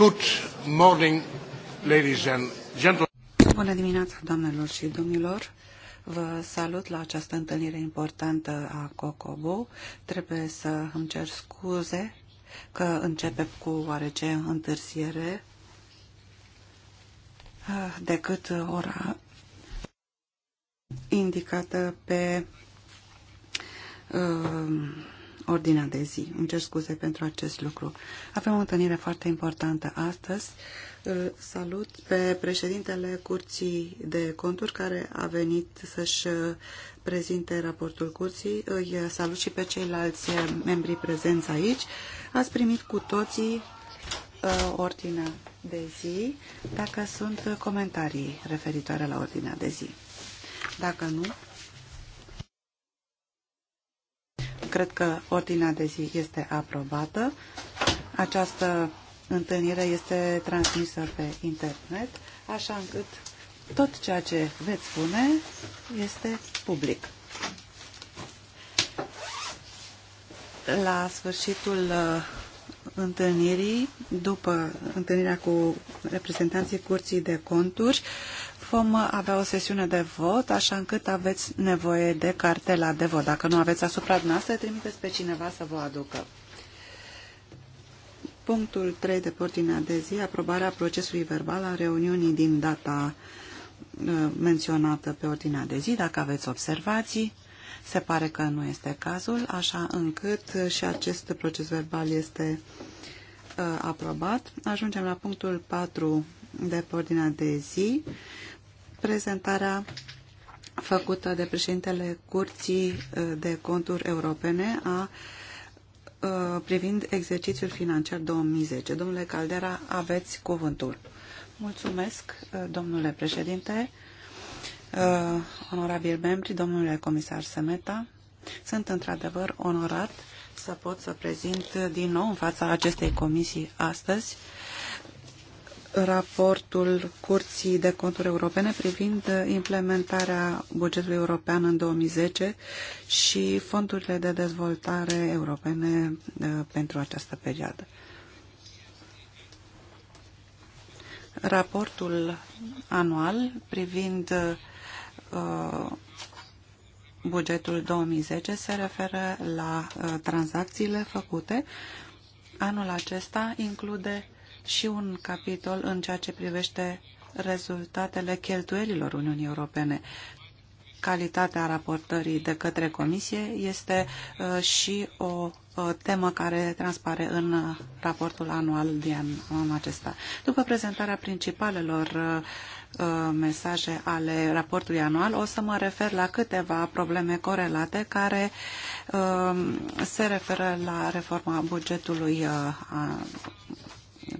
Good morning, ladies and gentlemen. Bună dimineața, doamnelor și domnilor. Vă salut la această întâlnire importantă a COCOBO. Trebuie să îmi cer scuze că începe cu oarece întârziere decât ora indicată pe uh, ordinea de zi. Îmi cer scuze pentru acest lucru. Avem o întâlnire foarte importantă astăzi. Îl salut pe președintele Curții de Conturi care a venit să-și prezinte raportul Curții. Îi salut și pe ceilalți membri prezenți aici. Ați primit cu toții uh, ordinea de zi, dacă sunt comentarii referitoare la ordinea de zi. Dacă nu, Cred că ordinea de zi este aprobată. Această întâlnire este transmisă pe internet, așa încât tot ceea ce veți spune este public. La sfârșitul uh, întâlnirii, după întâlnirea cu reprezentanții Curții de Conturi, vom avea o sesiune de vot, așa încât aveți nevoie de cartela de vot. Dacă nu aveți asupra dumneavoastră, trimiteți pe cineva să vă aducă. Punctul 3 de pe ordinea de zi, aprobarea procesului verbal a reuniunii din data uh, menționată pe ordinea de zi. Dacă aveți observații, se pare că nu este cazul, așa încât și acest proces verbal este uh, aprobat. Ajungem la punctul 4 de pe ordinea de zi, prezentarea făcută de președintele Curții uh, de Conturi Europene a uh, privind exercițiul financiar 2010. Domnule Caldera, aveți cuvântul. Mulțumesc, uh, domnule președinte, onorabil membri, domnule comisar Semeta. Sunt într-adevăr onorat să pot să prezint din nou în fața acestei comisii astăzi uh, raportul Curții de Conturi Europene privind implementarea bugetului european în 2010 și fondurile de dezvoltare europene eh, pentru această perioadă. Raportul anual privind uh, bugetul 2010 se referă la uh, tranzacțiile făcute. Anul acesta include și un capitol în ceea ce privește rezultatele cheltuielilor Uniunii Europene. Calitatea raportării de către Comisie este uh, și o uh, temă care transpare în raportul anual din anul acesta. După prezentarea principalelor uh, mesaje ale raportului anual, o să mă refer la câteva probleme corelate care se referă la reforma bugetului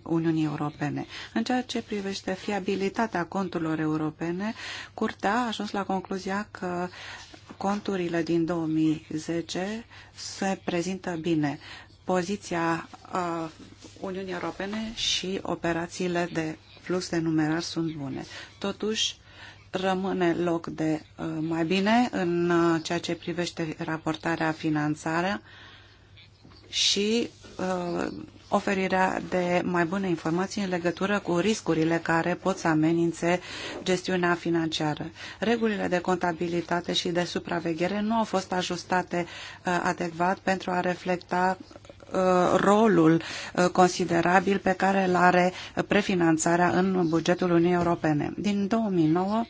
Uniunii Europene. În ceea ce privește fiabilitatea conturilor europene, Curtea a ajuns la concluzia că conturile din 2010 se prezintă bine. Poziția Uniunii Europene și operațiile de flux de numerar sunt bune. Totuși, rămâne loc de mai bine în ceea ce privește raportarea finanțarea și oferirea de mai bune informații în legătură cu riscurile care pot să amenințe gestiunea financiară. Regulile de contabilitate și de supraveghere nu au fost ajustate uh, adecvat pentru a reflecta uh, rolul uh, considerabil pe care îl are prefinanțarea în bugetul Uniunii Europene. Din 2009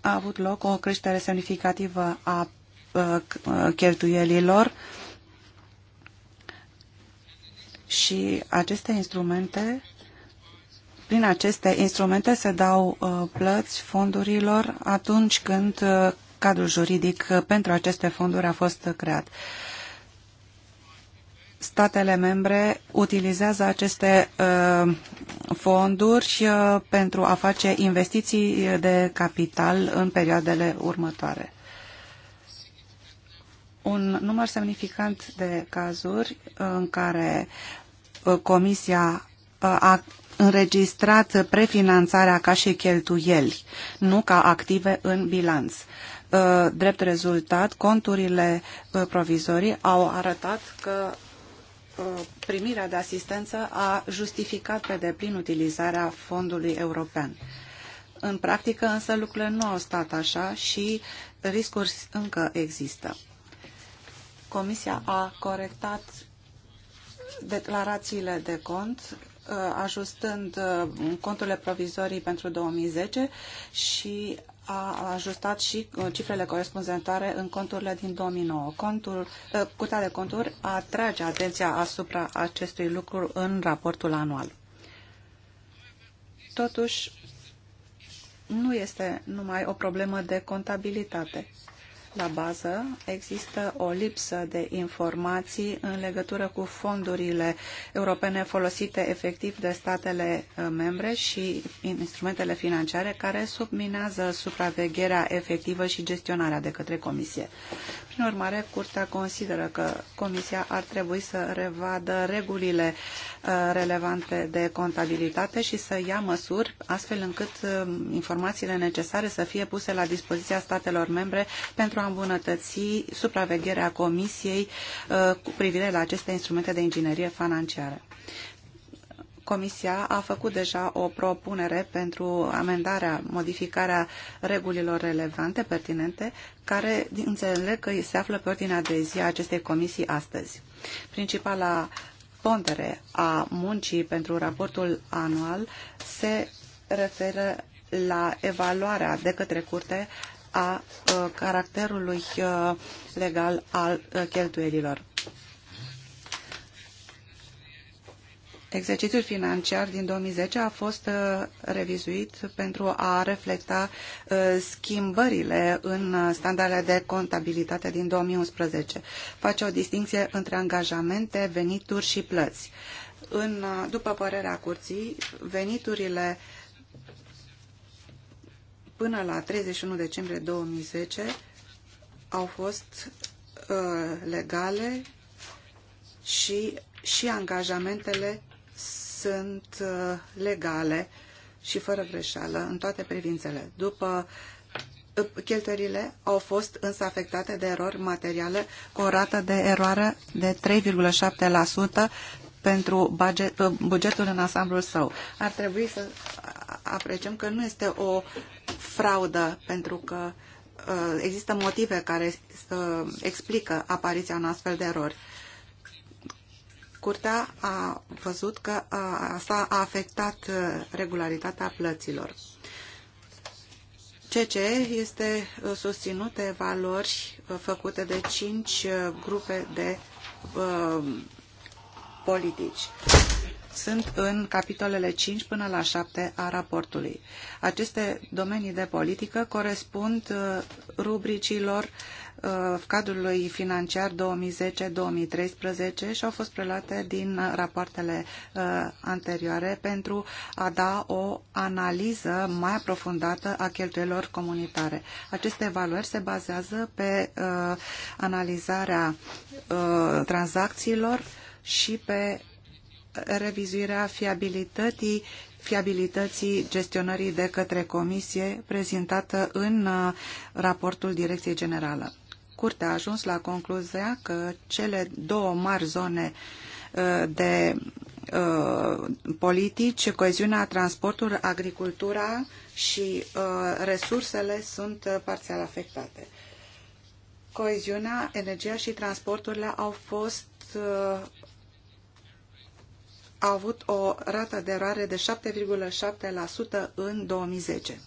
a avut loc o creștere semnificativă a cheltuielilor și aceste instrumente, prin aceste instrumente se dau uh, plăți fondurilor atunci când uh, cadrul juridic uh, pentru aceste fonduri a fost creat. Statele membre utilizează aceste fonduri pentru a face investiții de capital în perioadele următoare un număr semnificant de cazuri în care Uh, Comisia uh, a înregistrat prefinanțarea ca și cheltuieli, nu ca active în bilanț. Uh, drept rezultat, conturile provizorii au arătat că primirea de asistență a justificat pe deplin utilizarea fondului european. În practică însă lucrurile nu au stat așa și riscuri încă există. Comisia a corectat declarațiile de cont uh, ajustând uh, conturile provizorii pentru 2010 și a ajustat și uh, cifrele corespunzătoare în conturile din 2009. Contul, curtea de conturi atrage atenția asupra acestui lucru în raportul anual. Totuși, nu este numai o problemă de contabilitate la bază există o lipsă de informații în legătură cu fondurile europene folosite efectiv de statele uh, membre și instrumentele financiare care subminează supravegherea efectivă și gestionarea de către Comisie. Prin urmare, Curtea consideră că Comisia ar trebui să revadă regulile uh, relevante de contabilitate și să ia măsuri astfel încât uh, informațiile necesare să fie puse la dispoziția statelor membre pentru a a îmbunătăți supravegherea Comisiei uh, cu privire la aceste instrumente de inginerie financiară. Comisia a făcut deja o propunere pentru amendarea, modificarea regulilor relevante, pertinente, care înțeleg că se află pe ordinea de zi a acestei comisii astăzi. Principala pondere a muncii pentru raportul anual se referă la evaluarea de către curte a caracterului legal al cheltuielilor. Exercițiul financiar din 2010 a fost revizuit pentru a reflecta schimbările în standardele de contabilitate din 2011. Face o distinție între angajamente, venituri și plăți. În, după părerea curții, veniturile uh, până la 31 decembrie 2010 au fost uh, legale și, și angajamentele sunt uh, legale și fără greșeală în toate privințele. După uh, Cheltuielile au fost însă afectate de erori materiale cu o rată de eroare de 3,7% pentru uh, bugetul în ansamblul său. Ar trebui să apreciem că nu este o fraudă, pentru că uh, există motive care uh, explică apariția unor astfel de erori. Curtea a văzut că uh, asta a afectat regularitatea plăților. CC este susținut de valori făcute de cinci grupe de uh, politici sunt în capitolele 5 până la 7 a raportului. Aceste domenii de politică corespund uh, rubricilor uh, cadrului financiar 2010-2013 și au fost preluate din uh, rapoartele anterioare pentru a da o analiză mai aprofundată a cheltuielor comunitare. Aceste evaluări se bazează pe analizarea tranzacțiilor și pe revizuirea fiabilității, fiabilității gestionării de către comisie prezentată în uh, raportul Direcției Generală. Curtea a ajuns la concluzia că cele două mari zone uh, de uh, politici, coeziunea, transportul, agricultura și resursele sunt parțial afectate. Coeziunea, energia și transporturile au fost a avut o rată de eroare de 7,7% în 2010.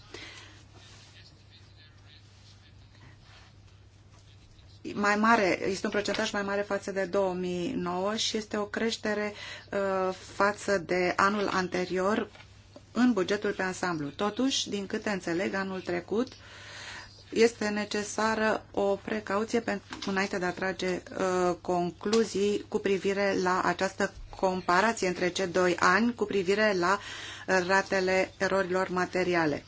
mai mare, este un procentaj mai mare față de 2009 și este o creștere uh, față de anul anterior în bugetul pe ansamblu. Totuși, din câte înțeleg, anul trecut este necesară o precauție pentru, înainte de a trage uh, concluzii cu privire la această comparație între cei doi ani cu privire la uh, ratele erorilor materiale.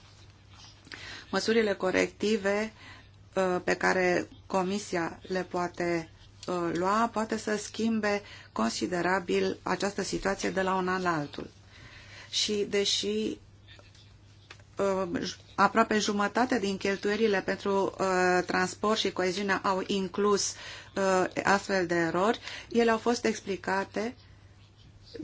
Măsurile corective uh, pe care Comisia le poate uh, lua poate să schimbe considerabil această situație de la un an la altul. Și deși aproape jumătate din cheltuierile pentru transport și coeziune au inclus astfel de erori, ele au fost explicate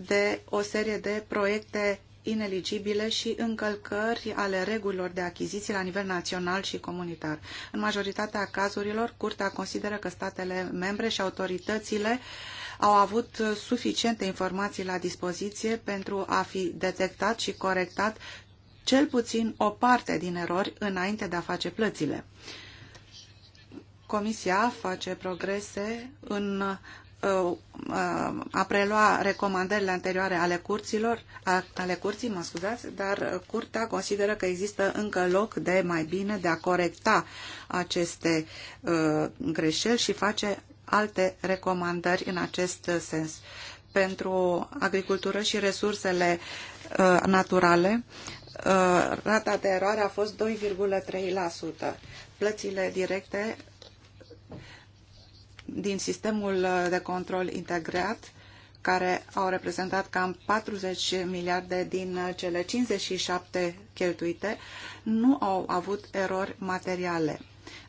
de o serie de proiecte ineligibile și încălcări ale regulilor de achiziții la nivel național și comunitar. În majoritatea cazurilor, Curtea consideră că statele membre și autoritățile au avut suficiente informații la dispoziție pentru a fi detectat și corectat cel puțin o parte din erori înainte de a face plățile. Comisia face progrese în Uh, uh, a prelua recomandările anterioare ale, curților, ale curții, mă scuzați, dar curtea consideră că există încă loc de mai bine de a corecta aceste uh, greșeli și face alte recomandări în acest sens. Pentru agricultură și resursele uh, naturale, uh, rata de eroare a fost 2,3%. Plățile directe din sistemul de control integrat, care au reprezentat cam 40 miliarde din cele 57 cheltuite, nu au avut erori materiale.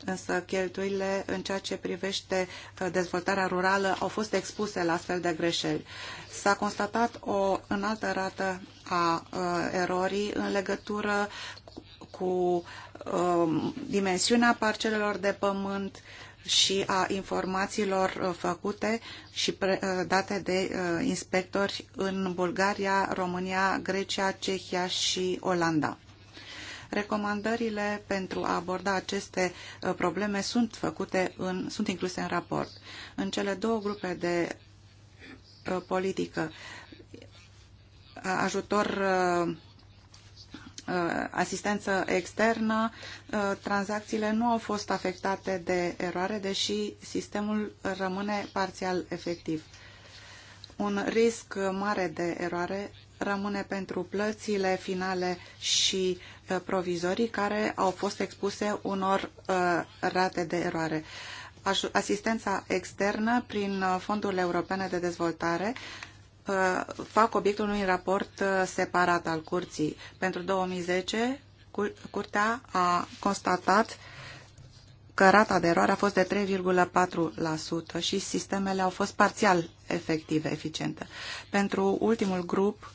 Însă cheltuile în ceea ce privește uh, dezvoltarea rurală au fost expuse la astfel de greșeli. S-a constatat o înaltă rată a uh, erorii în legătură cu uh, dimensiunea parcelelor de pământ, și a informațiilor uh, făcute și uh, date de uh, inspectori în Bulgaria, România, Grecia, Cehia și Olanda. Recomandările pentru a aborda aceste probleme sunt făcute în, sunt incluse în raport. În cele două grupe de politică, ajutor Uh, asistență externă, uh, tranzacțiile nu au fost afectate de eroare, deși sistemul rămâne parțial efectiv. Un risc mare de eroare rămâne pentru plățile finale și uh, provizorii care au fost expuse unor rate de eroare asistența externă prin fondurile europene de dezvoltare Uh, fac obiectul unui raport uh, separat al curții. Pentru 2010, curtea a constatat că rata de eroare a fost de 3,4% și sistemele au fost parțial efective, eficiente. Pentru ultimul grup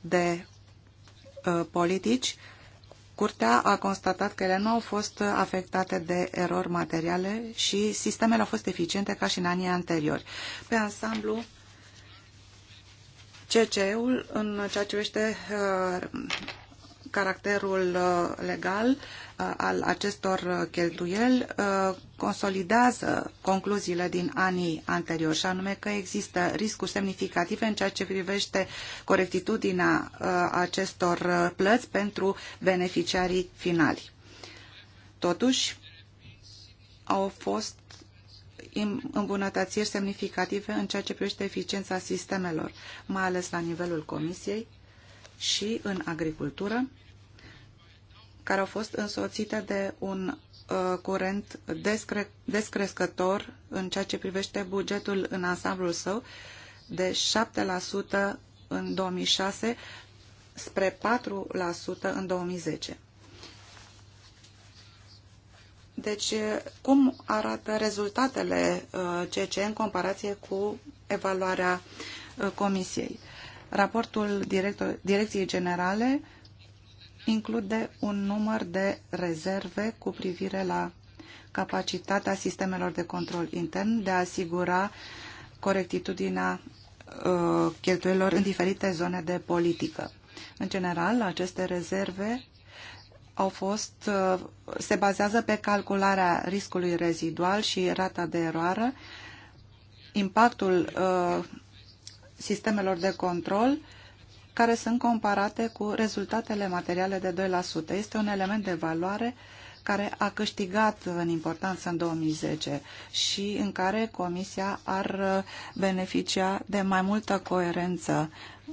de uh, politici, Curtea a constatat că ele nu au fost afectate de erori materiale și sistemele au fost eficiente ca și în anii anteriori. Pe ansamblu, CCE-ul în ceea ce privește uh, caracterul uh, legal uh, al acestor cheltuieli consolidează concluziile din anii anteriori și anume că există riscuri semnificative în ceea ce privește corectitudinea acestor plăți pentru beneficiarii finali. Totuși, au fost îmbunătățiri semnificative în ceea ce privește eficiența sistemelor, mai ales la nivelul Comisiei și în agricultură, care au fost însoțite de un uh, curent descre descrescător în ceea ce privește bugetul în ansamblul său de 7% în 2006 spre 4% în 2010. Deci, cum arată rezultatele CC în comparație cu evaluarea Comisiei? Raportul director, Direcției Generale include un număr de rezerve cu privire la capacitatea sistemelor de control intern de a asigura corectitudinea cheltuielor în diferite zone de politică. În general, aceste rezerve au fost, uh, se bazează pe calcularea riscului rezidual și rata de eroare, impactul uh, sistemelor de control care sunt comparate cu rezultatele materiale de 2%. Este un element de valoare care a câștigat în importanță în 2010 și în care Comisia ar uh, beneficia de mai multă coerență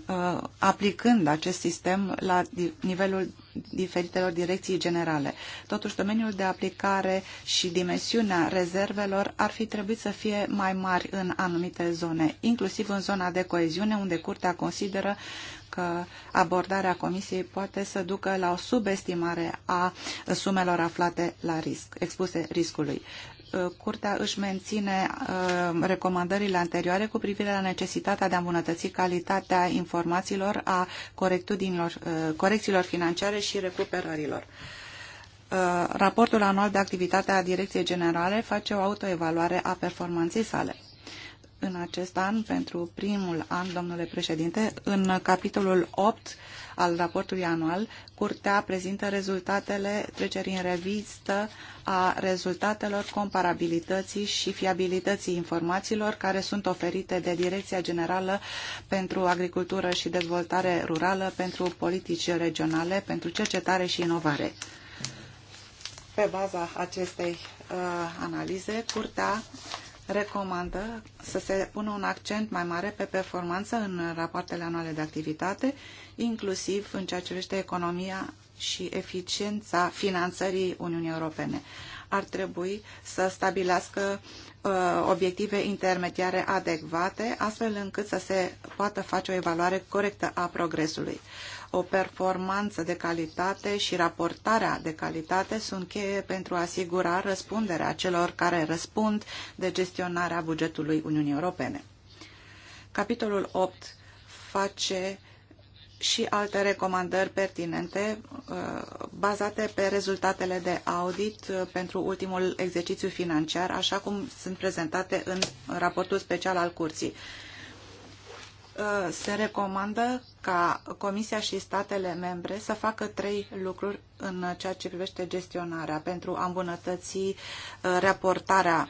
Uh, aplicând acest sistem la nivelul diferitelor direcții generale. Totuși, domeniul de aplicare și dimensiunea rezervelor ar fi trebuit să fie mai mari în anumite zone, inclusiv în zona de coeziune, unde Curtea consideră că abordarea Comisiei poate să ducă la o subestimare a sumelor aflate la risc, expuse riscului. Uh, curtea își menține uh, recomandările anterioare cu privire la necesitatea de a îmbunătăți calitatea informațiilor a uh, corecțiilor financiare și recuperărilor. Raportul anual de activitate a Direcției Generale face o autoevaluare a performanței sale în acest an, pentru primul an, domnule președinte, în capitolul 8 al raportului anual, Curtea prezintă rezultatele trecerii în revistă a rezultatelor comparabilității și fiabilității informațiilor care sunt oferite de Direcția Generală pentru Agricultură și Dezvoltare Rurală, pentru politici regionale, pentru cercetare și inovare. Pe baza acestei uh, analize, Curtea recomandă să se pună un accent mai mare pe performanță în rapoartele anuale de activitate, inclusiv în ceea ce privește economia și eficiența finanțării Uniunii Europene. Ar trebui să stabilească uh, obiective intermediare adecvate, astfel încât să se poată face o evaluare corectă a progresului o performanță de calitate și raportarea de calitate sunt cheie pentru a asigura răspunderea celor care răspund de gestionarea bugetului Uniunii Europene. Capitolul 8 face și alte recomandări pertinente uh, bazate pe rezultatele de audit uh, pentru ultimul exercițiu financiar, așa cum sunt prezentate în raportul special al curții. Uh, se recomandă ca Comisia și statele membre să facă trei lucruri în ceea ce privește gestionarea pentru a îmbunătăți uh, raportarea.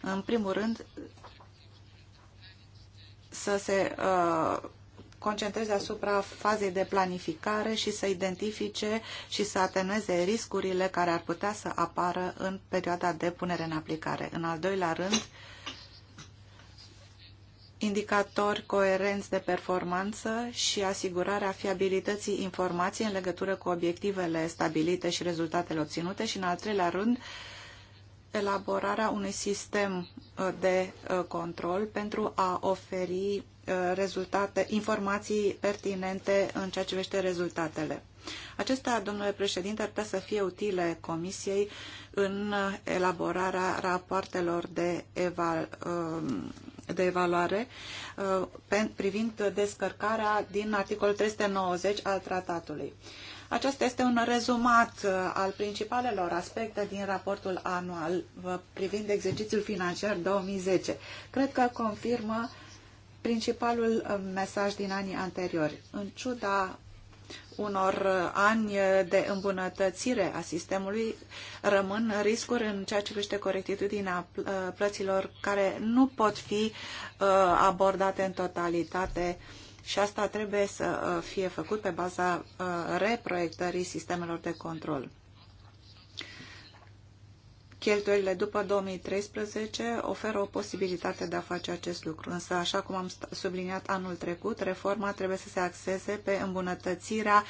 În primul rând, să se uh, concentreze asupra fazei de planificare și să identifice și să atenueze riscurile care ar putea să apară în perioada de punere în aplicare. În al doilea rând, indicatori coerenți de performanță și asigurarea fiabilității informației în legătură cu obiectivele stabilite și rezultatele obținute și, în al treilea rând, elaborarea unui sistem uh, de uh, control pentru a oferi uh, rezultate, informații pertinente în ceea ce privește rezultatele. Acestea, domnule președinte, ar putea să fie utile Comisiei în elaborarea rapoartelor de evaluare de evaluare uh, privind descărcarea din articolul 390 al tratatului. Acesta este un rezumat uh, al principalelor aspecte din raportul anual uh, privind exercițiul financiar 2010. Cred că confirmă principalul mesaj din anii anteriori. În ciuda unor ani de îmbunătățire a sistemului rămân riscuri în ceea ce privește corectitudinea plăților care nu pot fi uh, abordate în totalitate și asta trebuie să uh, fie făcut pe baza uh, reproiectării sistemelor de control cheltuielile după 2013 oferă o posibilitate de a face acest lucru, însă, așa cum am subliniat anul trecut, reforma trebuie să se axeze pe îmbunătățirea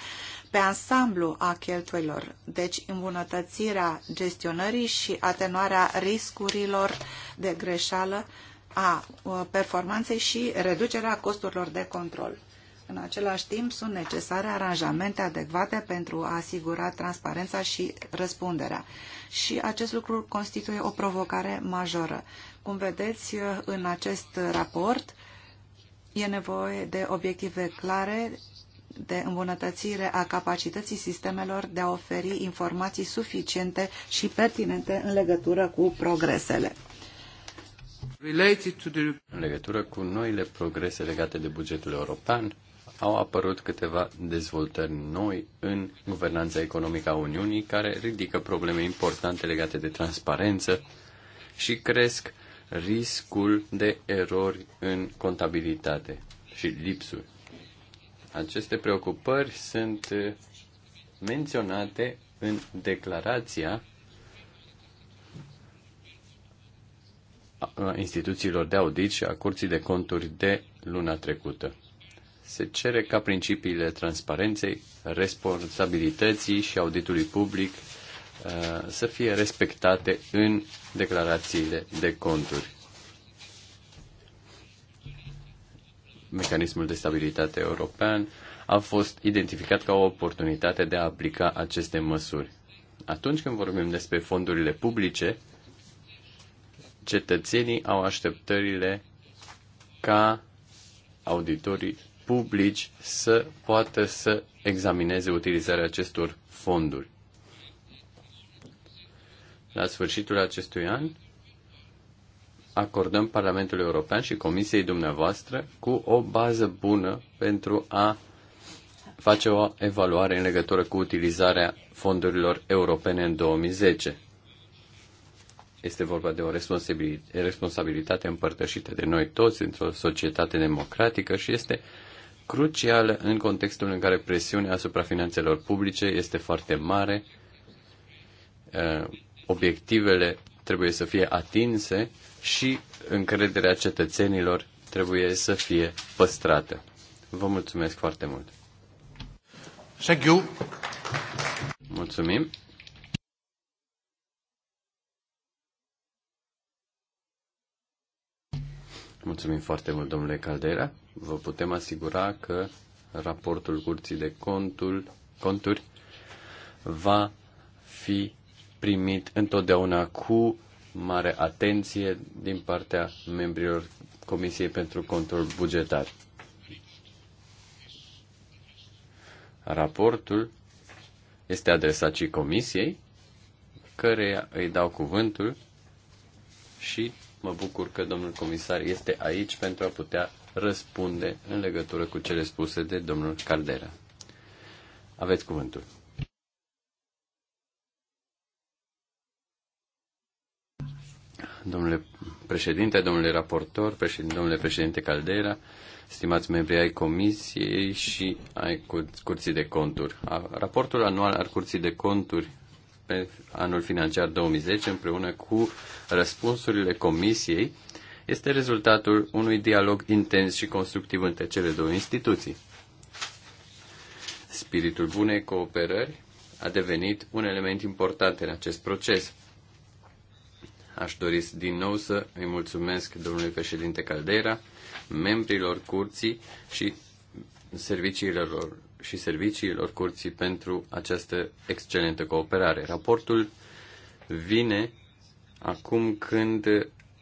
pe ansamblu a cheltuielor, deci îmbunătățirea gestionării și atenuarea riscurilor de greșeală a uh, performanței și reducerea costurilor de control. În același timp, sunt necesare aranjamente adecvate pentru a asigura transparența și răspunderea. Și acest lucru constituie o provocare majoră. Cum vedeți în acest raport, e nevoie de obiective clare de îmbunătățire a capacității sistemelor de a oferi informații suficiente și pertinente în legătură cu progresele. În legătură cu noile progrese legate de bugetul european, au apărut câteva dezvoltări noi în guvernanța economică a Uniunii, care ridică probleme importante legate de transparență și cresc riscul de erori în contabilitate și lipsuri. Aceste preocupări sunt menționate în declarația instituțiilor de audit și a curții de conturi de luna trecută se cere ca principiile transparenței, responsabilității și auditului public uh, să fie respectate în declarațiile de conturi. Mecanismul de stabilitate european a fost identificat ca o oportunitate de a aplica aceste măsuri. Atunci când vorbim despre fondurile publice, cetățenii au așteptările ca auditorii publici să poată să examineze utilizarea acestor fonduri. La sfârșitul acestui an, acordăm Parlamentului European și Comisiei dumneavoastră cu o bază bună pentru a face o evaluare în legătură cu utilizarea fondurilor europene în 2010. Este vorba de o responsabilitate împărtășită de noi toți într-o societate democratică și este crucială în contextul în care presiunea asupra finanțelor publice este foarte mare, eh, obiectivele trebuie să fie atinse și încrederea cetățenilor trebuie să fie păstrată. Vă mulțumesc foarte mult! Thank you. Mulțumim! Mulțumim foarte mult, domnule Caldera. Vă putem asigura că raportul Curții de contul, Conturi va fi primit întotdeauna cu mare atenție din partea membrilor Comisiei pentru Control Bugetar. Raportul este adresat și Comisiei, care îi dau cuvântul și Mă bucur că domnul comisar este aici pentru a putea răspunde în legătură cu cele spuse de domnul Caldera. Aveți cuvântul. Domnule președinte, domnule raportor, președinte, domnule președinte Caldera, stimați membri ai Comisiei și ai Curții de Conturi. Raportul anual al Curții de Conturi pe anul financiar 2010 împreună cu răspunsurile Comisiei este rezultatul unui dialog intens și constructiv între cele două instituții. Spiritul bunei cooperări a devenit un element important în acest proces. Aș dori din nou să îi mulțumesc domnului președinte Caldera, membrilor curții și serviciilor lor și serviciilor curții pentru această excelentă cooperare. Raportul vine acum când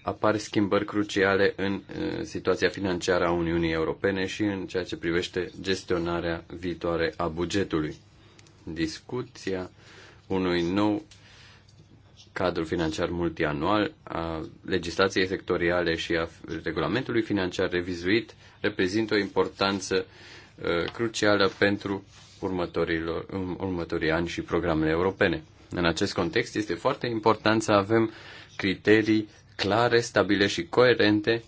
apar schimbări cruciale în uh, situația financiară a Uniunii Europene și în ceea ce privește gestionarea viitoare a bugetului. Discuția unui nou cadru financiar multianual, a legislației sectoriale și a regulamentului financiar revizuit reprezintă o importanță Uh, crucială pentru următorilor, um, următorii ani și programele europene. În acest context este foarte important să avem criterii clare, stabile și coerente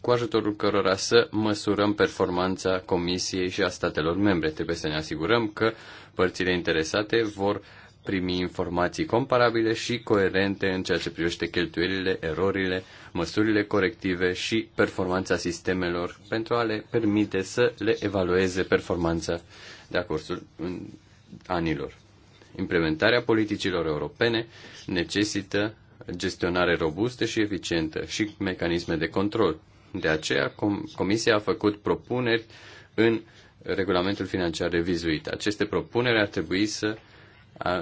cu ajutorul cărora să măsurăm performanța Comisiei și a statelor membre. Trebuie să ne asigurăm că părțile interesate vor primi informații comparabile și coerente în ceea ce privește cheltuielile, erorile, măsurile corective și performanța sistemelor pentru a le permite să le evalueze performanța de-a cursul anilor. Implementarea politicilor europene necesită gestionare robustă și eficientă și mecanisme de control. De aceea, com- Comisia a făcut propuneri în regulamentul financiar revizuit. Aceste propuneri ar trebui să uh,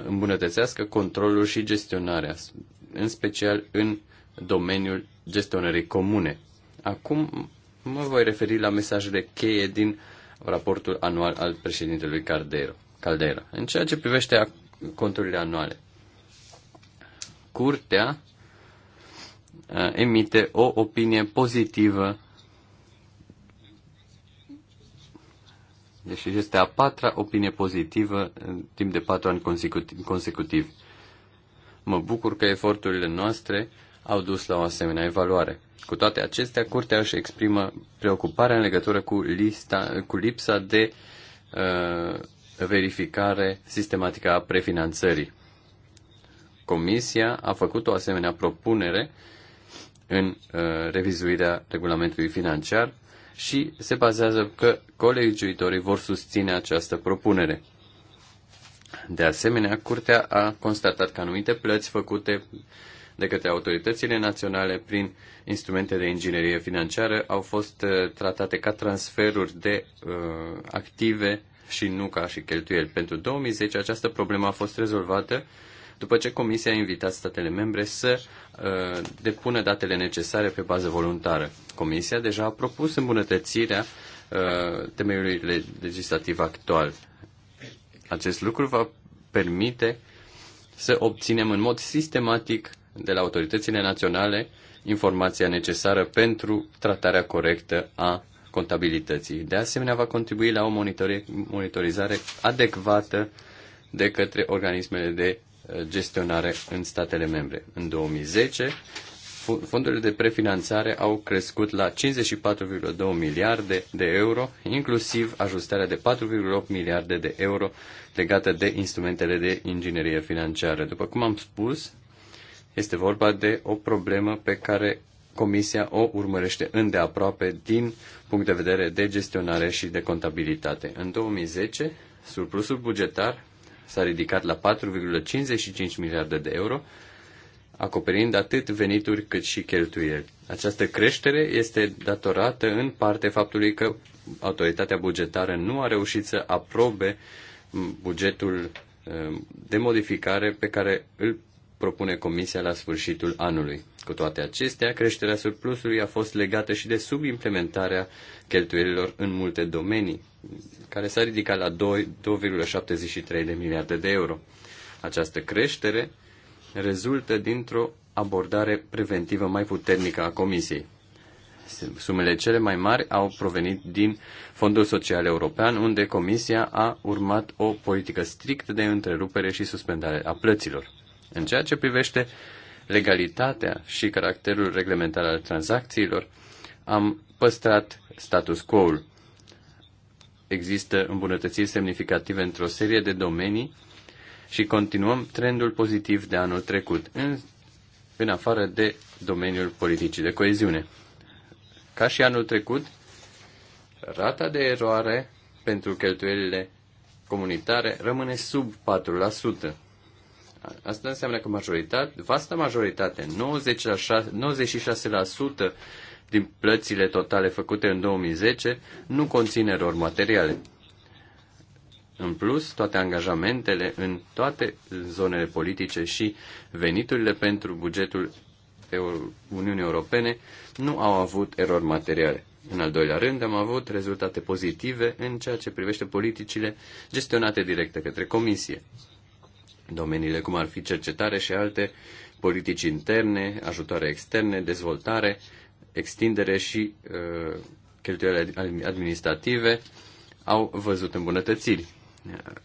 îmbunătățească controlul și gestionarea, în special în domeniul gestionării comune. Acum mă voi referi la mesajele cheie din raportul anual al președintelui Caldera. Caldera. În ceea ce privește conturile anuale, Curtea emite o opinie pozitivă Deci este a patra opinie pozitivă în timp de patru ani consecutiv. Mă bucur că eforturile noastre au dus la o asemenea evaluare. Cu toate acestea, Curtea își exprimă preocuparea în legătură cu, lista, cu lipsa de uh, verificare sistematică a prefinanțării. Comisia a făcut o asemenea propunere în uh, revizuirea regulamentului financiar și se bazează că colegiuitorii vor susține această propunere. De asemenea, Curtea a constatat că anumite plăți făcute de către autoritățile naționale prin instrumente de inginerie financiară au fost uh, tratate ca transferuri de uh, active și nu ca și cheltuieli. Pentru 2010 această problemă a fost rezolvată după ce Comisia a invitat statele membre să uh, depună datele necesare pe bază voluntară. Comisia deja a propus îmbunătățirea uh, temeiului legislativ actual. Acest lucru va permite să obținem în mod sistematic de la autoritățile naționale informația necesară pentru tratarea corectă a contabilității. De asemenea, va contribui la o monitorizare adecvată de către organismele de gestionare în statele membre. În 2010, fondurile de prefinanțare au crescut la 54,2 miliarde de euro, inclusiv ajustarea de 4,8 miliarde de euro legată de instrumentele de inginerie financiară. După cum am spus, este vorba de o problemă pe care Comisia o urmărește îndeaproape din punct de vedere de gestionare și de contabilitate. În 2010, surplusul bugetar s-a ridicat la 4,55 miliarde de euro, acoperind atât venituri cât și cheltuieli. Această creștere este datorată în parte faptului că autoritatea bugetară nu a reușit să aprobe bugetul de modificare pe care îl propune Comisia la sfârșitul anului. Cu toate acestea, creșterea surplusului a fost legată și de subimplementarea cheltuielilor în multe domenii, care s-a ridicat la 2,73 de miliarde de euro. Această creștere rezultă dintr-o abordare preventivă mai puternică a Comisiei. Sumele cele mai mari au provenit din Fondul Social European, unde Comisia a urmat o politică strictă de întrerupere și suspendare a plăților. În ceea ce privește legalitatea și caracterul reglementar al tranzacțiilor, am păstrat status quo-ul există îmbunătățiri semnificative într-o serie de domenii și continuăm trendul pozitiv de anul trecut, în, în afară de domeniul politicii de coeziune. Ca și anul trecut, rata de eroare pentru cheltuielile comunitare rămâne sub 4%. Asta înseamnă că majoritate, vasta majoritate, 96%, 96% din plățile totale făcute în 2010 nu conțin erori materiale. În plus, toate angajamentele în toate zonele politice și veniturile pentru bugetul Uniunii Europene nu au avut erori materiale. În al doilea rând, am avut rezultate pozitive în ceea ce privește politicile gestionate direct către Comisie. Domeniile cum ar fi cercetare și alte politici interne, ajutoare externe, dezvoltare, extindere și uh, cheltuielile administrative au văzut îmbunătățiri.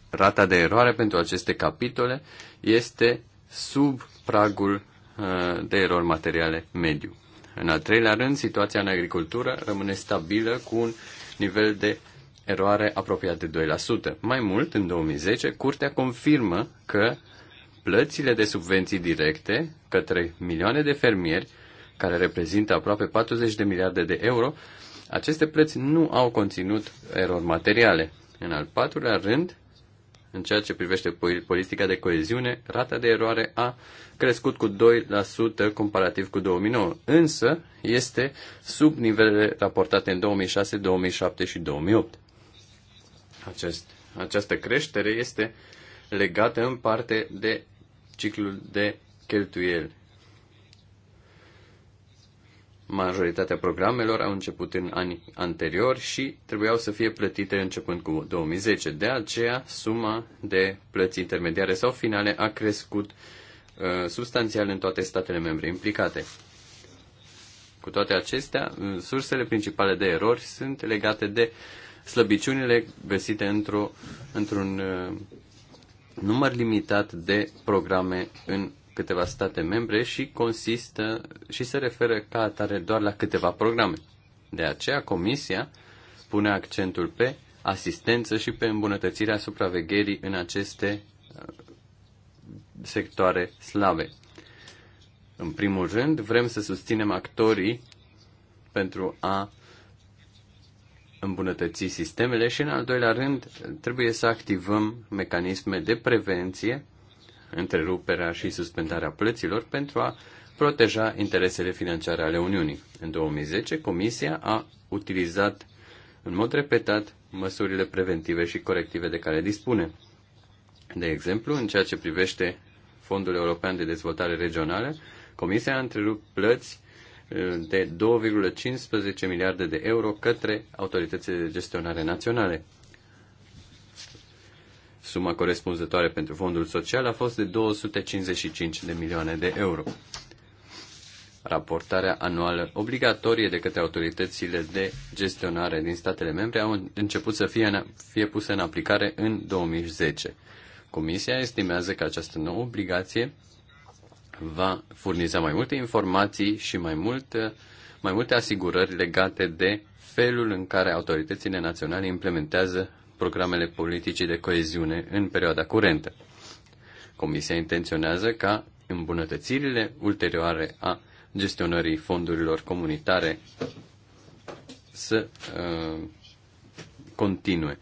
Rata de eroare pentru aceste capitole este sub pragul uh, de erori materiale mediu. În al treilea rând, situația în agricultură rămâne stabilă cu un nivel de eroare apropiat de 2%. Mai mult, în 2010, Curtea confirmă că plățile de subvenții directe către milioane de fermieri care reprezintă aproape 40 de miliarde de euro, aceste plăți nu au conținut erori materiale. În al patrulea rând, în ceea ce privește politica de coeziune, rata de eroare a crescut cu 2% comparativ cu 2009, însă este sub nivelele raportate în 2006, 2007 și 2008. Acest, această creștere este legată în parte de ciclul de cheltuieli Majoritatea programelor au început în anii anteriori și trebuiau să fie plătite începând cu 2010. De aceea, suma de plăți intermediare sau finale a crescut uh, substanțial în toate statele membre implicate. Cu toate acestea, uh, sursele principale de erori sunt legate de slăbiciunile găsite într într-un uh, număr limitat de programe în câteva state membre și consistă și se referă ca atare doar la câteva programe. De aceea, Comisia pune accentul pe asistență și pe îmbunătățirea supravegherii în aceste uh, sectoare slabe. În primul rând, vrem să susținem actorii pentru a îmbunătăți sistemele și, în al doilea rând, trebuie să activăm mecanisme de prevenție întreruperea și suspendarea plăților pentru a proteja interesele financiare ale Uniunii. În 2010, Comisia a utilizat în mod repetat măsurile preventive și corective de care dispune. De exemplu, în ceea ce privește Fondul European de Dezvoltare Regională, Comisia a întrerupt plăți de 2,15 miliarde de euro către autoritățile de gestionare naționale. Suma corespunzătoare pentru fondul social a fost de 255 de milioane de euro. Raportarea anuală obligatorie de către autoritățile de gestionare din statele membre a început să fie, în, fie pusă în aplicare în 2010. Comisia estimează că această nouă obligație va furniza mai multe informații și mai, mult, mai multe asigurări legate de felul în care autoritățile naționale implementează programele politicii de coeziune în perioada curentă. Comisia intenționează ca îmbunătățirile ulterioare a gestionării fondurilor comunitare să uh, continue.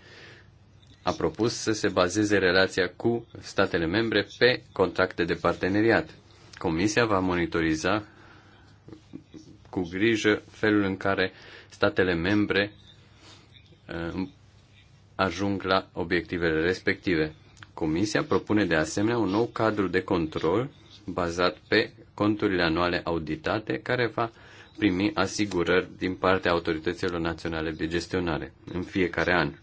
A propus să se bazeze relația cu statele membre pe contracte de parteneriat. Comisia va monitoriza cu grijă felul în care statele membre uh, ajung la obiectivele respective. Comisia propune de asemenea un nou cadru de control bazat pe conturile anuale auditate care va primi asigurări din partea autorităților naționale de gestionare în fiecare an.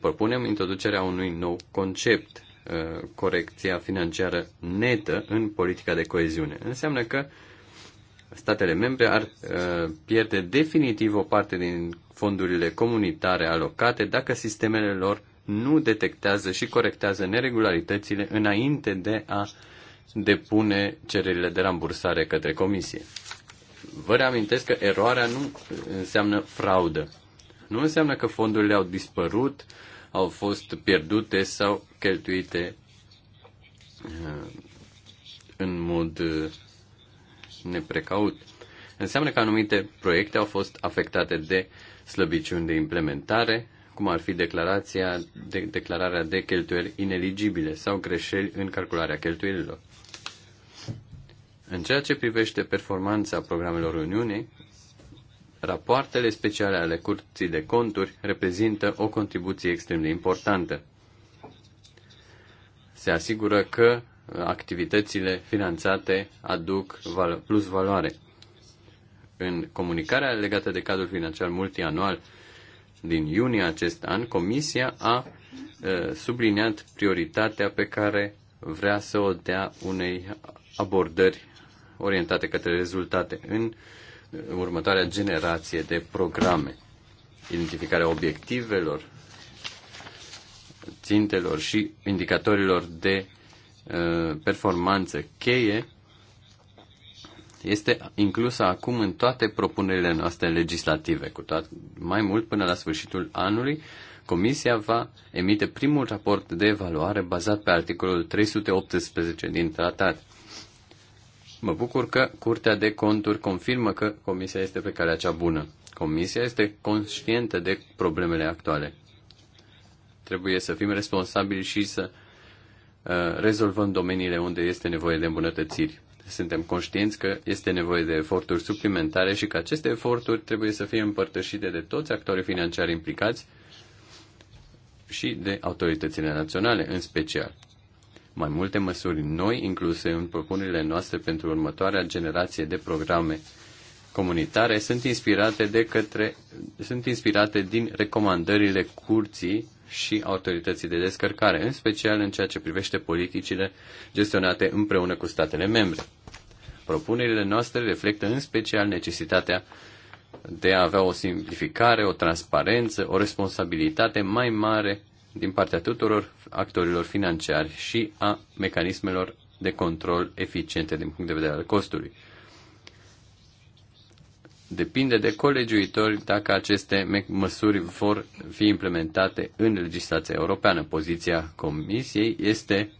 Propunem introducerea unui nou concept, uh, corecția financiară netă în politica de coeziune. Înseamnă că uh, statele membre ar uh, pierde definitiv o parte din fondurile comunitare alocate dacă sistemele lor nu detectează și corectează neregularitățile înainte de a depune cererile de rambursare către comisie. Vă reamintesc că eroarea nu înseamnă fraudă. Nu înseamnă că fondurile au dispărut, au fost pierdute sau cheltuite uh, în mod uh, neprecaut. Înseamnă că anumite proiecte au fost afectate de slăbiciuni de implementare, cum ar fi declarația, de, declararea de cheltuieli ineligibile sau greșeli în calcularea cheltuielilor. În ceea ce privește performanța programelor Uniunii, rapoartele speciale ale Curții de Conturi reprezintă o contribuție extrem de importantă. Se asigură că activitățile finanțate aduc plus valoare. În comunicarea legată de cadrul financiar multianual din iunie acest an, Comisia a subliniat prioritatea pe care vrea să o dea unei abordări orientate către rezultate în următoarea generație de programe. Identificarea obiectivelor, țintelor și indicatorilor de Uh, performanță cheie este inclusă acum în toate propunerile noastre legislative. Cu tot, mai mult, până la sfârșitul anului, Comisia va emite primul raport de evaluare bazat pe articolul 318 din tratat. Mă bucur că Curtea de Conturi confirmă că Comisia este pe calea cea bună. Comisia este conștientă de problemele actuale. Trebuie să fim responsabili și să uh, Uh, rezolvăm domeniile unde este nevoie de îmbunătățiri. Suntem conștienți că este nevoie de eforturi suplimentare și că aceste eforturi trebuie să fie împărtășite de toți actorii financiari implicați și de autoritățile naționale în special. Mai multe măsuri noi incluse în propunerile noastre pentru următoarea generație de programe comunitare sunt inspirate, de către, sunt inspirate din recomandările curții și autorității de descărcare, în special în ceea ce privește politicile gestionate împreună cu statele membre. Propunerile noastre reflectă în special necesitatea de a avea o simplificare, o transparență, o responsabilitate mai mare din partea tuturor actorilor financiari și a mecanismelor de control eficiente din punct de vedere al costului. Depinde de colegiuitori dacă aceste măsuri vor fi implementate în legislația europeană. Poziția Comisiei este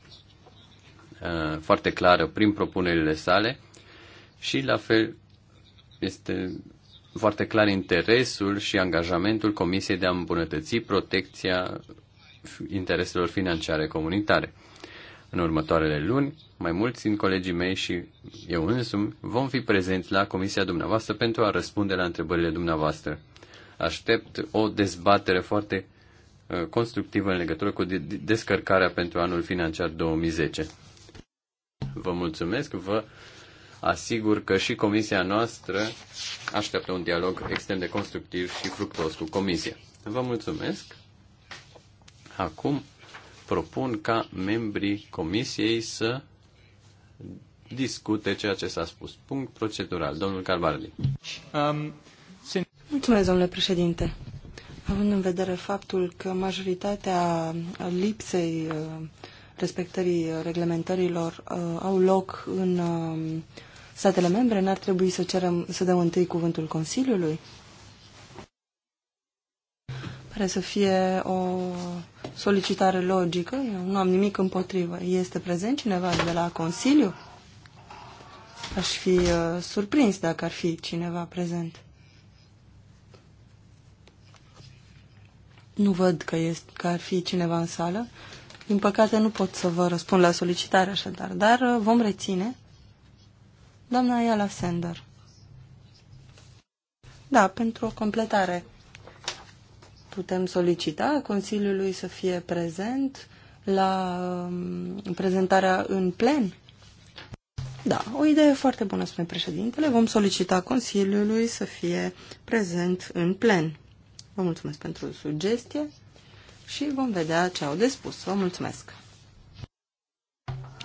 uh, foarte clară prin propunerile sale și la fel este foarte clar interesul și angajamentul Comisiei de a îmbunătăți protecția intereselor financiare comunitare. În următoarele luni, mai mulți din colegii mei și eu însumi vom fi prezenți la comisia dumneavoastră pentru a răspunde la întrebările dumneavoastră. Aștept o dezbatere foarte uh, constructivă în legătură cu descărcarea pentru anul financiar 2010. Vă mulțumesc, vă asigur că și comisia noastră așteaptă un dialog extrem de constructiv și fructos cu comisia. Vă mulțumesc. Acum propun ca membrii comisiei să discute ceea ce s-a spus. Punct procedural. Domnul Carbardi. Um, Mulțumesc, domnule președinte. Având în vedere faptul că majoritatea lipsei uh, respectării reglementărilor uh, au loc în um, statele membre, n-ar trebui să cerem să dăm întâi cuvântul Consiliului? pare să fie o solicitare logică. Eu nu am nimic împotrivă. Este prezent cineva de la Consiliu? Aș fi uh, surprins dacă ar fi cineva prezent. Nu văd că, este, că ar fi cineva în sală. Din păcate nu pot să vă răspund la solicitare așadar, dar uh, vom reține. Doamna Iala Sender. Da, pentru o completare putem solicita Consiliului să fie prezent la um, prezentarea în plen? Da, o idee foarte bună, spune președintele. Vom solicita Consiliului să fie prezent în plen. Vă mulțumesc pentru sugestie și vom vedea ce au de spus. Vă mulțumesc!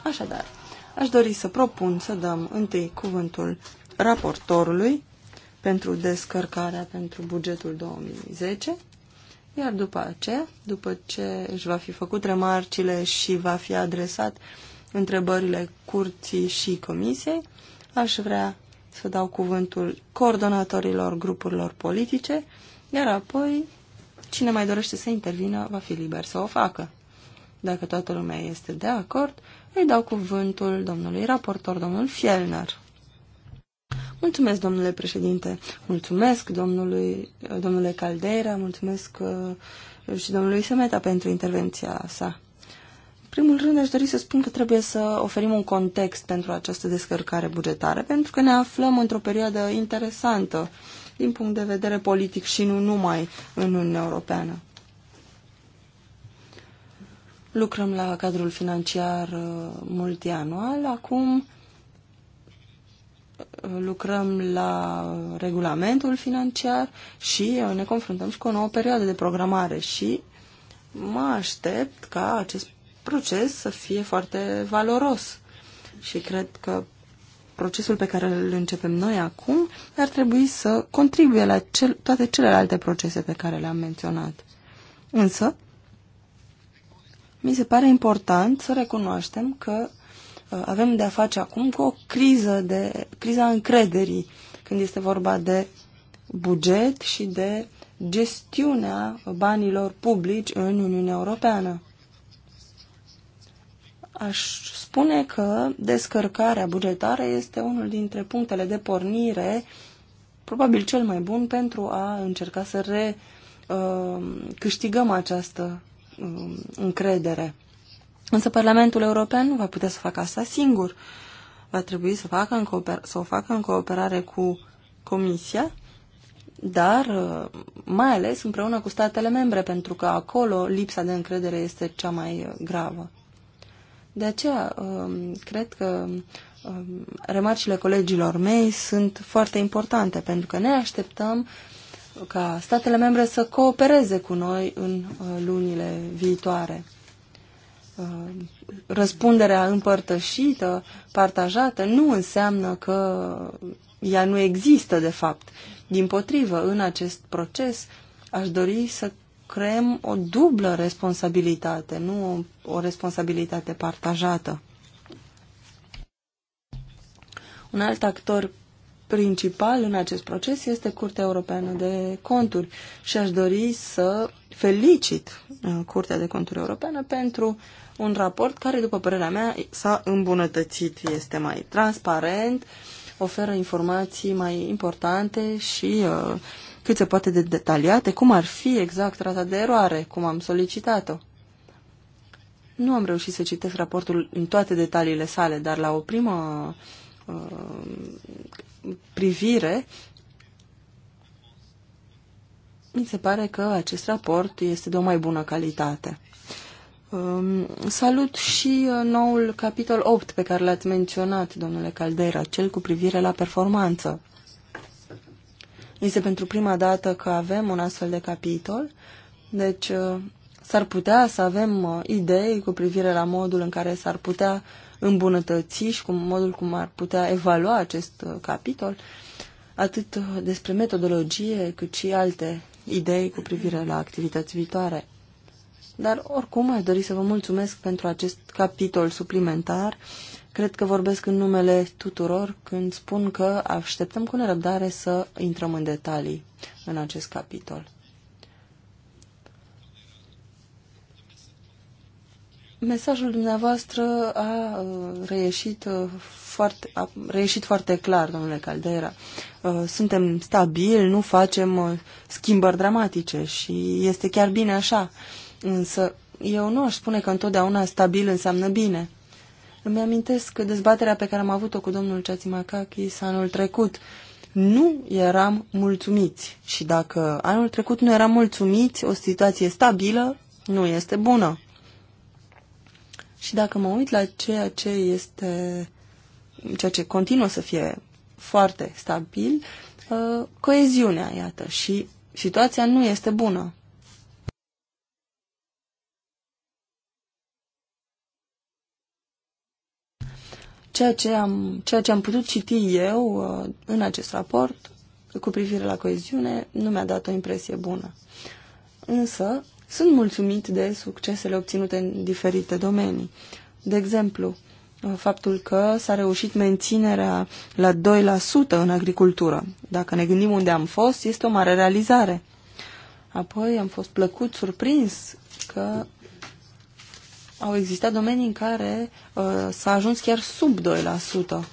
Așadar, aș dori să propun să dăm întâi cuvântul raportorului pentru descărcarea pentru bugetul 2010 iar după aceea, după ce își va fi făcut remarcile și va fi adresat întrebările curții și comisiei, aș vrea să dau cuvântul coordonatorilor grupurilor politice, iar apoi cine mai dorește să intervină va fi liber să o facă. Dacă toată lumea este de acord, îi dau cuvântul domnului raportor, domnul Fielner. Mulțumesc, domnule președinte. Mulțumesc domnului, domnule Caldera, mulțumesc uh, și domnului Semeta pentru intervenția sa. În primul rând, aș dori să spun că trebuie să oferim un context pentru această descărcare bugetară, pentru că ne aflăm într-o perioadă interesantă din punct de vedere politic și nu numai în Uniunea Europeană. Lucrăm la cadrul financiar uh, multianual. Acum lucrăm la regulamentul financiar și uh, ne confruntăm și cu o nouă perioadă de programare și mă aștept ca acest proces să fie foarte valoros. Și cred că procesul pe care îl începem noi acum ar trebui să contribuie la cel, toate celelalte procese pe care le-am menționat. Însă, mi se pare important să recunoaștem că Uh, avem de-a face acum cu o criză de, criza încrederii când este vorba de buget și de gestiunea banilor publici în Uniunea Europeană. Aș spune că descărcarea bugetară este unul dintre punctele de pornire, probabil cel mai bun, pentru a încerca să recâștigăm uh, această uh, încredere. Însă Parlamentul European nu va putea să facă asta singur. Va trebui să, facă în să o facă în cooperare cu Comisia, dar uh, mai ales împreună cu statele membre, pentru că acolo lipsa de încredere este cea mai uh, gravă. De aceea, um, cred că um, remarcile colegilor mei sunt foarte importante, pentru că ne așteptăm ca statele membre să coopereze cu noi în uh, lunile viitoare. Uh, răspunderea împărtășită, partajată, nu înseamnă că ea nu există, de fapt. Din potrivă, în acest proces, aș dori să creăm o dublă responsabilitate, nu o, o responsabilitate partajată. Un alt actor principal în acest proces este Curtea Europeană de Conturi și aș dori să felicit uh, Curtea de Conturi Europeană pentru uh, un raport care, după părerea mea, s-a îmbunătățit, este mai transparent, oferă informații mai importante și uh, cât se poate de detaliate, cum ar fi exact rata de eroare, cum am solicitat-o. Nu am reușit să citesc raportul în toate detaliile sale, dar la o primă uh, privire mi se pare că acest raport este de o mai bună calitate. Um, salut și uh, noul capitol 8 pe care l-ați menționat, domnule Caldera, cel cu privire la performanță. Este pentru prima dată că avem un astfel de capitol, deci uh, s-ar putea să avem uh, idei cu privire la modul în care s-ar putea îmbunătăți și cu modul cum ar putea evalua acest capitol, atât despre metodologie cât și alte idei cu privire la activități viitoare. Dar oricum aș dori să vă mulțumesc pentru acest capitol suplimentar. Cred că vorbesc în numele tuturor când spun că așteptăm cu nerăbdare să intrăm în detalii în acest capitol. Mesajul dumneavoastră a uh, reieșit uh, foarte, a reieșit foarte clar, domnule Caldera. Uh, suntem stabili, nu facem schimbări dramatice și este chiar bine așa. Însă eu nu aș spune că întotdeauna stabil înseamnă bine. Îmi amintesc dezbaterea pe care am avut-o cu domnul Ceațimacachis anul trecut. Nu eram mulțumiți și dacă anul trecut nu eram mulțumiți, o situație stabilă nu este bună. Și dacă mă uit la ceea ce este, ceea ce continuă să fie foarte stabil, uh, coeziunea, iată, și situația nu este bună. Ceea ce am, ceea ce am putut citi eu uh, în acest raport cu privire la coeziune nu mi-a dat o impresie bună. Însă, sunt mulțumit de succesele obținute în diferite domenii. De exemplu, uh, faptul că s-a reușit menținerea la 2% în agricultură. Dacă ne gândim unde am fost, este o mare realizare. Apoi am fost plăcut surprins că au existat domenii în care uh, s-a ajuns chiar sub 2%.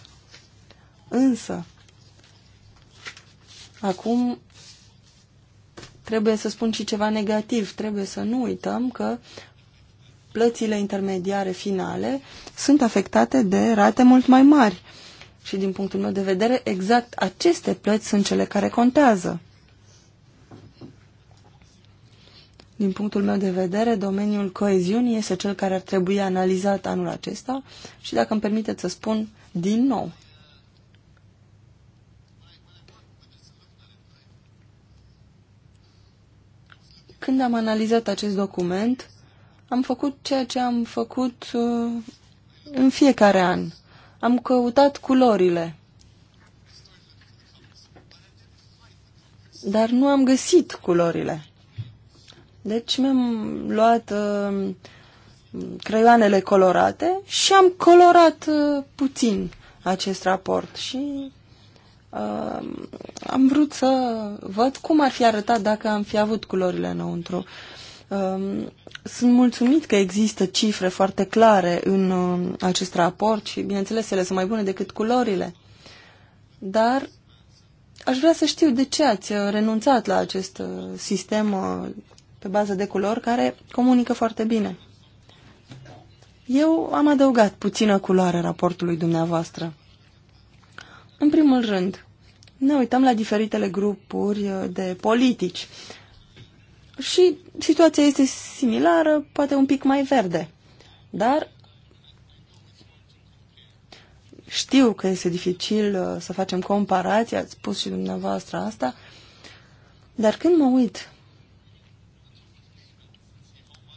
Însă, acum trebuie să spun și ceva negativ. Trebuie să nu uităm că plățile intermediare finale sunt afectate de rate mult mai mari. Și din punctul meu de vedere, exact aceste plăți sunt cele care contează. Din punctul meu de vedere, domeniul coeziunii este cel care ar trebui analizat anul acesta și, dacă îmi permiteți să spun, din nou. Când am analizat acest document, am făcut ceea ce am făcut uh, în fiecare an. Am căutat culorile. Dar nu am găsit culorile. Deci mi-am luat uh, creioanele colorate și am colorat uh, puțin acest raport și uh, am vrut să văd cum ar fi arătat dacă am fi avut culorile înăuntru. Uh, sunt mulțumit că există cifre foarte clare în uh, acest raport și, bineînțeles, ele sunt mai bune decât culorile. Dar aș vrea să știu de ce ați uh, renunțat la acest uh, sistem pe bază de culori care comunică foarte bine. Eu am adăugat puțină culoare raportului dumneavoastră. În primul rând, ne uităm la diferitele grupuri de politici și situația este similară, poate un pic mai verde, dar știu că este dificil uh, să facem comparații, ați spus și dumneavoastră asta, dar când mă uit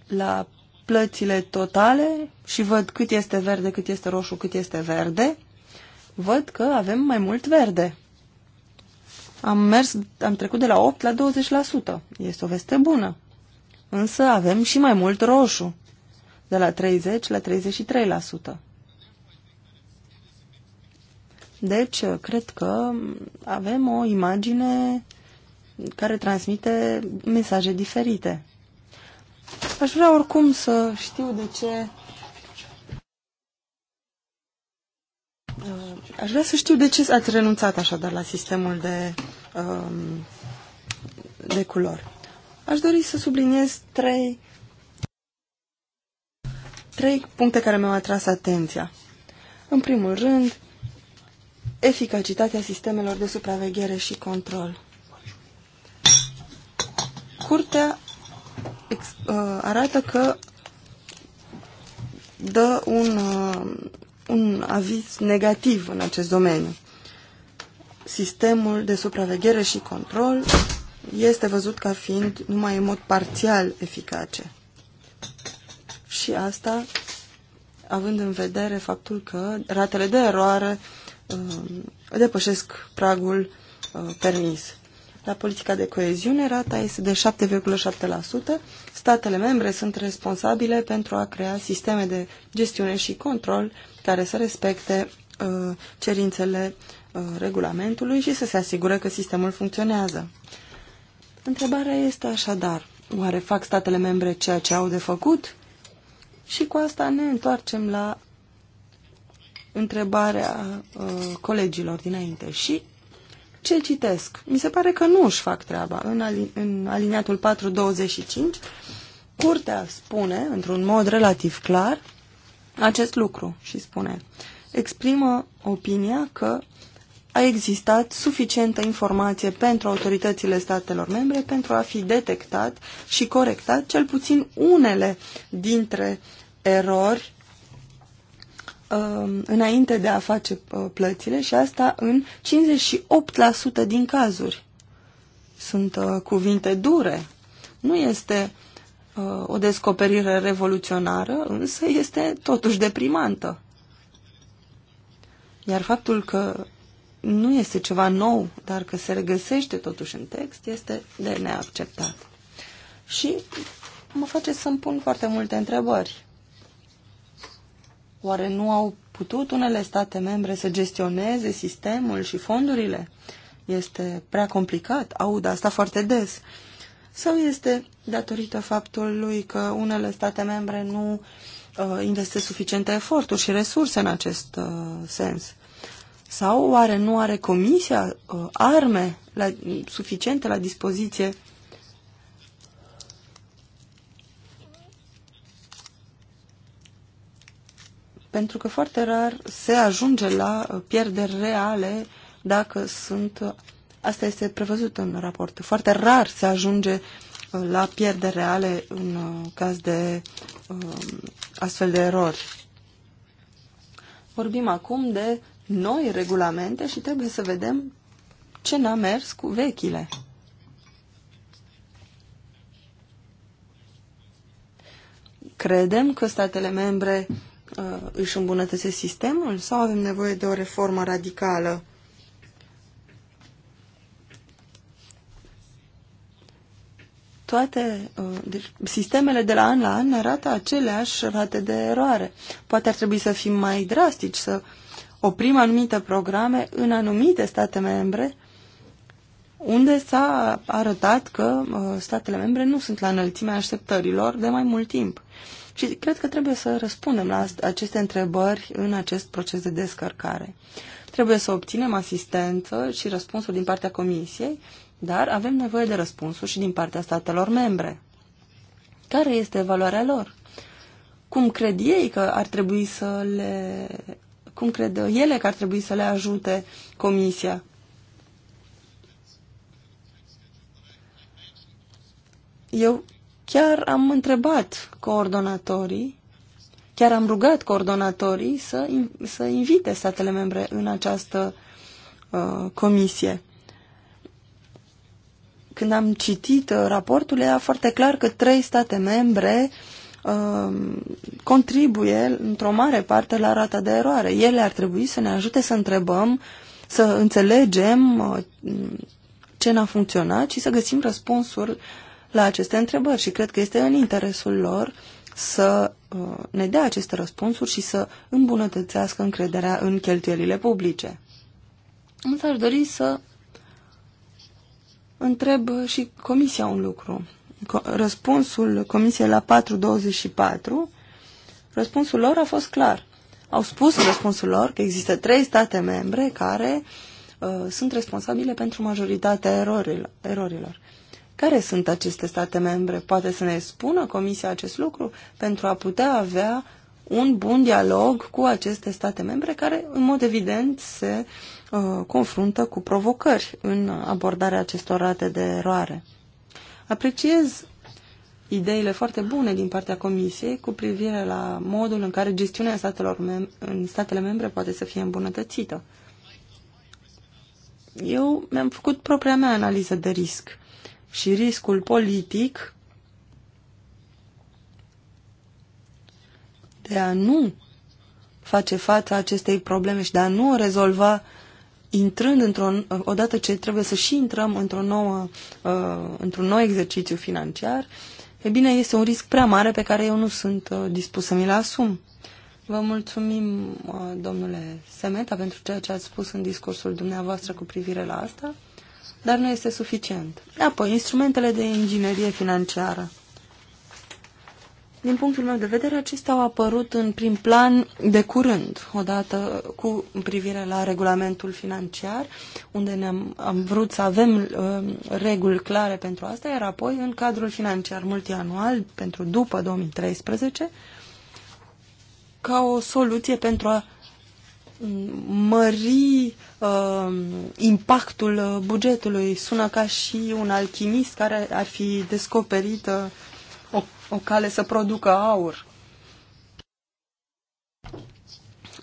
la plățile totale și văd cât este verde, cât este roșu, cât este verde, văd că avem mai mult verde. Am mers, am trecut de la 8 la 20%. Este o veste bună. Însă avem și mai mult roșu, de la 30 la 33%. Deci, cred că avem o imagine care transmite mesaje diferite. Aș vrea oricum să știu de ce... Uh, aș vrea să știu de ce ați renunțat așadar la sistemul de, um, de culori. Aș dori să subliniez trei, trei puncte care mi-au atras atenția. În primul rând, eficacitatea sistemelor de supraveghere și control. Curtea ex, uh, arată că dă un, uh, un aviz negativ în acest domeniu. Sistemul de supraveghere și control este văzut ca fiind numai în mod parțial eficace. Și asta având în vedere faptul că ratele de eroare uh, depășesc pragul uh, permis. La politica de coeziune, rata este de 7,7%. Statele membre sunt responsabile pentru a crea sisteme de gestiune și control care să respecte uh, cerințele uh, regulamentului și să se asigure că sistemul funcționează. Întrebarea este așadar, oare fac statele membre ceea ce au de făcut? Și cu asta ne întoarcem la întrebarea uh, colegilor dinainte și ce citesc? Mi se pare că nu își fac treaba. În, ali, în aliniatul 425, curtea spune, într-un mod relativ clar, acest lucru și spune, exprimă opinia că a existat suficientă informație pentru autoritățile statelor membre pentru a fi detectat și corectat cel puțin unele dintre erori Um, înainte de a face uh, plățile și asta în 58% din cazuri. Sunt uh, cuvinte dure. Nu este uh, o descoperire revoluționară, însă este totuși deprimantă. Iar faptul că nu este ceva nou, dar că se regăsește totuși în text, este de neacceptat. Și mă face să-mi pun foarte multe întrebări. Oare nu au putut unele state membre să gestioneze sistemul și fondurile? Este prea complicat, aud asta foarte des. Sau este datorită faptului că unele state membre nu uh, investesc suficiente eforturi și resurse în acest uh, sens? Sau oare nu are Comisia uh, arme la, suficiente la dispoziție pentru că foarte rar se ajunge la pierderi reale dacă sunt... Asta este prevăzut în raport. Foarte rar se ajunge uh, la pierderi reale în uh, caz de uh, astfel de erori. Vorbim acum de noi regulamente și trebuie să vedem ce n-a mers cu vechile. Credem că statele membre uh, își îmbunătățesc sistemul sau avem nevoie de o reformă radicală? Toate uh, deci, sistemele de la an la an arată aceleași rate de eroare. Poate ar trebui să fim mai drastici, să oprim anumite programe în anumite state membre unde s-a arătat că uh, statele membre nu sunt la înălțimea așteptărilor de mai mult timp. Și cred că trebuie să răspundem la aceste întrebări în acest proces de descărcare. Trebuie să obținem asistență și răspunsuri din partea Comisiei, dar avem nevoie de răspunsuri și din partea statelor membre. Care este valoarea lor? Cum cred ei că ar trebui să le... Cum cred ele că ar trebui să le ajute Comisia? Eu Chiar am întrebat coordonatorii, chiar am rugat coordonatorii să, să invite statele membre în această uh, comisie. Când am citit uh, raportul, era foarte clar că trei state membre uh, contribuie într-o mare parte la rata de eroare. Ele ar trebui să ne ajute să întrebăm, să înțelegem uh, ce n-a funcționat și să găsim răspunsuri la aceste întrebări și cred că este în interesul lor să uh, ne dea aceste răspunsuri și să îmbunătățească încrederea în cheltuielile publice. Însă aș dori să întreb și Comisia un lucru. Răspunsul Comisiei la 424, răspunsul lor a fost clar. Au spus răspunsul lor că există trei state membre care uh, sunt responsabile pentru majoritatea erorilor. Care sunt aceste state membre? Poate să ne spună Comisia acest lucru pentru a putea avea un bun dialog cu aceste state membre care, în mod evident, se uh, confruntă cu provocări în abordarea acestor rate de eroare. Apreciez ideile foarte bune din partea Comisiei cu privire la modul în care gestiunea statelor mem- în statele membre poate să fie îmbunătățită. Eu mi-am făcut propria mea analiză de risc și riscul politic de a nu face față acestei probleme și de a nu o rezolva intrând într-o, odată ce trebuie să și intrăm într-o nouă, uh, într-un nou exercițiu financiar, e bine, este un risc prea mare pe care eu nu sunt uh, dispus să mi-l asum. Vă mulțumim, uh, domnule Semeta, pentru ceea ce ați spus în discursul dumneavoastră cu privire la asta dar nu este suficient. Apoi, instrumentele de inginerie financiară. Din punctul meu de vedere, acestea au apărut în prim plan de curând, odată cu privire la regulamentul financiar, unde ne-am am vrut să avem uh, reguli clare pentru asta, iar apoi în cadrul financiar multianual pentru după 2013, ca o soluție pentru a mări uh, impactul bugetului. Sună ca și un alchimist care ar fi descoperit uh, o, o cale să producă aur.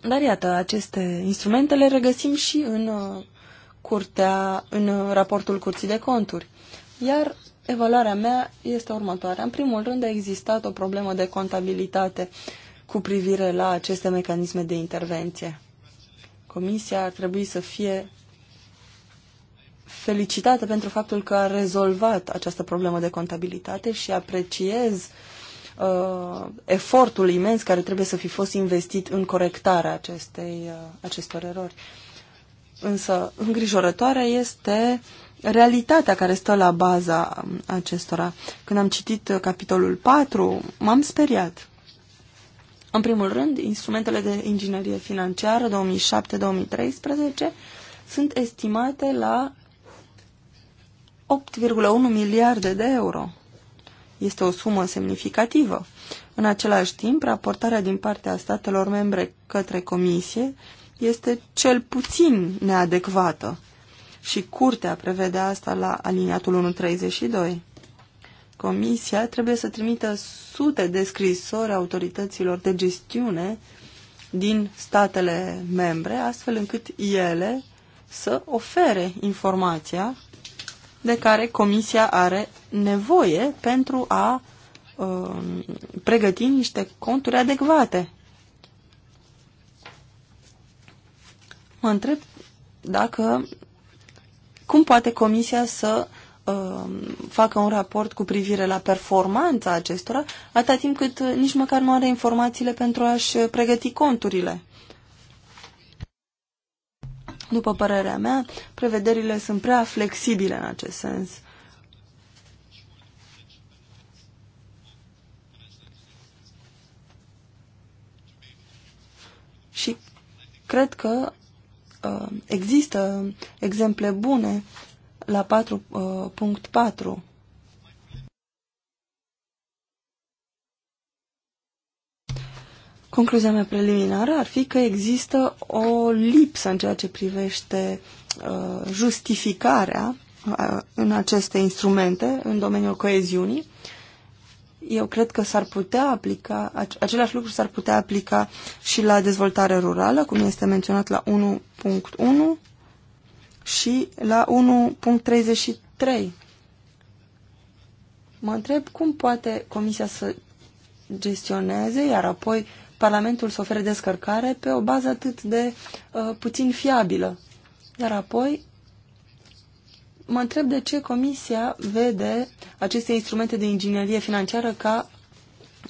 Dar iată, aceste instrumente le regăsim și în, uh, curtea, în uh, raportul Curții de Conturi. Iar evaluarea mea este următoarea. În primul rând a existat o problemă de contabilitate cu privire la aceste mecanisme de intervenție. Comisia ar trebui să fie felicitată pentru faptul că a rezolvat această problemă de contabilitate și apreciez uh, efortul imens care trebuie să fi fost investit în corectarea acestei, uh, acestor erori. Însă îngrijorătoare este realitatea care stă la baza acestora. Când am citit capitolul 4, m-am speriat. În primul rând, instrumentele de inginerie financiară 2007-2013 sunt estimate la 8,1 miliarde de euro. Este o sumă semnificativă. În același timp, raportarea din partea statelor membre către comisie este cel puțin neadecvată și curtea prevede asta la aliniatul 132. Comisia trebuie să trimită sute de scrisori autorităților de gestiune din statele membre, astfel încât ele să ofere informația de care Comisia are nevoie pentru a uh, pregăti niște conturi adecvate. Mă întreb dacă cum poate Comisia să Um, facă un raport cu privire la performanța acestora, atâta timp cât uh, nici măcar nu are informațiile pentru a-și uh, pregăti conturile. După părerea mea, prevederile sunt prea flexibile în acest sens. Și cred că uh, există exemple bune la 4.4. Uh, Concluzia mea preliminară ar fi că există o lipsă în ceea ce privește uh, justificarea uh, în aceste instrumente, în domeniul coeziunii. Eu cred că s-ar putea aplica, același lucru s-ar putea aplica și la dezvoltare rurală, cum este menționat la 1.1 și la 1.33. Mă întreb cum poate Comisia să gestioneze, iar apoi Parlamentul să ofere descărcare pe o bază atât de uh, puțin fiabilă. Iar apoi mă întreb de ce Comisia vede aceste instrumente de inginerie financiară ca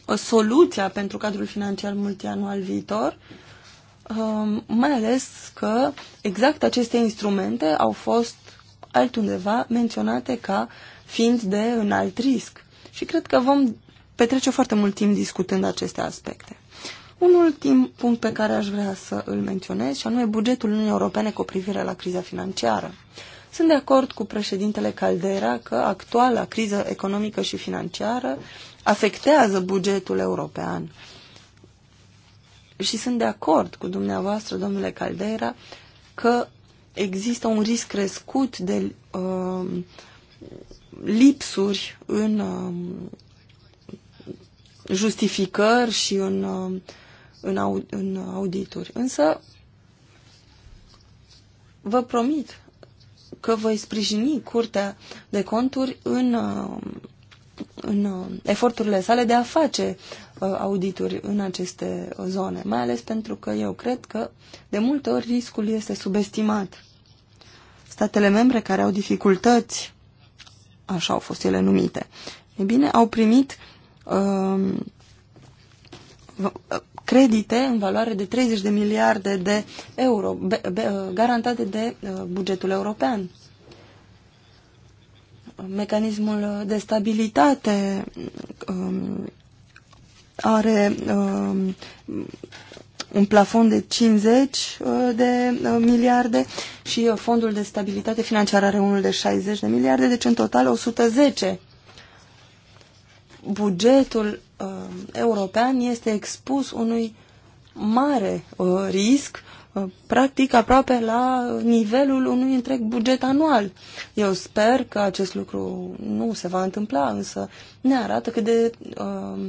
uh, soluția pentru cadrul financiar multianual viitor uh, Um, mai ales că exact aceste instrumente au fost altundeva menționate ca fiind de înalt risc. Și cred că vom petrece foarte mult timp discutând aceste aspecte. Un ultim punct pe care aș vrea să îl menționez și anume bugetul Uniunii Europene cu privire la criza financiară. Sunt de acord cu președintele Caldera că actuala criză economică și financiară afectează bugetul european și sunt de acord cu dumneavoastră, domnule Caldera, că există un risc crescut de uh, lipsuri în uh, justificări și în, uh, în, au, în audituri. Însă vă promit că voi sprijini Curtea de Conturi în uh, în uh, eforturile sale de a face uh, audituri în aceste zone, mai ales pentru că eu cred că de multe ori riscul este subestimat. Statele membre care au dificultăți, așa au fost ele numite, e bine, au primit um, uh, credite în valoare de 30 de miliarde de euro, uh, garantate de uh, bugetul european mecanismul de stabilitate um, are um, un plafon de 50 uh, de uh, miliarde și uh, fondul de stabilitate financiară are unul de 60 de miliarde, deci în total 110. Bugetul uh, european este expus unui mare uh, risc Uh, practic aproape la nivelul unui întreg buget anual. Eu sper că acest lucru nu se va întâmpla, însă ne arată cât de, uh,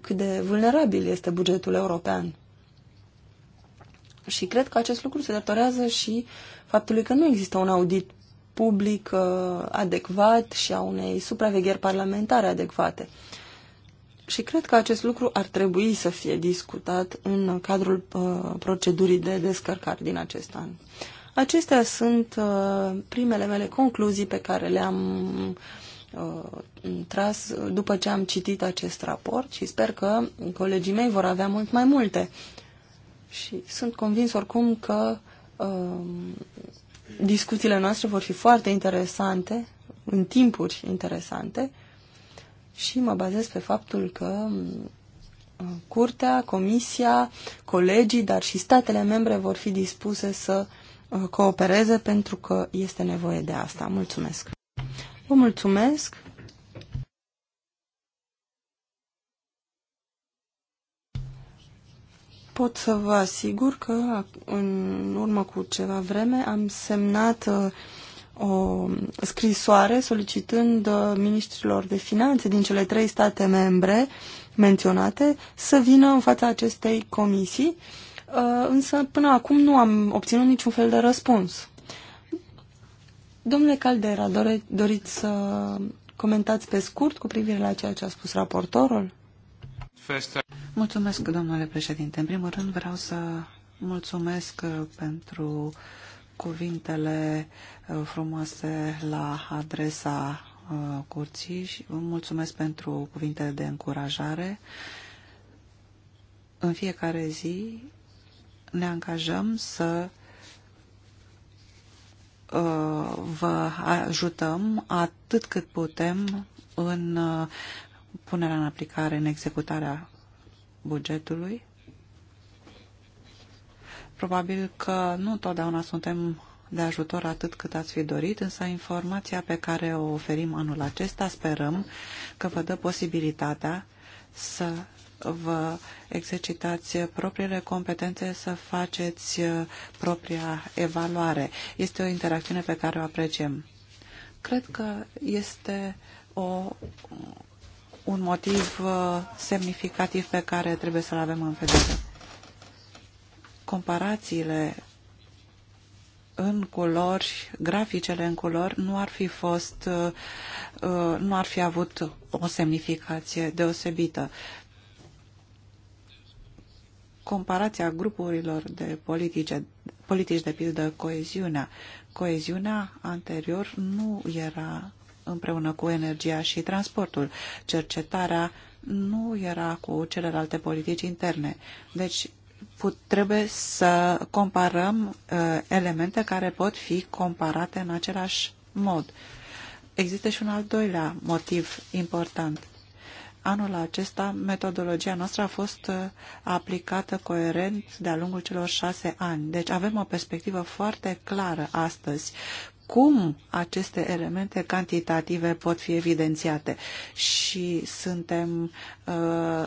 cât de vulnerabil este bugetul european. Și cred că acest lucru se datorează și faptului că nu există un audit public uh, adecvat și a unei supravegheri parlamentare adecvate. Uh, și cred că acest lucru ar trebui să fie discutat în cadrul uh, procedurii de descărcare din acest an. Acestea sunt uh, primele mele concluzii pe care le-am uh, tras după ce am citit acest raport și sper că colegii mei vor avea mult mai multe. Și sunt convins oricum că uh, discuțiile noastre vor fi foarte interesante, în timpuri interesante, uh, și mă bazez pe faptul că Curtea, Comisia, colegii, dar și statele membre vor fi dispuse să uh, coopereze pentru că este nevoie de asta. Mulțumesc! Vă mulțumesc! Pot să vă asigur că în urmă cu ceva vreme am semnat uh, o scrisoare solicitând uh, ministrilor de finanțe din cele trei state membre menționate să vină în fața acestei comisii, uh, însă până acum nu am obținut niciun fel de răspuns. Domnule Caldera, dore, doriți să comentați pe scurt cu privire la ceea ce a spus raportorul? Mulțumesc, domnule președinte. În primul rând vreau să mulțumesc uh, pentru uh, cuvintele uh, frumoase la adresa uh, curții și vă mulțumesc pentru cuvintele de încurajare. În fiecare zi ne angajăm să uh, vă ajutăm atât cât putem în punerea în aplicare, în executarea bugetului Probabil că nu întotdeauna suntem de ajutor atât cât ați fi dorit, însă informația pe care o oferim anul acesta sperăm că vă dă posibilitatea să vă exercitați propriile competențe, să faceți uh, propria evaluare. Este o interacțiune pe care o apreciem. Cred că este o, un motiv uh, semnificativ pe care trebuie să-l avem în vedere comparațiile în culori, graficele în culori, nu ar fi fost, uh, nu ar fi avut o semnificație deosebită. Comparația grupurilor de politice, politici, de pildă, coeziunea. Coeziunea anterior nu era împreună cu energia și transportul. Cercetarea nu era cu celelalte politici interne. Deci put, trebuie să comparăm uh, elemente care pot fi comparate în același mod. Există și un al doilea motiv important. Anul acesta, metodologia noastră a fost uh, aplicată coerent de-a lungul celor șase ani. Deci avem o perspectivă foarte clară astăzi cum aceste elemente cantitative pot fi evidențiate și suntem uh,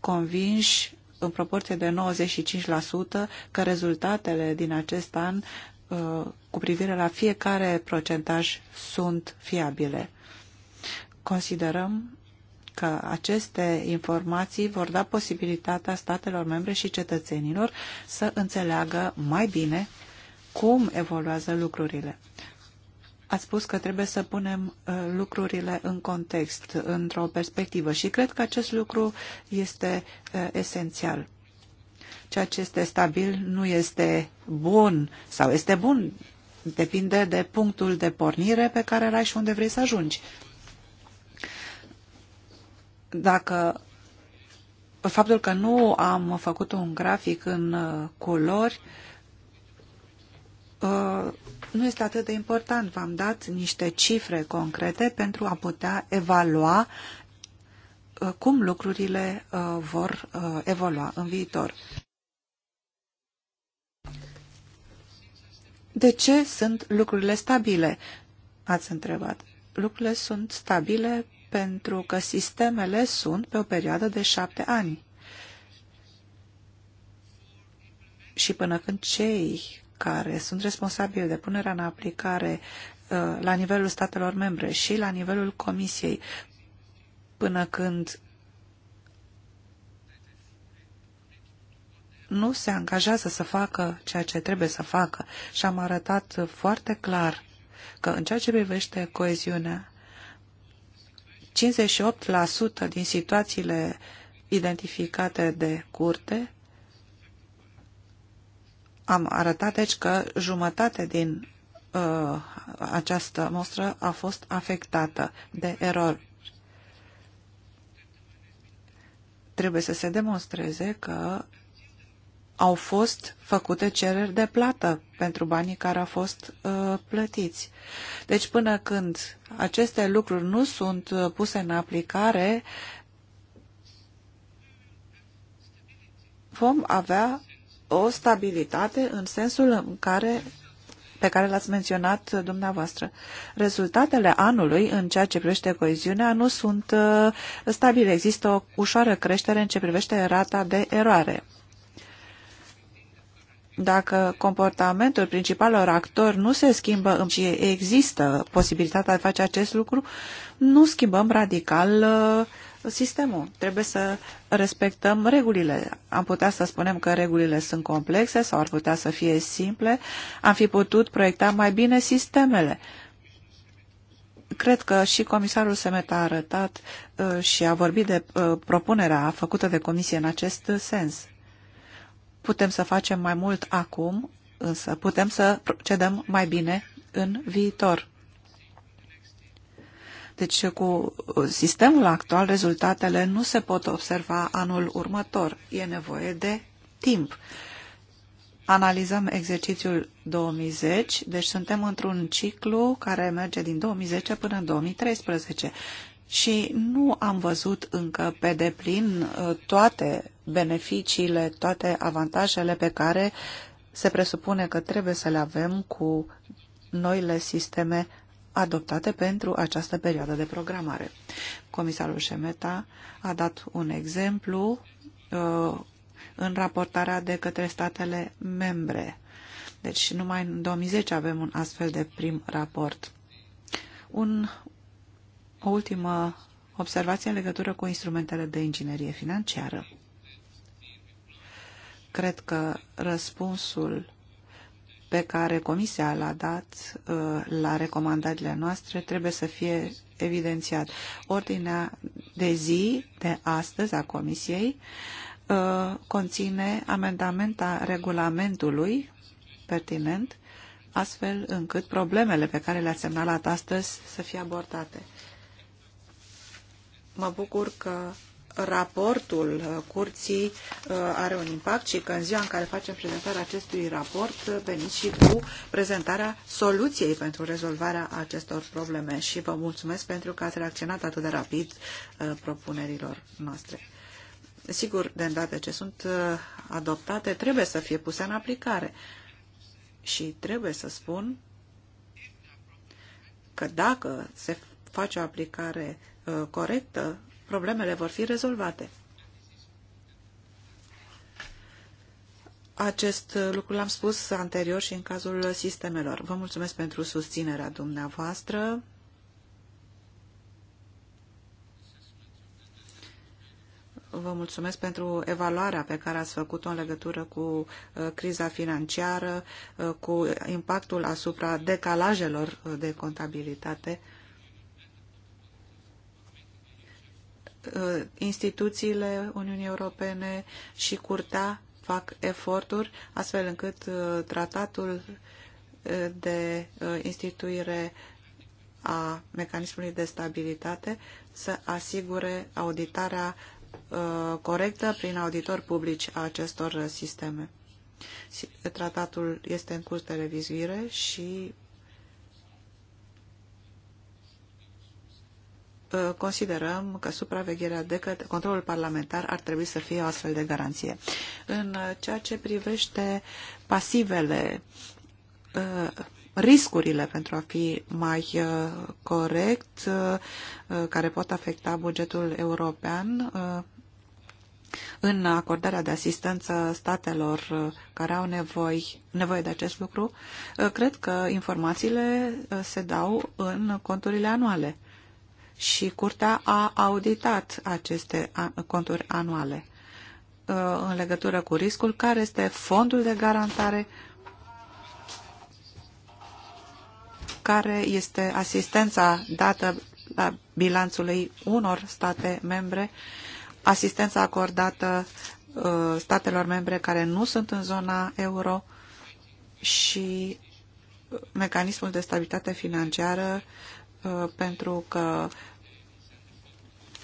convinși în proporție de 95% că rezultatele din acest an uh, cu privire la fiecare procentaj sunt fiabile. Considerăm că aceste informații vor da posibilitatea statelor membre și cetățenilor să înțeleagă mai bine cum evoluează lucrurile. Ați spus că trebuie să punem uh, lucrurile în context, într-o perspectivă și cred că acest lucru este uh, esențial. Ceea ce este stabil nu este bun sau este bun, depinde de punctul de pornire pe care ai și unde vrei să ajungi. Dacă faptul că nu am făcut un grafic în uh, culori uh, nu este atât de important. V-am dat niște cifre concrete pentru a putea evalua uh, cum lucrurile uh, vor uh, evolua în viitor. De ce sunt lucrurile stabile? Ați întrebat. Lucrurile sunt stabile pentru că sistemele sunt pe o perioadă de șapte ani. Și până când cei care sunt responsabili de punerea în aplicare uh, la nivelul statelor membre și la nivelul Comisiei până când nu se angajează să facă ceea ce trebuie să facă și am arătat foarte clar că în ceea ce privește coeziunea, 58% din situațiile identificate de curte am arătat deci că jumătate din uh, această mostră a fost afectată de erori. Trebuie să se demonstreze că au fost făcute cereri de plată pentru banii care au fost uh, plătiți. Deci până când aceste lucruri nu sunt uh, puse în aplicare, vom avea o stabilitate în sensul în care pe care l-ați menționat dumneavoastră. Rezultatele anului în ceea ce privește coeziunea nu sunt uh, stabile. Există o ușoară creștere în ce privește rata de eroare. Dacă comportamentul principalor actori nu se schimbă și există posibilitatea de a face acest lucru, nu schimbăm radical uh, sistemul. Trebuie să respectăm regulile. Am putea să spunem că regulile sunt complexe sau ar putea să fie simple. Am fi putut proiecta mai bine sistemele. Cred că și comisarul Semet a arătat uh, și a vorbit de uh, propunerea făcută de comisie în acest sens. Putem să facem mai mult acum, însă putem să procedăm mai bine în viitor. Deci cu uh, sistemul actual rezultatele nu se pot observa anul următor. E nevoie de timp. Analizăm exercițiul 2010, deci suntem într-un ciclu care merge din 2010 până în 2013 și nu am văzut încă pe deplin uh, toate beneficiile, toate avantajele pe care se presupune că trebuie să le avem cu noile sisteme adoptate pentru această perioadă de programare. Comisarul Șemeta a dat un exemplu uh, în raportarea de către statele membre. Deci numai în 2010 avem un astfel de prim raport. Un, o ultimă observație în legătură cu instrumentele de inginerie financiară. Cred că răspunsul pe care Comisia l-a dat uh, la recomandările noastre trebuie să fie evidențiat. Ordinea de zi de astăzi a Comisiei uh, conține amendamenta regulamentului pertinent, astfel încât problemele pe care le-ați semnalat astăzi să fie abordate. Mă bucur că raportul uh, curții uh, are un impact și că în ziua în care facem prezentarea acestui raport uh, veniți și cu prezentarea soluției pentru rezolvarea acestor probleme și vă mulțumesc pentru că ați reacționat atât de rapid propunerilor noastre. Sigur, de îndată ce sunt adoptate, trebuie să fie puse în aplicare și trebuie să spun că dacă se face o aplicare corectă problemele vor fi rezolvate. Acest lucru l-am spus anterior și în cazul sistemelor. Vă mulțumesc pentru susținerea dumneavoastră. Vă mulțumesc pentru evaluarea pe care ați făcut-o în legătură cu uh, criza financiară, uh, cu impactul asupra decalajelor uh, de contabilitate. Uh, instituțiile Uniunii Europene și Curtea fac eforturi astfel încât uh, tratatul uh, de instituire a mecanismului de stabilitate să asigure auditarea corectă prin auditori publici a acestor sisteme. Tratatul este în curs de revizuire și Uh, considerăm că supravegherea de către controlul parlamentar ar trebui să fie o astfel de garanție. În uh, ceea ce privește pasivele, uh, riscurile, pentru a fi mai corect, care pot afecta bugetul european, în acordarea de asistență statelor care au nevoi, nevoie de acest lucru, cred că informațiile se dau în conturile anuale și curtea a auditat aceste conturi anuale uh, în legătură cu riscul, care este fondul de garantare, care este asistența dată la bilanțului unor state membre, asistența acordată uh, statelor membre care nu sunt în zona euro și mecanismul de stabilitate financiară Uh, pentru că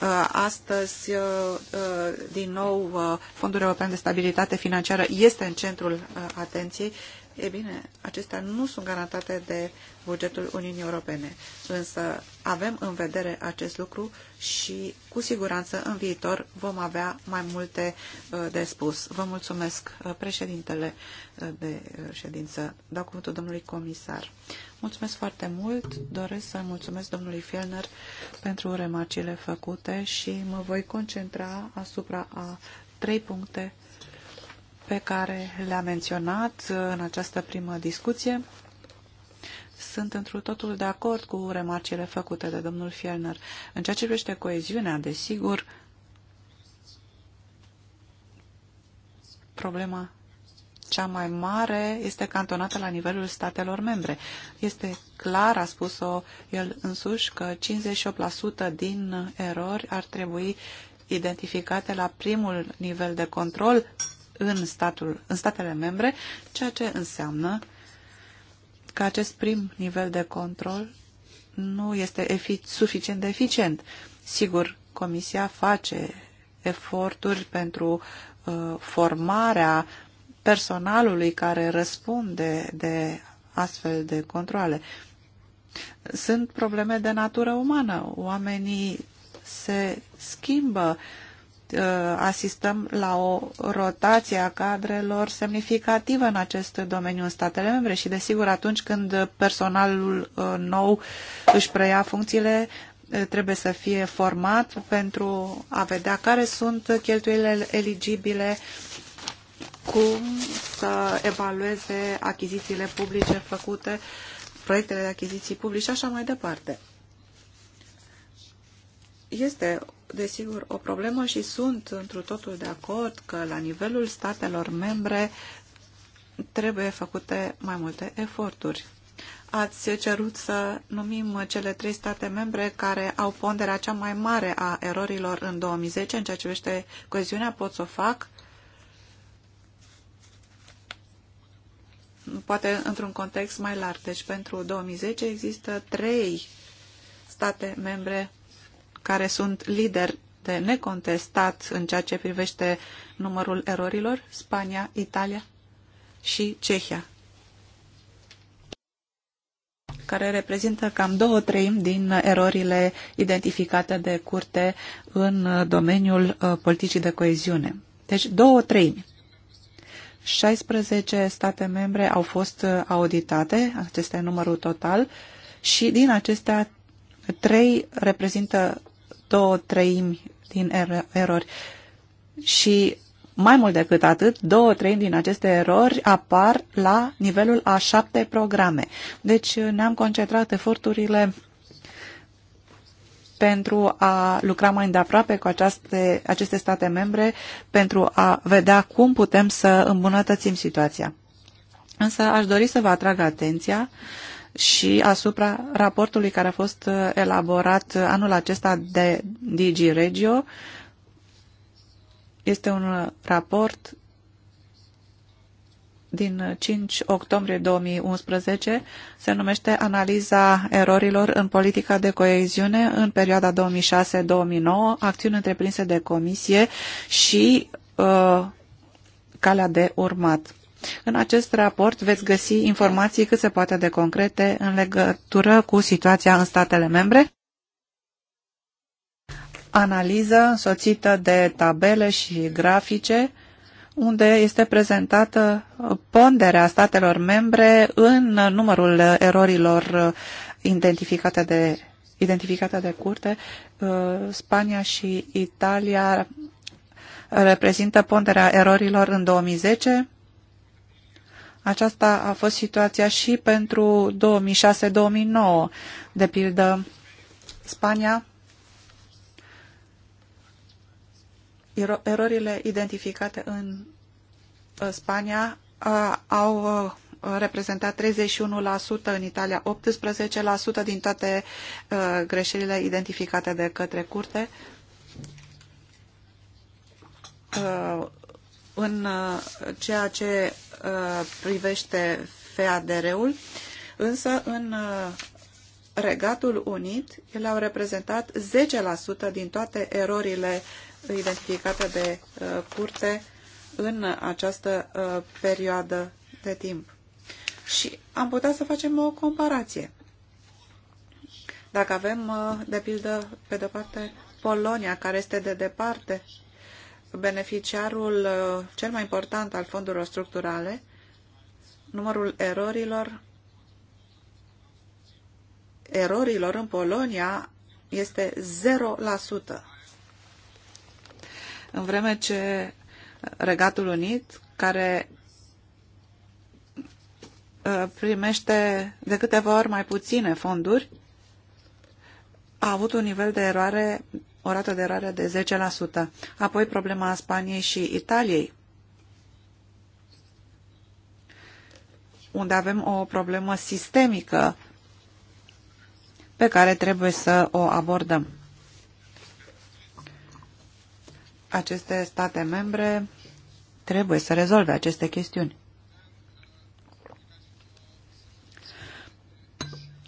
uh, Astăzi, uh, din nou, Fondul European de Stabilitate Financiară este în centrul atenției E bine, acestea nu sunt garantate de bugetul Uniunii Europene, însă avem în vedere acest lucru și cu siguranță în viitor vom avea mai multe uh, de spus. Vă mulțumesc, uh, președintele uh, de ședință. Dau cuvântul domnului comisar. Mulțumesc foarte mult. Doresc să mulțumesc domnului Fielner pentru remarcile făcute și mă voi concentra asupra a trei puncte pe care le-a menționat în această primă discuție. Sunt întru totul de acord cu remarcile făcute de domnul Fielner. În ceea ce privește coeziunea, desigur, problema cea mai mare este cantonată la nivelul statelor membre. Este clar, a spus-o el însuși, că 58% din erori ar trebui identificate la primul nivel de control în, statul, în statele membre, ceea ce înseamnă că acest prim nivel de control nu este efic suficient de eficient. Sigur, Comisia face eforturi pentru uh, formarea personalului care răspunde de astfel de controle. Sunt probleme de natură umană. Oamenii se schimbă uh, Uh, asistăm la o rotație a cadrelor semnificativă în acest domeniu în statele membre și, desigur, atunci când personalul uh, nou își preia funcțiile, uh, trebuie să fie format pentru a vedea care sunt cheltuielile eligibile, cum să evalueze achizițiile publice făcute, proiectele de achiziții publice și așa mai departe este, desigur, o problemă și sunt întru totul de acord că la nivelul statelor membre trebuie făcute mai multe eforturi. Ați cerut să numim cele trei state membre care au ponderea cea mai mare a erorilor în 2010 în ceea ce vește coeziunea. Pot să o fac. Poate într-un context mai larg. Deci pentru 2010 există trei state membre care sunt lideri de necontestat în ceea ce privește numărul erorilor, Spania, Italia și Cehia, care reprezintă cam două treimi din erorile identificate de curte în domeniul uh, politicii de coeziune. Deci două treimi. 16 state membre au fost uh, auditate, acesta e numărul total, și din acestea trei reprezintă două treimi din erori. Și mai mult decât atât, două treimi din aceste erori apar la nivelul a șapte programe. Deci uh, ne-am concentrat eforturile pentru a lucra mai îndeaproape cu aceste, aceste state membre pentru a vedea cum putem să îmbunătățim situația. Însă aș dori să vă atrag atenția și asupra raportului care a fost uh, elaborat uh, anul acesta de Digi Regio. Este un uh, raport din 5 octombrie 2011 se numește Analiza erorilor în politica de coeziune în perioada 2006-2009, acțiuni întreprinse de comisie și uh, calea de urmat. În acest raport veți găsi informații cât se poate de concrete în legătură cu situația în statele membre, analiză însoțită de tabele și grafice, unde este prezentată ponderea statelor membre în numărul erorilor identificate de, identificate de curte. Uh, Spania și Italia reprezintă ponderea erorilor în 2010, aceasta a fost situația și pentru 2006-2009. De pildă, Spania, erorile identificate în uh, Spania au uh, reprezentat 31%, în Italia 18% din toate uh, greșelile identificate de către curte în uh, ceea ce uh, privește FADR-ul, însă în uh, Regatul Unit ele au reprezentat 10% din toate erorile identificate de curte în această perioadă de timp. Și am putea să facem o comparație. Dacă avem, de pildă, pe de parte, Polonia, care este de departe beneficiarul uh, cel mai important al fondurilor structurale, numărul erorilor erorilor în Polonia este 0%. În vreme ce Regatul Unit, care uh, primește de câteva ori mai puține fonduri, a avut un nivel de eroare o rată de erare de 10%. Apoi problema Spaniei și Italiei, unde avem o problemă sistemică pe care trebuie să o abordăm. Aceste state membre trebuie să rezolve aceste chestiuni.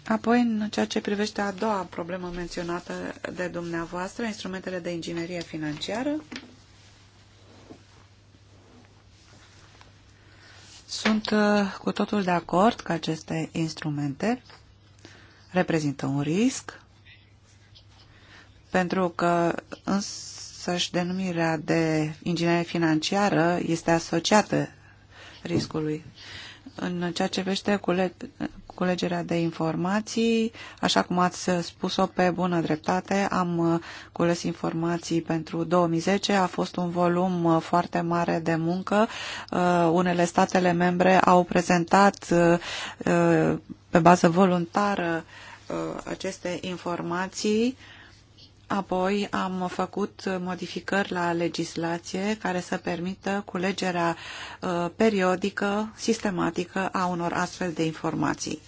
Apoi, în ceea ce privește a doua problemă menționată de dumneavoastră, instrumentele de inginerie financiară, sunt uh, cu totul de acord că aceste instrumente reprezintă un risc, pentru că însăși denumirea de inginerie financiară este asociată riscului. În ceea ce vește culegerea de informații. Așa cum ați spus-o pe bună dreptate, am uh, cules informații pentru 2010. A fost un volum uh, foarte mare de muncă. Uh, unele statele membre au prezentat pe bază voluntară aceste informații Apoi am făcut modificări la legislație care să permită culegerea uh, periodică, sistematică a unor astfel de informații.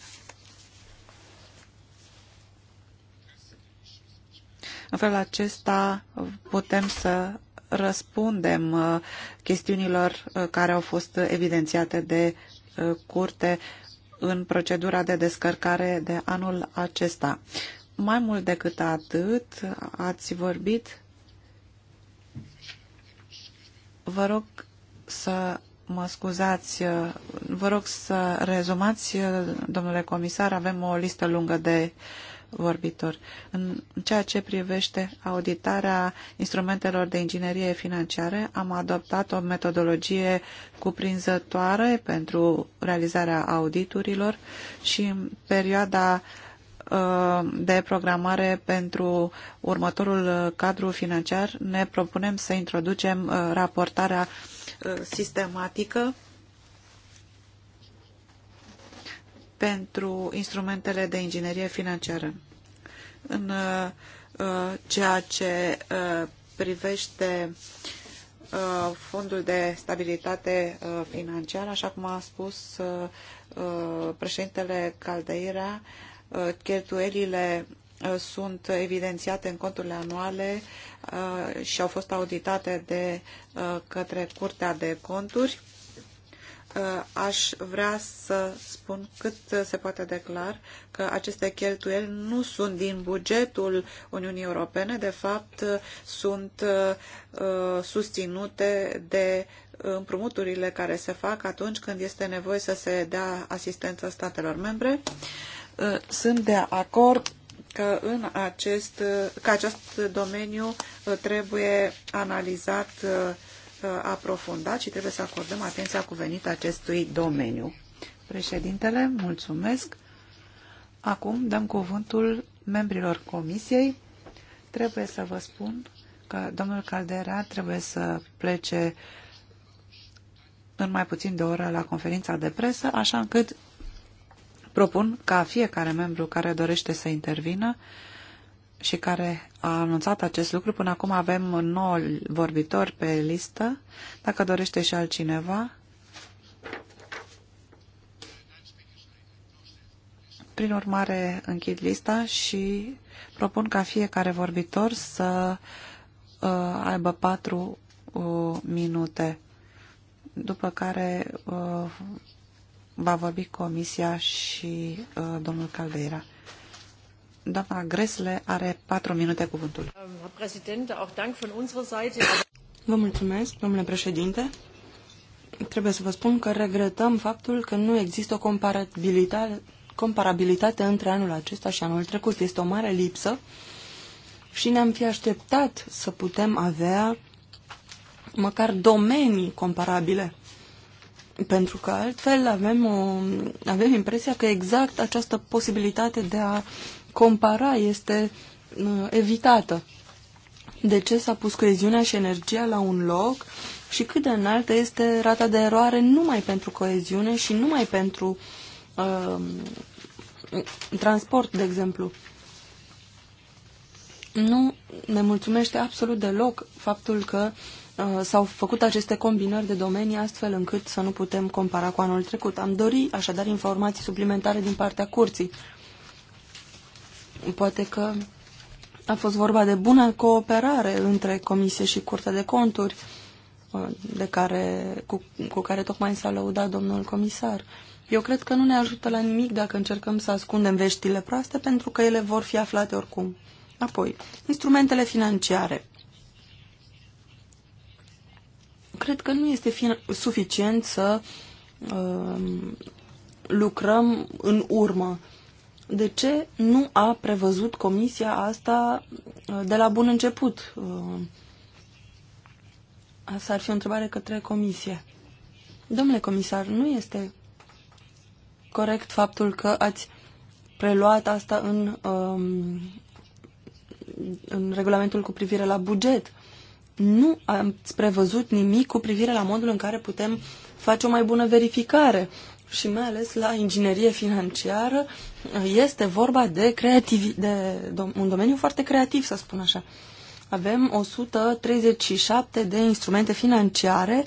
În felul acesta putem să răspundem uh, chestiunilor uh, care au fost evidențiate de curte în procedura de descărcare de anul acesta. Mai mult decât atât, ați vorbit. Vă rog să mă scuzați, vă rog să rezumați, domnule comisar, avem o listă lungă de vorbitori. În ceea ce privește auditarea instrumentelor de inginerie financiare, am adoptat o metodologie cuprinzătoare pentru realizarea auditurilor și în perioada uh, Uh, de programare pentru următorul uh, cadru financiar ne propunem să introducem uh, raportarea sistematică pentru instrumentele de inginerie financiară. În ceea ce privește fondul de stabilitate financiară, așa cum a spus președintele Caldeira, Uh, cheltuielile uh, sunt evidențiate în conturile anuale uh, și au fost auditate de către Curtea de Conturi. Aș vrea să spun cât se poate declar că aceste cheltuieli nu sunt din bugetul Uniunii Europene, de fapt sunt susținute de împrumuturile care se fac atunci când este nevoie să se dea asistență statelor membre. Uh, sunt de acord că, în acest, uh, că acest domeniu uh, trebuie analizat aprofundat și trebuie să acordăm atenția cuvenită acestui domeniu. Președintele, mulțumesc. Acum dăm cuvântul membrilor comisiei. Trebuie să vă spun că domnul Caldera trebuie să plece în mai puțin de o oră la conferința de presă, așa încât Propun ca fiecare membru care dorește să intervină și care a anunțat acest lucru, până acum avem nou vorbitori pe listă, dacă dorește și altcineva. Prin urmare, închid lista și propun ca fiecare vorbitor să uh, aibă patru uh, minute, după care uh, va vorbi Comisia și uh, domnul Caldeira. Doamna Gresle are patru minute cuvântul. Ähm, vă mulțumesc, domnule președinte. Trebuie să vă spun că regretăm faptul că nu există o comparabilitate, comparabilitate între anul acesta și anul trecut. Este o mare lipsă și ne-am fi așteptat să putem avea măcar domenii comparabile pentru că altfel avem, o, avem impresia că exact această posibilitate de a compara este uh, evitată. De ce s-a pus coeziunea și energia la un loc și cât de înaltă este rata de eroare numai pentru coeziune și numai pentru uh, transport, de exemplu. Nu ne mulțumește absolut deloc faptul că uh, Uh, s-au făcut aceste combinări de domenii astfel încât să nu putem compara cu anul trecut. Am dori așadar informații suplimentare din partea curții. Poate că a fost vorba de bună cooperare între Comisie și Curtea de Conturi, uh, de care, cu, cu care tocmai s-a lăudat domnul comisar. Eu cred că nu ne ajută la nimic dacă încercăm să ascundem veștile proaste, pentru că ele vor fi aflate oricum. Apoi, instrumentele financiare cred că nu este suficient să uh, lucrăm în urmă. De ce nu a prevăzut comisia asta uh, de la bun început? Uh, asta ar fi o întrebare către comisie. Domnule comisar, nu este corect faptul că ați preluat asta în, um, în regulamentul cu privire la buget nu ați prevăzut nimic cu privire la modul în care putem face o mai bună verificare și mai ales la inginerie financiară este vorba de, creativi, de un domeniu foarte creativ, să spun așa. Avem 137 de instrumente financiare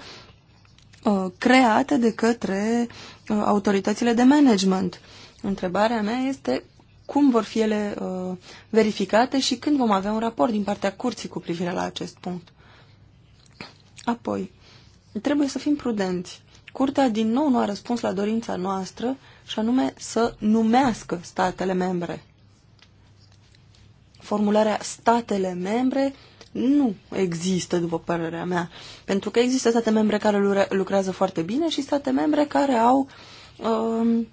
uh, create de către uh, autoritățile de management. Întrebarea mea este cum vor fi ele uh, verificate și când vom avea un raport din partea curții cu privire la acest punct. Apoi, trebuie să fim prudenți. Curtea din nou nu a răspuns la dorința noastră și anume să numească statele membre. Formularea statele membre nu există, după părerea mea, pentru că există state membre care lucrează foarte bine și state membre care au, uh,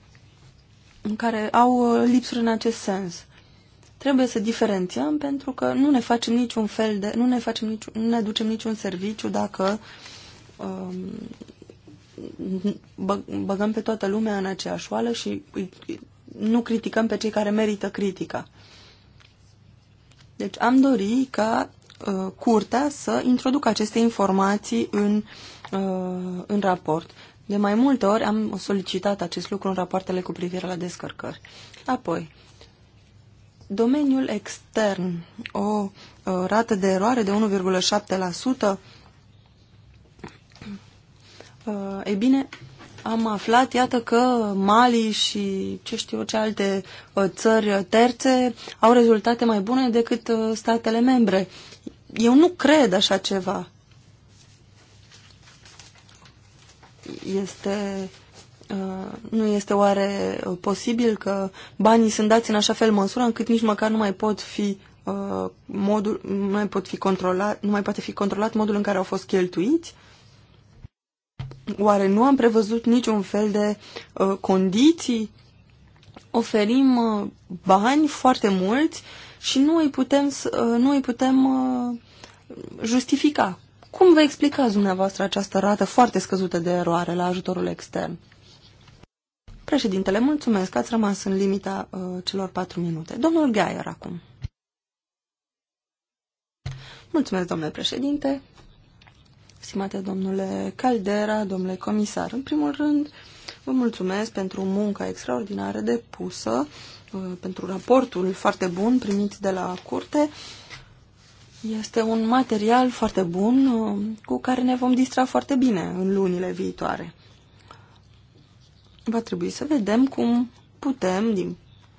care au uh, lipsuri în acest sens trebuie să diferențiem pentru că nu ne facem niciun fel de, nu ne facem nici, nu ne aducem niciun serviciu dacă um, bă, băgăm pe toată lumea în aceeași oală și nu criticăm pe cei care merită critica. Deci am dori ca uh, curtea să introducă aceste informații în, uh, în raport. De mai multe ori am solicitat acest lucru în rapoartele cu privire la descărcări. Apoi, Domeniul extern, o uh, rată de eroare de 1,7%, uh, e bine, am aflat, iată că Mali și ce știu ce alte uh, țări terțe au rezultate mai bune decât statele membre. Eu nu cred așa ceva. Este Uh, nu este oare uh, posibil că banii sunt dați în așa fel măsură încât nici măcar nu mai pot fi uh, modul, nu mai pot fi controlat, nu mai poate fi controlat modul în care au fost cheltuiți? Oare nu am prevăzut niciun fel de uh, condiții? Oferim uh, bani foarte mulți și nu îi putem, uh, nu îi putem uh, justifica. Cum vă explicați dumneavoastră această rată foarte scăzută de eroare la ajutorul extern? Președintele, mulțumesc, ați rămas în limita uh, celor patru minute. Domnul Gheaier, acum. Mulțumesc, domnule președinte, stimate domnule Caldera, domnule comisar. În primul rând, vă mulțumesc pentru munca extraordinară depusă, uh, pentru raportul foarte bun primit de la curte. Este un material foarte bun uh, cu care ne vom distra foarte bine în lunile viitoare va trebui să vedem cum putem, din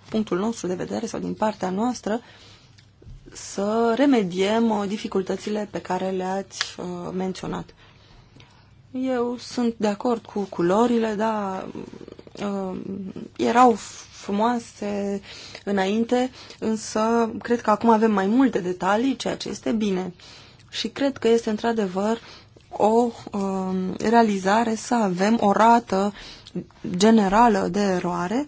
punctul nostru de vedere sau din partea noastră, să remediem uh, dificultățile pe care le-ați uh, menționat. Eu sunt de acord cu culorile, da, uh, erau frumoase înainte, însă cred că acum avem mai multe detalii, ceea ce este bine. Și cred că este într-adevăr o um, realizare să avem o rată generală de eroare,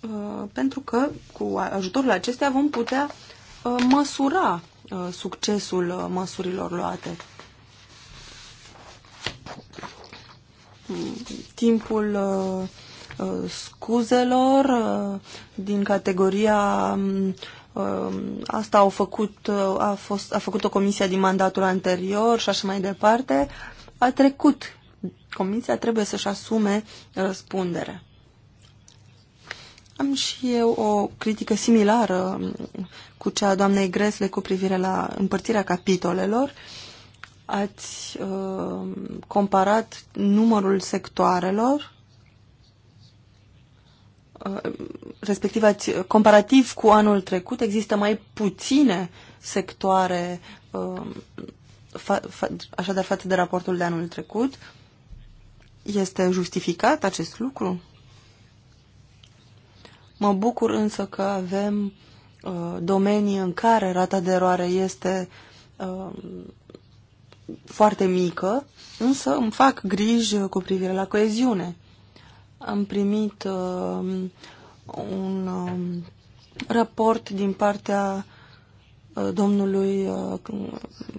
uh, pentru că cu ajutorul acestea vom putea uh, măsura uh, succesul măsurilor luate. Timpul scuzelor din categoria um, asta au făcut, a, fost, a făcut o comisia din mandatul anterior și așa mai departe, a trecut Comisia trebuie să-și asume răspundere. Am și eu o critică similară cu cea a doamnei Gresle cu privire la împărțirea capitolelor. Ați uh, comparat numărul sectoarelor, uh, respectiv ați, comparativ cu anul trecut, există mai puține sectoare, uh, fa, fa, așadar față de raportul de anul trecut, uh, este justificat acest lucru? Mă bucur însă că avem uh, domenii în care rata de eroare este uh, foarte mică, însă îmi fac griji cu privire la coeziune. Am primit uh, un uh, raport din partea Uh, domnului uh,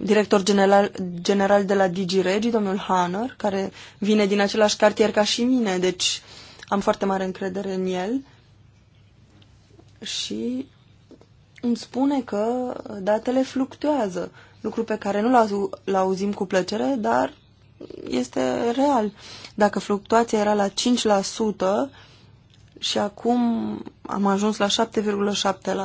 director general, general de la DigiRegi, domnul Hanner, care vine din același cartier ca și mine, deci am foarte mare încredere în el. Și îmi spune că datele fluctuează, lucru pe care nu l auzim cu plăcere, dar este real. Dacă fluctuația era la 5% și acum am ajuns la 7,7%,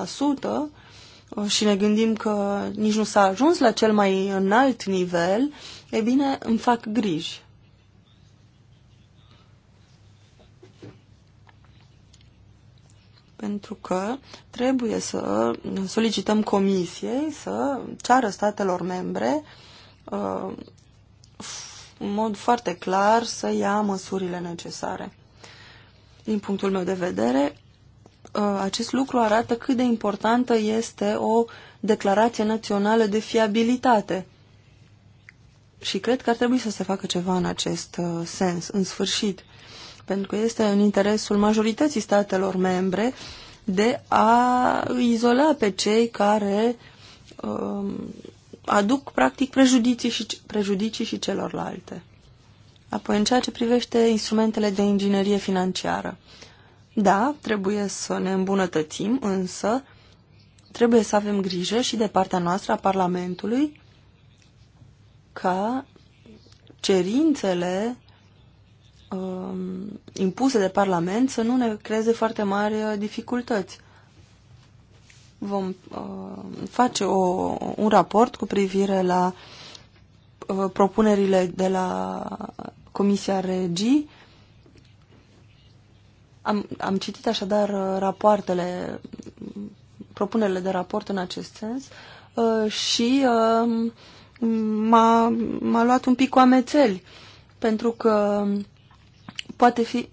și ne gândim că nici nu s-a ajuns la cel mai înalt nivel, e bine, îmi fac griji. Pentru că trebuie să solicităm comisiei să ceară statelor membre uh, în mod foarte clar să ia măsurile necesare. Din punctul meu de vedere, Uh, acest lucru arată cât de importantă este o declarație națională de fiabilitate. Și cred că ar trebui să se facă ceva în acest uh, sens, în sfârșit, pentru că este în interesul majorității statelor membre de a izola pe cei care uh, aduc, practic, prejudicii și, prejudicii și celorlalte. Apoi, în ceea ce privește instrumentele de inginerie financiară, da, trebuie să ne îmbunătățim, însă trebuie să avem grijă și de partea noastră a Parlamentului ca cerințele um, impuse de Parlament să nu ne creeze foarte mari uh, dificultăți. Vom uh, face o, un raport cu privire la uh, propunerile de la Comisia Regii am, am citit așadar uh, rapoartele, propunerile de raport în acest sens uh, și uh, m-a, m-a luat un pic cu amețeli, pentru că poate fi,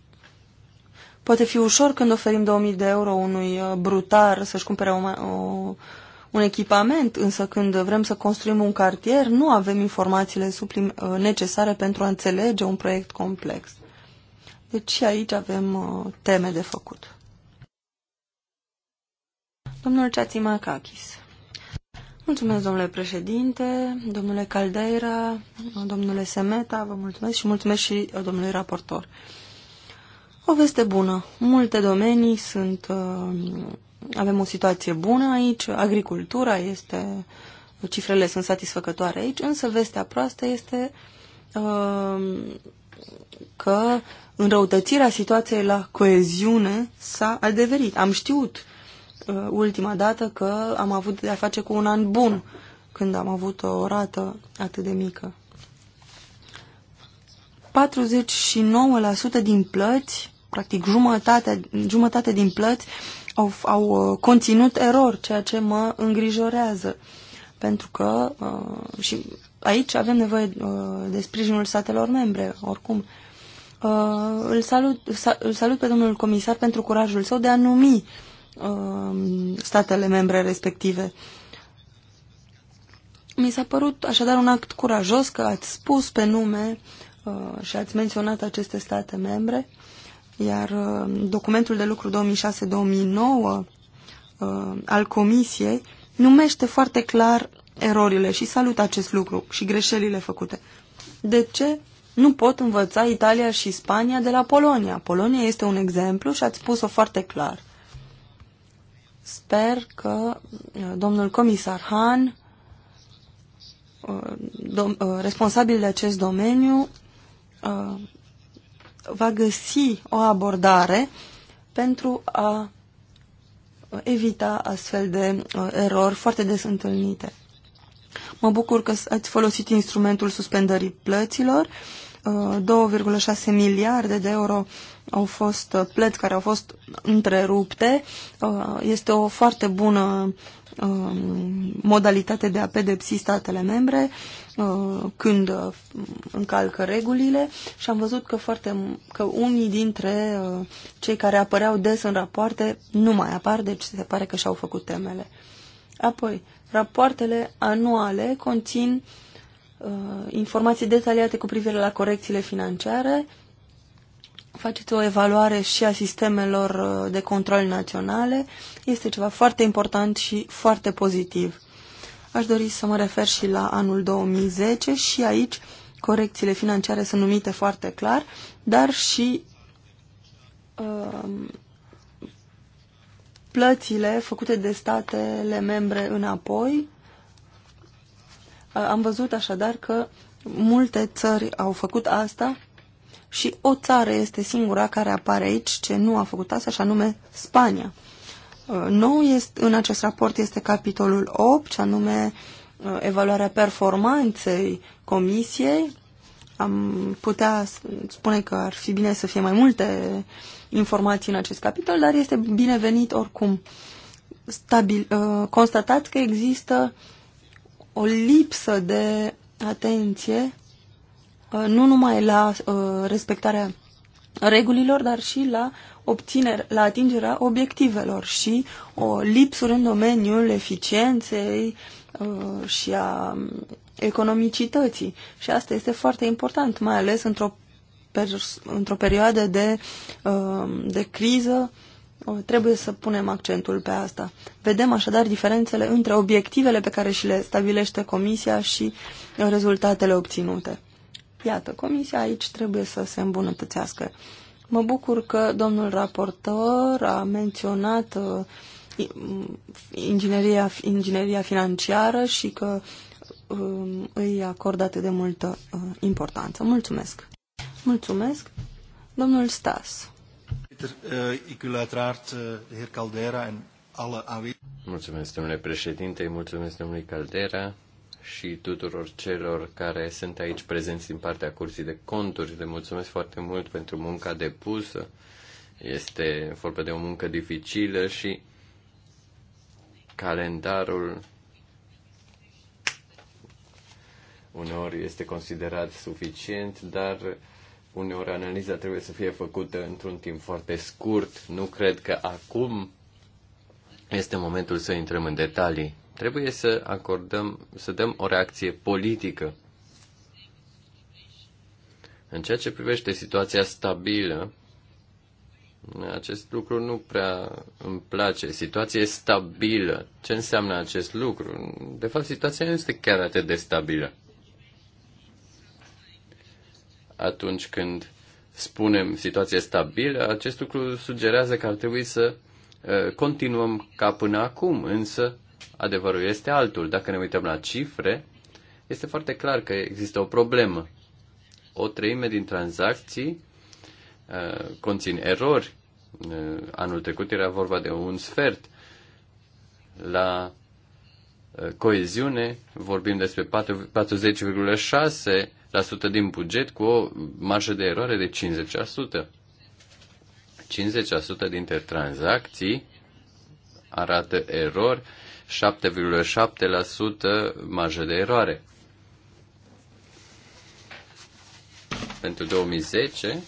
poate fi ușor când oferim 2000 de euro unui brutar să-și cumpere o, o, un echipament, însă când vrem să construim un cartier, nu avem informațiile suplim necesare pentru a înțelege un proiect complex. Deci și aici avem uh, teme de făcut. Domnul Ceațimacakis. Mulțumesc, domnule președinte, domnule Caldeira, domnule Semeta, vă mulțumesc și mulțumesc și uh, domnului raportor. O veste bună. Multe domenii sunt... Uh, avem o situație bună aici, agricultura este... Cifrele sunt satisfăcătoare aici, însă vestea proastă este uh, că înrăutățirea situației la coeziune s-a adeverit. Am știut uh, ultima dată că am avut de-a face cu un an bun când am avut o rată atât de mică. 49% din plăți, practic jumătate, jumătate din plăți, au, au uh, conținut erori, ceea ce mă îngrijorează. Pentru că uh, și aici avem nevoie uh, de sprijinul statelor membre, oricum. Uh, îl salut, îl salut pe domnul comisar pentru curajul său de a numi uh, statele membre respective. Mi s-a părut așadar un act curajos că ați spus pe nume și ați menționat aceste state membre, iar documentul de lucru 2006-2009 al Comisiei numește foarte clar erorile și salut acest lucru și greșelile făcute. De ce nu pot învăța Italia și Spania de la Polonia? Polonia este un exemplu și ați spus-o foarte clar. Sper că uh, domnul comisar Han, uh, uh, responsabil de acest domeniu, va găsi o abordare pentru a evita astfel de erori foarte des întâlnite. Mă bucur că ați folosit instrumentul suspendării plăților. 2,6 uh, miliarde de euro au fost uh, plăți care au fost întrerupte. Uh, este o foarte bună um, modalitate de a pedepsi statele membre când încalcă regulile și am văzut că, foarte, că unii dintre cei care apăreau des în rapoarte nu mai apar, deci se pare că și-au făcut temele. Apoi, Rapoartele anuale conțin uh, informații detaliate cu privire la corecțiile financiare, faceți o evaluare și a sistemelor uh, de control naționale. Este ceva foarte important și foarte pozitiv. Aș dori să mă refer și la anul 2010 și aici corecțiile financiare sunt numite foarte clar, dar și uh, plățile făcute de statele membre înapoi. Am văzut așadar că multe țări au făcut asta și o țară este singura care apare aici ce nu a făcut asta, și anume Spania. Uh, nou este, în acest raport este capitolul 8, ce anume uh, evaluarea performanței comisiei. Am putea spune că ar fi bine să fie mai multe uh, informații în acest capitol, dar este binevenit oricum. Stabil, uh, constatați că există o lipsă de atenție uh, nu numai la uh, respectarea regulilor, dar și la obținere, la atingerea obiectivelor și o lipsă în domeniul eficienței uh, și a economicității. Și asta este foarte important, mai ales într-o într-o perioadă de, uh, de criză, uh, trebuie să punem accentul pe asta. Vedem așadar diferențele între obiectivele pe care și le stabilește Comisia și uh, rezultatele obținute. Iată, Comisia aici trebuie să se îmbunătățească. Mă bucur că domnul raportor a menționat mm, ingineria, ingineria financiară și că îi acordă atât de multă importanță. Mulțumesc! Mulțumesc. Domnul Stas. Eh, eh, mulțumesc, domnule președinte, mulțumesc domnului Caldera și tuturor celor care sunt aici prezenți din partea Curții de Conturi. Le mulțumesc foarte mult pentru munca depusă. Este vorba de o muncă dificilă și calendarul uneori este considerat suficient, dar uneori analiza trebuie să fie făcută într-un timp foarte scurt. Nu cred că acum este momentul să intrăm în detalii. Trebuie să acordăm, să dăm o reacție politică. În ceea ce privește situația stabilă, acest lucru nu prea îmi place. Situație stabilă. Ce înseamnă acest lucru? De fapt, situația nu este chiar atât de stabilă atunci când spunem situație stabilă, acest lucru sugerează că ar trebui să uh, continuăm ca până acum, însă adevărul este altul. Dacă ne uităm la cifre, este foarte clar că există o problemă. O treime din tranzacții uh, conțin erori. Uh, anul trecut era vorba de un sfert. La Uh, coeziune, vorbim despre 40,6% din buget cu o marjă de eroare de 50%. 50% dintre tranzacții arată erori, 7,7% marjă de eroare. Pentru 2010,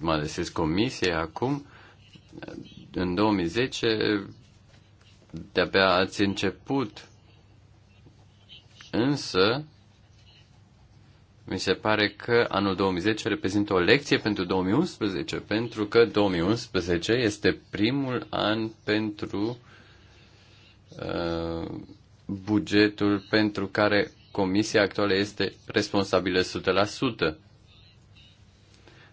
mă adresez comisiei acum, în 2010 de-abia ați început, însă mi se pare că anul 2010 reprezintă o lecție pentru 2011, pentru că 2011 este primul an pentru uh, bugetul pentru care comisia actuală este responsabilă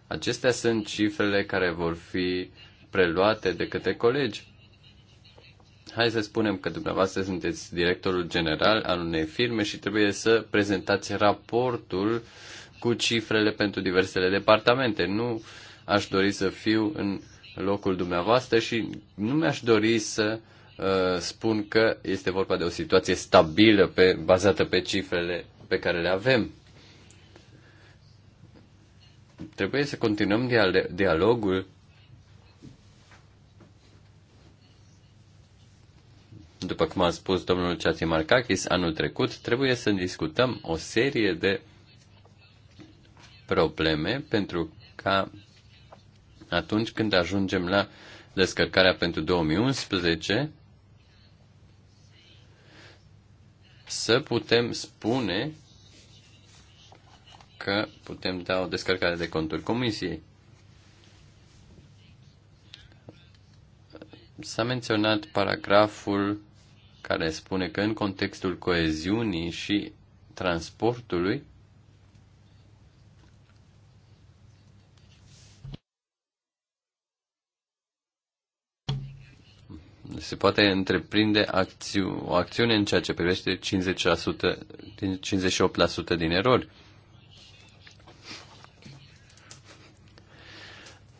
Acestea sunt cifrele care vor fi preluate de către colegi. Hai să spunem că dumneavoastră sunteți directorul general al unei firme și trebuie să prezentați raportul cu cifrele pentru diversele departamente. Nu aș dori să fiu în locul dumneavoastră și nu mi-aș dori să uh, spun că este vorba de o situație stabilă pe, bazată pe cifrele pe care le avem. Trebuie să continuăm dialogul după cum a spus domnul Marcachis anul trecut, trebuie să discutăm o serie de probleme pentru ca atunci când ajungem la descărcarea pentru 2011 să putem spune că putem da o descărcare de conturi comisiei. S-a menționat paragraful care spune că în contextul coeziunii și transportului se poate întreprinde acțiu, o acțiune în ceea ce privește 50%, 58% din erori.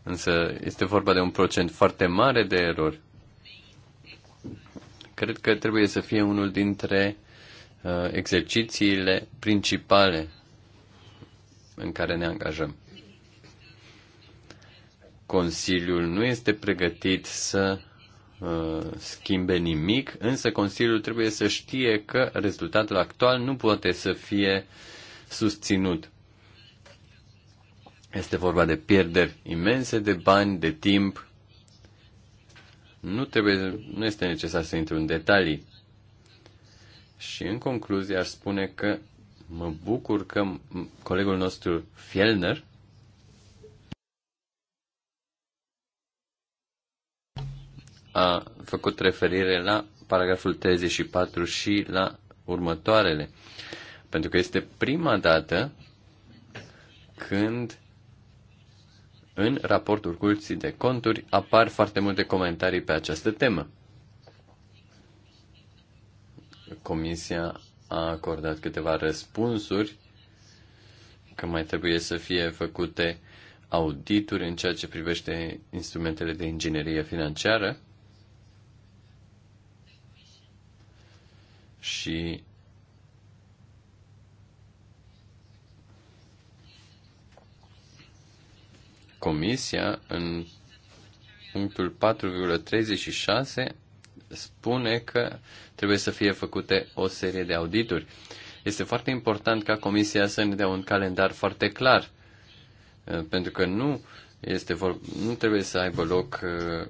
Însă este vorba de un procent foarte mare de erori. Cred că trebuie să fie unul dintre uh, exercițiile principale în care ne angajăm. Consiliul nu este pregătit să uh, schimbe nimic, însă Consiliul trebuie să știe că rezultatul actual nu poate să fie susținut. Este vorba de pierderi imense de bani, de timp. Nu, trebuie, nu este necesar să intru în detalii. Și în concluzie aș spune că mă bucur că colegul nostru Fielner a făcut referire la paragraful 34 și la următoarele. Pentru că este prima dată când în raportul Curții de Conturi apar foarte multe comentarii pe această temă. Comisia a acordat câteva răspunsuri că mai trebuie să fie făcute audituri în ceea ce privește instrumentele de inginerie financiară și Comisia, în punctul 4,36, spune că trebuie să fie făcute o serie de audituri. Este foarte important ca Comisia să ne dea un calendar foarte clar, uh, pentru că nu, este vor... nu trebuie să aibă loc uh,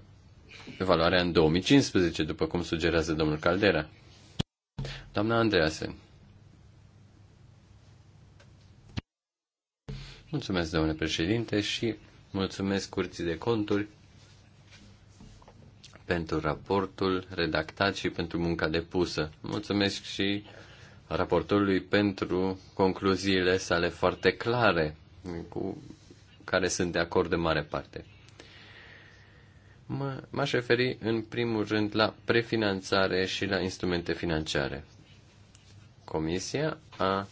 evaluarea în 2015, după cum sugerează domnul Caldera. Doamna Andreasen. Mulțumesc, domnule președinte, și Mulțumesc Curții de Conturi pentru raportul redactat și pentru munca depusă. Mulțumesc și raportorului pentru concluziile sale foarte clare, cu care sunt de acord de mare parte. M-aș referi în primul rând la prefinanțare și la instrumente financiare. Comisia a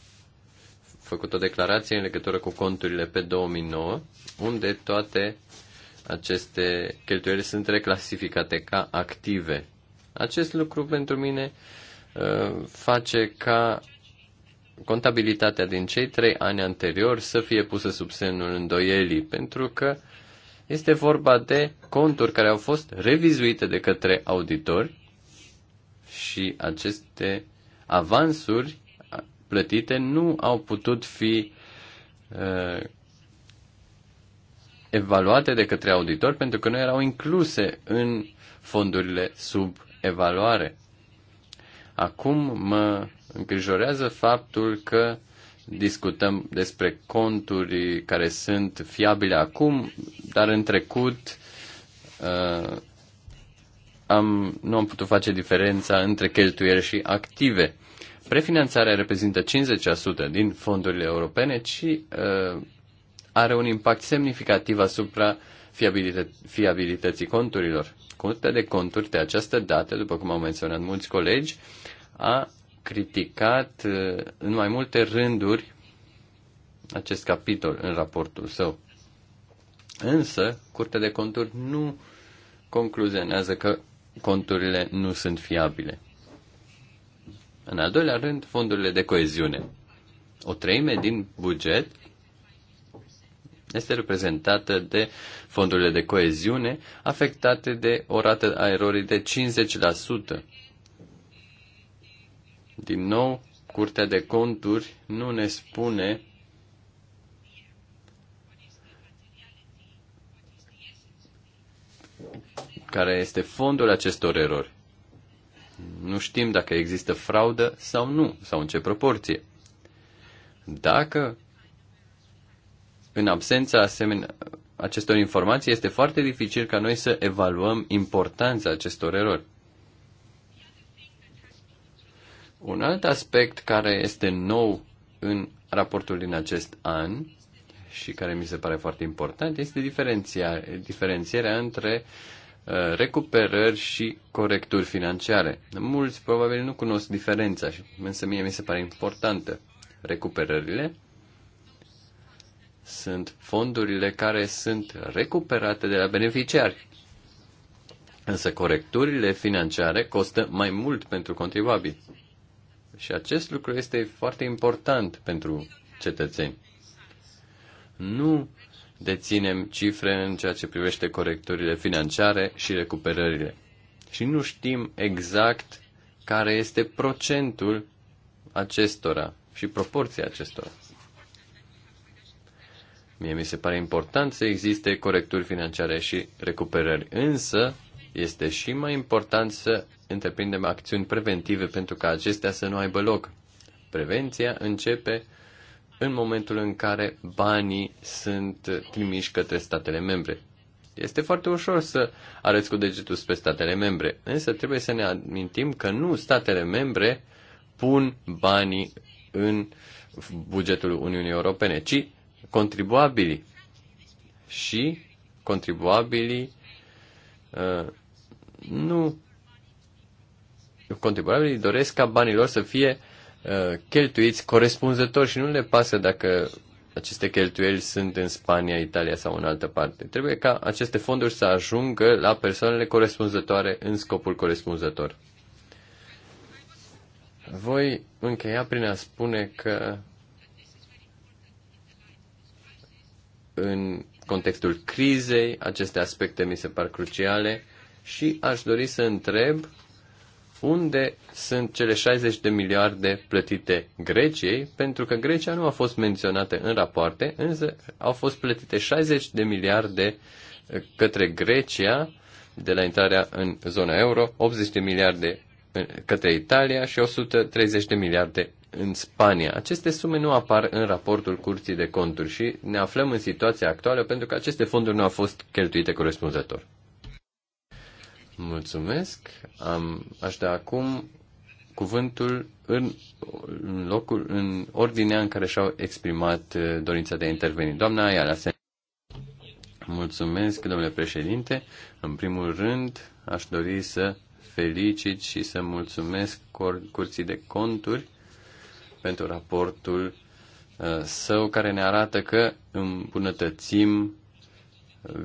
făcut o declarație în legătură cu conturile pe 2009, unde toate aceste cheltuieli sunt reclasificate ca active. Acest lucru pentru mine ă, face ca contabilitatea din cei trei ani anteriori să fie pusă sub semnul îndoielii, pentru că este vorba de conturi care au fost revizuite de către auditori și aceste avansuri plătite nu au putut fi uh, evaluate de către auditor pentru că nu erau incluse în fondurile sub evaluare. Acum mă îngrijorează faptul că discutăm despre conturi care sunt fiabile acum, dar în trecut uh, am, nu am putut face diferența între cheltuieli și active. Prefinanțarea reprezintă 50% din fondurile europene și uh, are un impact semnificativ asupra fiabilită- fiabilității conturilor. Curtea de conturi de această dată, după cum au menționat mulți colegi, a criticat uh, în mai multe rânduri acest capitol în raportul său. Însă, Curtea de Conturi nu concluzionează că conturile nu sunt fiabile. În al doilea rând, fondurile de coeziune. O treime din buget este reprezentată de fondurile de coeziune afectate de o rată a erorii de 50%. Din nou, Curtea de Conturi nu ne spune care este fondul acestor erori. Nu știm dacă există fraudă sau nu, sau în ce proporție. Dacă, în absența asemenea, acestor informații, este foarte dificil ca noi să evaluăm importanța acestor erori. Un alt aspect care este nou în raportul din acest an și care mi se pare foarte important este diferențierea între Uh, recuperări și corecturi financiare. Mulți probabil nu cunosc diferența, însă mie mi se pare importantă. Recuperările sunt fondurile care sunt recuperate de la beneficiari. Însă corecturile financiare costă mai mult pentru contribuabili Și acest lucru este foarte important pentru cetățeni. Nu deținem cifre în ceea ce privește corecturile financiare și recuperările. Și nu știm exact care este procentul acestora și proporția acestora. Mie mi se pare important să existe corecturi financiare și recuperări, însă este și mai important să întreprindem acțiuni preventive pentru ca acestea să nu aibă loc. Prevenția începe în momentul în care banii sunt trimiși către statele membre. Este foarte ușor să arăți cu degetul spre statele membre, însă trebuie să ne amintim că nu statele membre pun banii în bugetul Uniunii Europene, ci contribuabilii. Și contribuabilii uh, nu contribuabilii doresc ca banii lor să fie uh, Uh, cheltuiți corespunzător și nu le pasă dacă aceste cheltuieli sunt în Spania, Italia sau în altă parte. Trebuie ca aceste fonduri să ajungă la persoanele corespunzătoare în scopul corespunzător. Voi încheia prin a spune că în contextul crizei aceste aspecte mi se par cruciale și aș dori să întreb unde sunt cele 60 de miliarde plătite Greciei, pentru că Grecia nu a fost menționată în rapoarte, însă au fost plătite 60 de miliarde eh, către Grecia de la intrarea în zona euro, 80 de miliarde eh, către Italia și 130 de miliarde în Spania. Aceste sume nu apar în raportul Curții de Conturi și ne aflăm în situația actuală pentru că aceste fonduri nu au fost cheltuite corespunzător. Mulțumesc. Am, aș da acum cuvântul în, în locul, în ordinea în care și-au exprimat uh, dorința de a interveni. Doamna Ayala, se... Mulțumesc, domnule președinte. În primul rând, aș dori să felicit și să mulțumesc Curții de Conturi pentru raportul uh, său care ne arată că îmbunătățim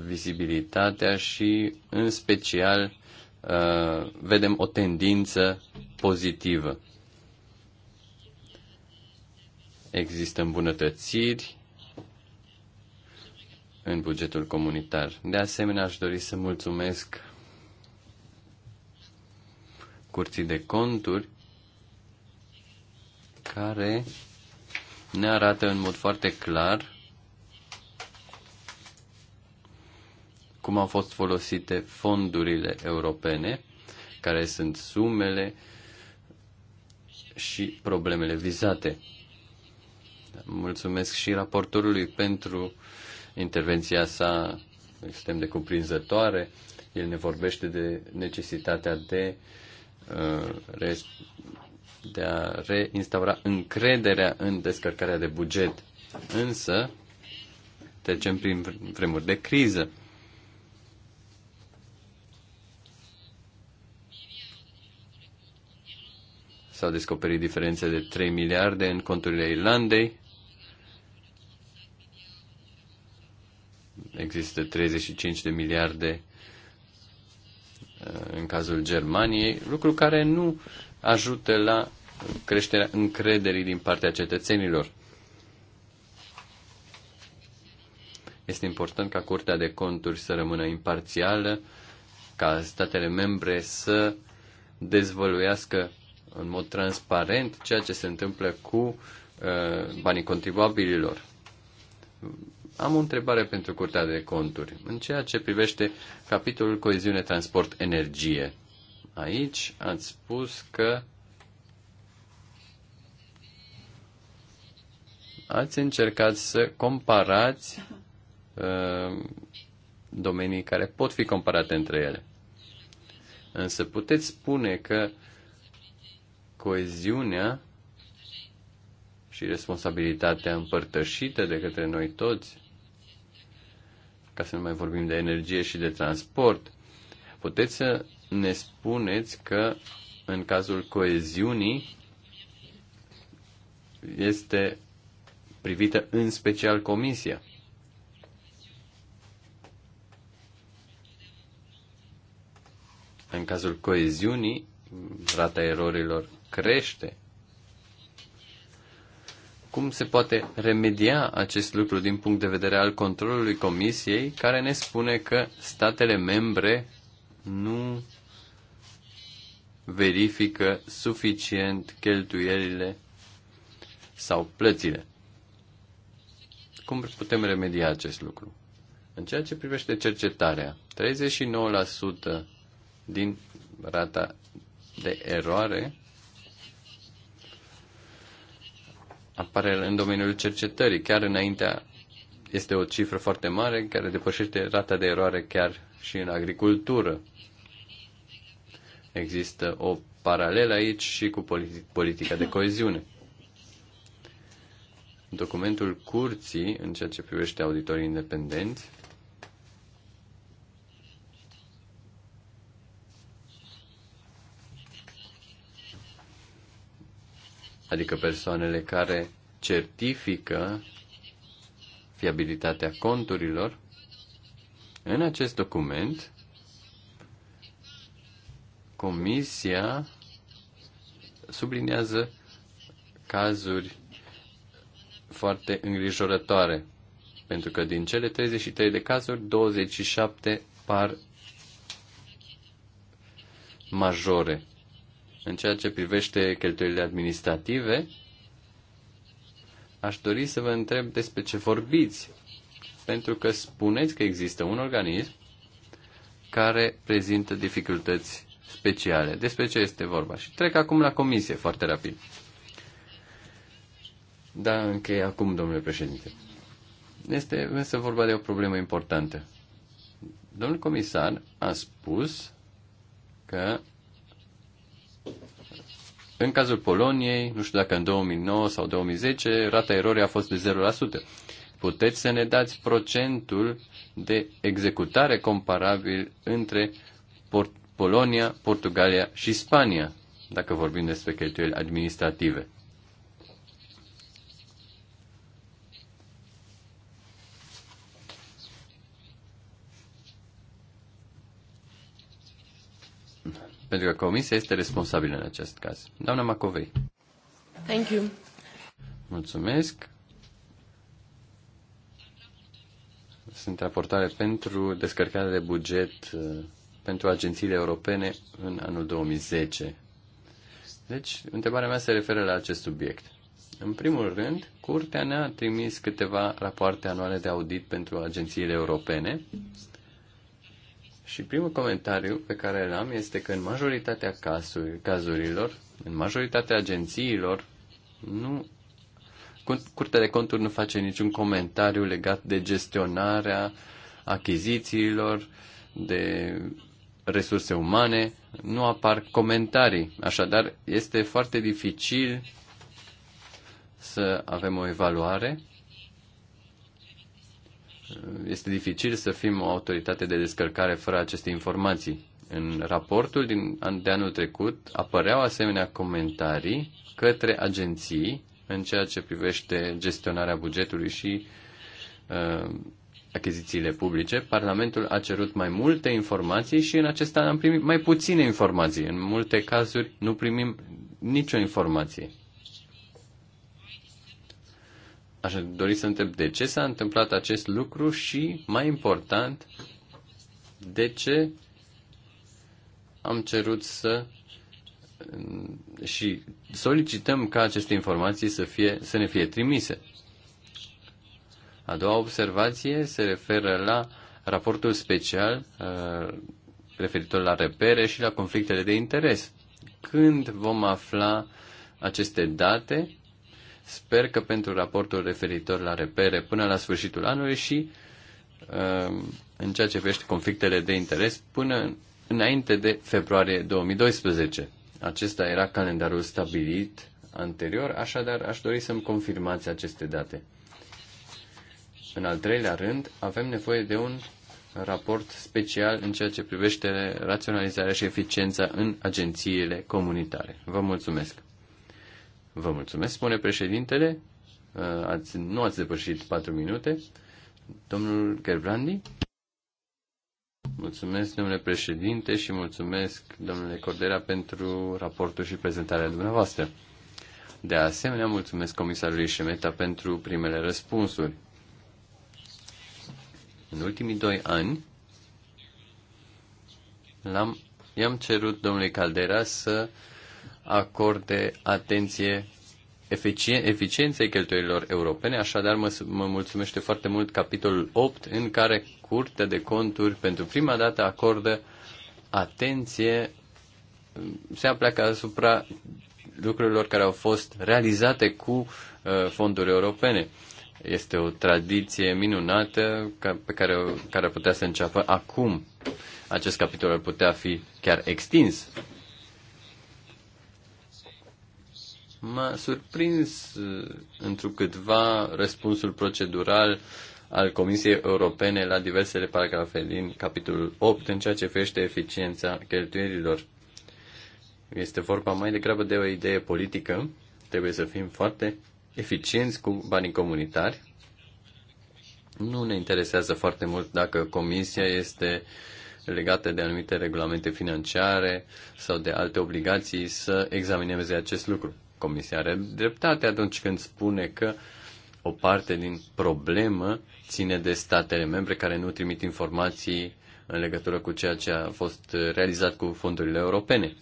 vizibilitatea și, în special, Uh, vedem o tendință pozitivă. Există îmbunătățiri în bugetul comunitar. De asemenea, aș dori să mulțumesc curții de conturi care ne arată în mod foarte clar cum au fost folosite fondurile europene, care sunt sumele și problemele vizate. Mulțumesc și raportorului pentru intervenția sa extrem de cuprinzătoare. El ne vorbește de necesitatea de, uh, de a reinstaura încrederea în descărcarea de buget. Însă, trecem prin vremuri de criză S-au descoperit diferențe de 3 miliarde în conturile Irlandei. Există 35 de miliarde uh, în cazul Germaniei, lucru care nu ajută la creșterea încrederii din partea cetățenilor. Este important ca Curtea de Conturi să rămână imparțială, ca statele membre să dezvăluiască în mod transparent ceea ce se întâmplă cu uh, banii contribuabililor. Am o întrebare pentru Curtea de Conturi. În ceea ce privește capitolul coeziune, transport, energie, aici ați spus că ați încercat să comparați uh, domenii care pot fi comparate între ele. Însă puteți spune că uh, coeziunea și responsabilitatea împărtășită de către noi toți, ca să nu mai vorbim de energie și de transport, puteți să ne spuneți că în cazul coeziunii este privită în special comisia. În cazul coeziunii, rata erorilor crește. Cum se poate remedia acest lucru din punct de vedere al controlului Comisiei, care ne spune că statele membre nu verifică suficient cheltuielile sau plățile? Cum putem remedia acest lucru? În ceea ce privește cercetarea, 39% din rata de eroare apare în domeniul cercetării, chiar înaintea este o cifră foarte mare care depășește rata de eroare chiar și în agricultură. Există o paralelă aici și cu politica de coeziune. Documentul curții, în ceea ce privește auditorii independenți, adică persoanele care certifică fiabilitatea conturilor, în acest document, Comisia sublinează cazuri foarte îngrijorătoare, pentru că din cele 33 de cazuri, 27 par majore. În ceea ce privește cheltuielile administrative, aș dori să vă întreb despre ce vorbiți, pentru că spuneți că există un organism care prezintă dificultăți speciale. Despre ce este vorba? Și trec acum la comisie foarte rapid. Da, închei acum, domnule președinte. Este însă vorba de o problemă importantă. Domnul comisar a spus că în cazul Poloniei, nu știu dacă în 2009 sau 2010, rata erorii a fost de 0%. Puteți să ne dați procentul de executare comparabil între Port- Polonia, Portugalia și Spania, dacă vorbim despre cheltuieli administrative. pentru că Comisia este responsabilă în acest caz. Doamna Macovei. Thank you. Mulțumesc. Sunt raportare pentru descărcarea de buget uh, pentru agențiile europene în anul 2010. Deci, întrebarea mea se referă la acest subiect. În primul rând, Curtea ne-a trimis câteva rapoarte anuale de audit pentru agențiile europene și primul comentariu pe care îl am este că în majoritatea cazurilor, în majoritatea agențiilor, nu Curtea de Conturi nu face niciun comentariu legat de gestionarea achizițiilor, de resurse umane, nu apar comentarii. Așadar, este foarte dificil să avem o evaluare este dificil să fim o autoritate de descărcare fără aceste informații. În raportul din, de anul trecut apăreau asemenea comentarii către agenții în ceea ce privește gestionarea bugetului și uh, achizițiile publice. Parlamentul a cerut mai multe informații și în acest an am primit mai puține informații. În multe cazuri nu primim nicio informație. Aș dori să întreb de ce s-a întâmplat acest lucru și, mai important, de ce am cerut să și solicităm ca aceste informații să, fie, să ne fie trimise. A doua observație se referă la raportul special uh, referitor la repere și la conflictele de interes. Când vom afla aceste date Sper că pentru raportul referitor la repere până la sfârșitul anului și um, în ceea ce privește conflictele de interes până înainte de februarie 2012. Acesta era calendarul stabilit anterior, așadar aș dori să-mi confirmați aceste date. În al treilea rând, avem nevoie de un raport special în ceea ce privește raționalizarea și eficiența în agențiile comunitare. Vă mulțumesc! Vă mulțumesc, spune președintele. Uh, ați, nu ați depășit patru minute. Domnul Gerbrandi? Mulțumesc, domnule președinte, și mulțumesc, domnule Cordera, pentru raportul și prezentarea dumneavoastră. De asemenea, mulțumesc comisarului Șemeta pentru primele răspunsuri. În ultimii doi ani, l-am, i-am cerut domnului Caldera să uh, acorde atenție eficienței cheltuielilor europene, așadar mă, mă mulțumește foarte mult capitolul 8 în care Curtea de Conturi pentru prima dată acordă atenție, se apleacă asupra lucrurilor care au fost realizate cu uh, fonduri europene. Este o tradiție minunată ca, pe care, care putea să înceapă acum. Acest capitol ar putea fi chiar extins M-a surprins uh, întrucâtva răspunsul procedural al Comisiei Europene la diversele paragrafe din capitolul 8 în ceea ce privește eficiența cheltuielilor. Este vorba mai degrabă de o idee politică. Trebuie să fim foarte eficienți cu banii comunitari. Nu ne interesează foarte mult dacă Comisia este legată de anumite regulamente financiare sau de alte obligații să examineze acest lucru Comisia are dreptate atunci când spune că o parte din problemă ține de statele membre care nu trimit informații în legătură cu ceea ce a fost realizat cu fondurile europene.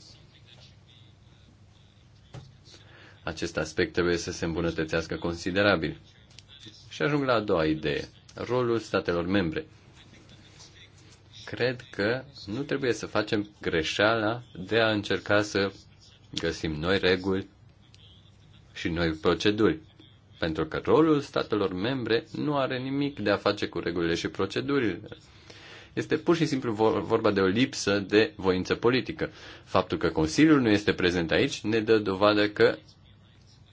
Acest aspect trebuie să se îmbunătățească considerabil. Și ajung la a doua idee, rolul statelor membre. Cred că nu trebuie să facem greșeala de a încerca să găsim noi reguli și noi proceduri, pentru că rolul statelor membre nu are nimic de a face cu regulile și procedurile. Este pur și simplu vorba de o lipsă de voință politică. Faptul că Consiliul nu este prezent aici ne dă dovadă că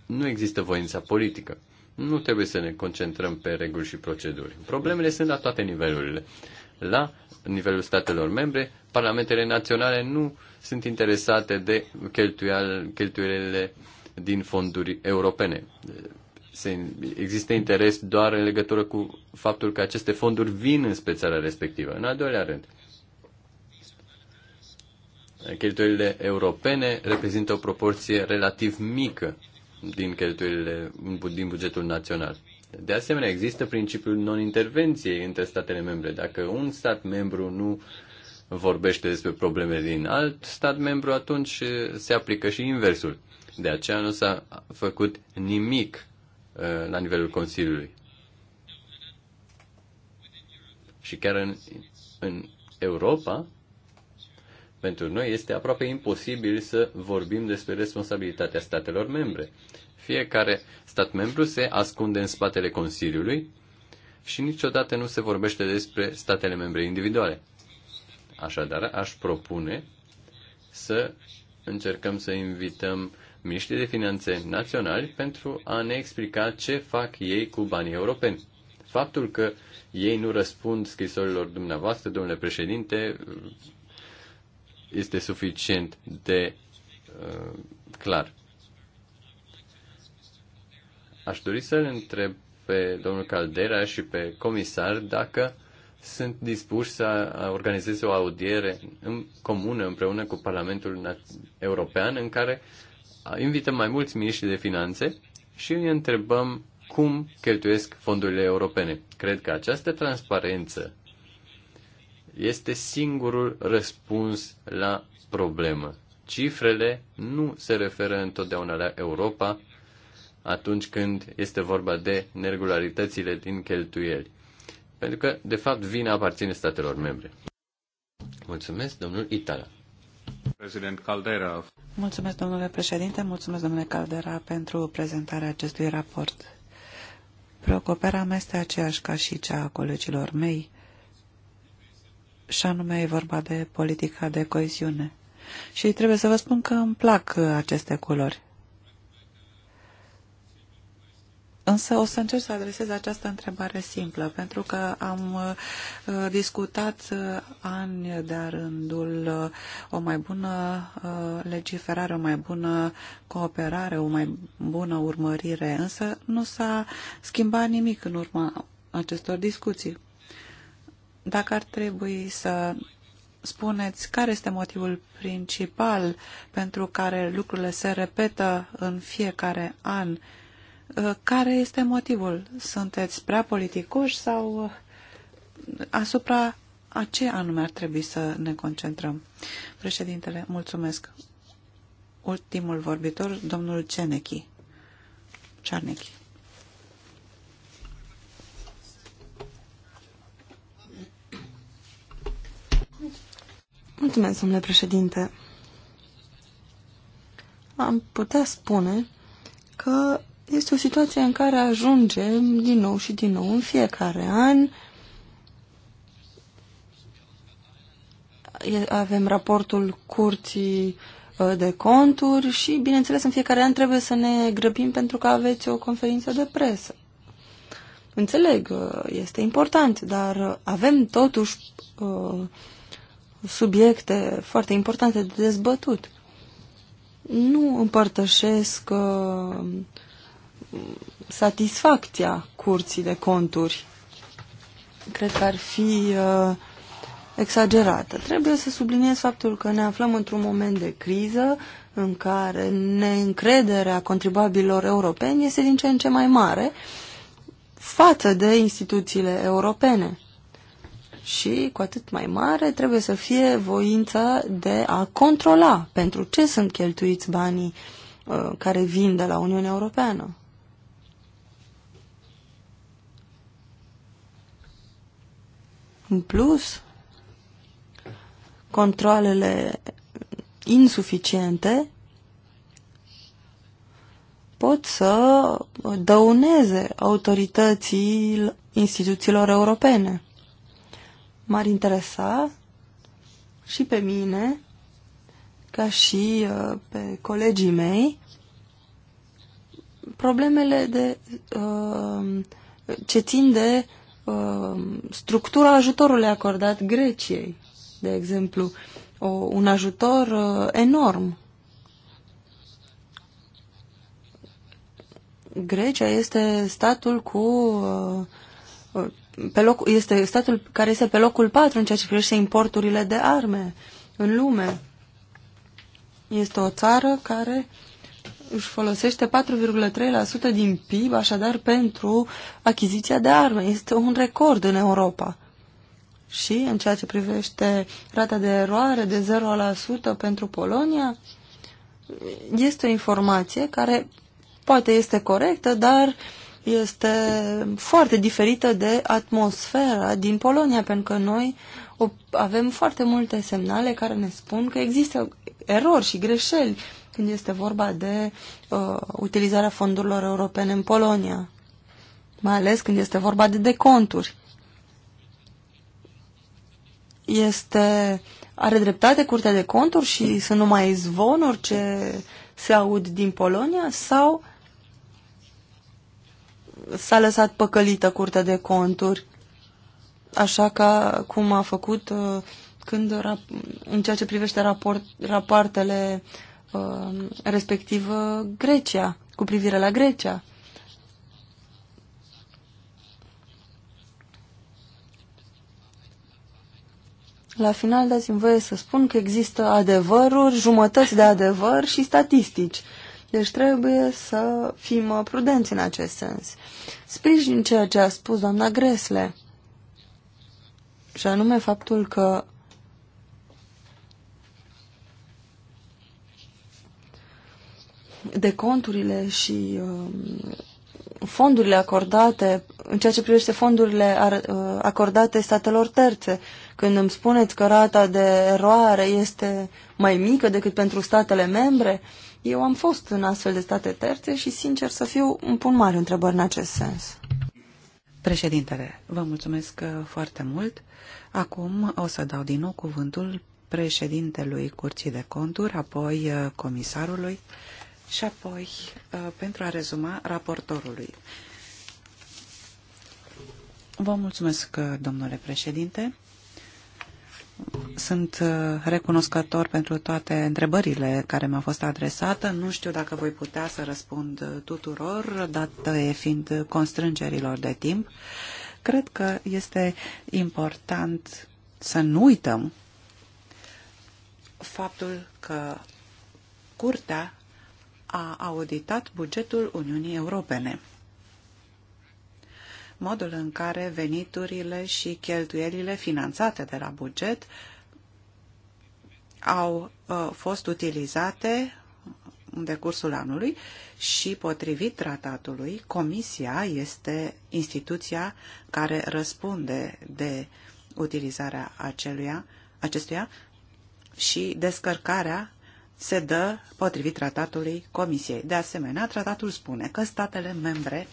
nu există voința politică. Nu trebuie să ne concentrăm pe reguli și proceduri. Problemele sunt la toate nivelurile. La nivelul statelor membre, parlamentele naționale nu sunt interesate de cheltuielile din fonduri europene. Se, există interes doar în legătură cu faptul că aceste fonduri vin în țara respectivă. În al doilea rând, cheltuielile europene reprezintă o proporție relativ mică din cheltuielile din bugetul național. De asemenea, există principiul non-intervenției între statele membre. Dacă un stat membru nu vorbește despre probleme din alt stat membru, atunci se aplică și inversul. De aceea nu s-a făcut nimic uh, la nivelul Consiliului. Și chiar în, în Europa, pentru noi este aproape imposibil să vorbim despre responsabilitatea statelor membre. Fiecare stat membru se ascunde în spatele Consiliului și niciodată nu se vorbește despre statele membre individuale. Așadar, aș propune să încercăm să invităm miniștrii de finanțe naționali pentru a ne explica ce fac ei cu banii europeni. Faptul că ei nu răspund scrisorilor dumneavoastră, domnule președinte, este suficient de uh, clar. Aș dori să-l întreb pe domnul Caldera și pe comisar dacă sunt dispuși să organizeze o audiere în comună împreună cu Parlamentul European în care invităm mai mulți miniștri de finanțe și îi întrebăm cum cheltuiesc fondurile europene. Cred că această transparență este singurul răspuns la problemă. Cifrele nu se referă întotdeauna la Europa atunci când este vorba de neregularitățile din cheltuieli. Pentru că, de fapt, vina aparține statelor membre. Mulțumesc, domnul Itala. President Caldera. Mulțumesc, domnule președinte, mulțumesc, domnule Caldera, pentru prezentarea acestui raport. Preocuparea mea este aceeași ca și cea a colegilor mei, și anume e vorba de politica de coeziune. Și trebuie să vă spun că îmi plac aceste culori. Însă o să încerc să adresez această întrebare simplă, pentru că am uh, discutat uh, ani de-a rândul uh, o mai bună legiferare, o mai bună cooperare, o mai bună urmărire, însă nu s-a schimbat nimic în urma acestor discuții. Dacă ar trebui să spuneți care este motivul principal pentru care lucrurile se repetă în fiecare an, Uh, care este motivul? Sunteți prea politicoși sau uh, asupra a ce anume ar trebui să ne concentrăm? Președintele, mulțumesc. Ultimul vorbitor, domnul Cenechi. Cearnechi. Mulțumesc, domnule președinte. Am putea spune că este o situație în care ajungem din nou și din nou în fiecare an. Avem raportul curții uh, de conturi și, bineînțeles, în fiecare an trebuie să ne grăbim pentru că aveți o conferință de presă. Înțeleg, uh, este important, dar avem totuși uh, subiecte foarte importante de dezbătut. Nu împărtășesc uh, satisfacția curții de conturi. Cred că ar fi uh, exagerată. Trebuie să subliniez faptul că ne aflăm într-un moment de criză în care neîncrederea contribuabililor europeni este din ce în ce mai mare față de instituțiile europene. Și cu atât mai mare trebuie să fie voința de a controla pentru ce sunt cheltuiți banii uh, care vin de la Uniunea Europeană. În plus, controlele insuficiente pot să dăuneze autorității instituțiilor europene. M-ar interesa și pe mine, ca și uh, pe colegii mei, problemele de, uh, ce țin de Uh, structura ajutorului acordat Greciei, de exemplu, o, un ajutor uh, enorm. Grecia este statul cu uh, uh pe loc, este statul care este pe locul 4 în ceea ce privește importurile de arme în lume. Este o țară care uh, își folosește 4,3% din PIB, așadar pentru achiziția de arme. Este un record în Europa. Și în ceea ce privește rata de eroare de 0% pentru Polonia, este o informație care poate este corectă, dar este foarte diferită de atmosfera din Polonia, pentru că noi avem foarte multe semnale care ne spun că există erori și greșeli când este vorba de uh, utilizarea fondurilor europene în Polonia, mai ales când este vorba de deconturi. Este, are dreptate Curtea de Conturi și sunt numai zvonuri ce se aud din Polonia sau s-a lăsat păcălită Curtea de Conturi, așa ca cum a făcut uh, când, în ceea ce privește raport, rapoartele Um, respectiv Grecia, cu privire la Grecia. La final dați-mi voie să spun că există adevăruri, jumătăți de adevăr și statistici. Deci trebuie să fim prudenți în acest sens. Sprijin ceea ce a spus doamna Gresle, și anume faptul că de conturile și um, fondurile acordate, în ceea ce privește fondurile uh, acordate statelor terțe, când îmi spuneți că rata de eroare este mai mică decât pentru statele membre, eu am fost în astfel de state terțe și, sincer să fiu, îmi pun mari întrebări în acest sens. Președintele, vă mulțumesc uh, foarte mult. Acum o să dau din nou cuvântul președintelui Curții de Conturi, apoi uh, comisarului și apoi, uh, pentru a rezuma, raportorului. Vă mulțumesc, uh, domnule președinte. Sunt uh, recunoscător pentru toate întrebările care mi-au fost adresate. Nu știu dacă voi putea să răspund tuturor, dată e fiind constrângerilor de timp. Cred că este important să nu uităm faptul că Curtea a auditat bugetul Uniunii Europene. Modul în care veniturile și cheltuielile finanțate de la buget au uh, fost utilizate în decursul anului și, potrivit tratatului, Comisia este instituția care răspunde de utilizarea aceluia, acestuia și descărcarea se dă potrivit tratatului Comisiei. De asemenea, tratatul spune că statele membre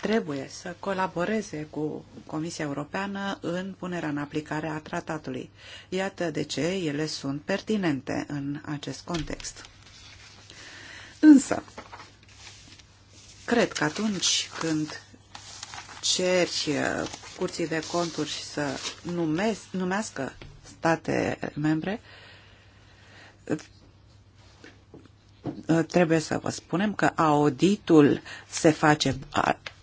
trebuie să colaboreze cu Comisia Europeană în punerea în aplicare a tratatului. Iată de ce ele sunt pertinente în acest context. Însă, cred că atunci când ceri uh, curții de conturi să numesc, numească state membre, Uh, trebuie să vă spunem că auditul se face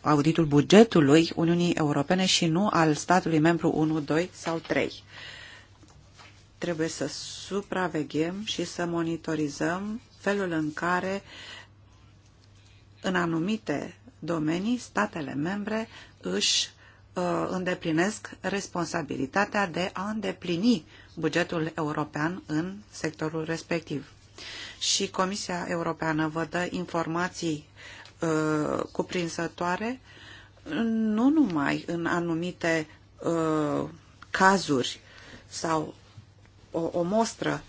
auditul bugetului Uniunii Europene și nu al statului membru 1, 2 sau 3. Trebuie să supraveghem și să monitorizăm felul în care în anumite domenii statele membre își uh, îndeplinesc responsabilitatea de a îndeplini bugetul european în sectorul respectiv și Comisia Europeană vă dă informații uh, cuprinsătoare nu numai în anumite uh, cazuri sau o, o mostră.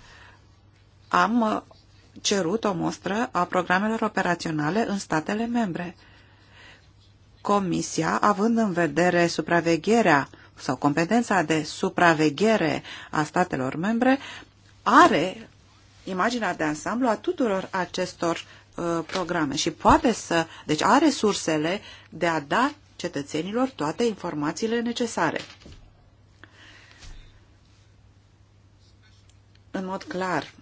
Am uh, cerut o mostră a programelor operaționale în statele membre. Comisia, având în vedere supravegherea sau competența de supraveghere a statelor membre, are imaginea de ansamblu a tuturor acestor uh, programe și poate să, deci are resursele de a da cetățenilor toate informațiile necesare. În mod clar,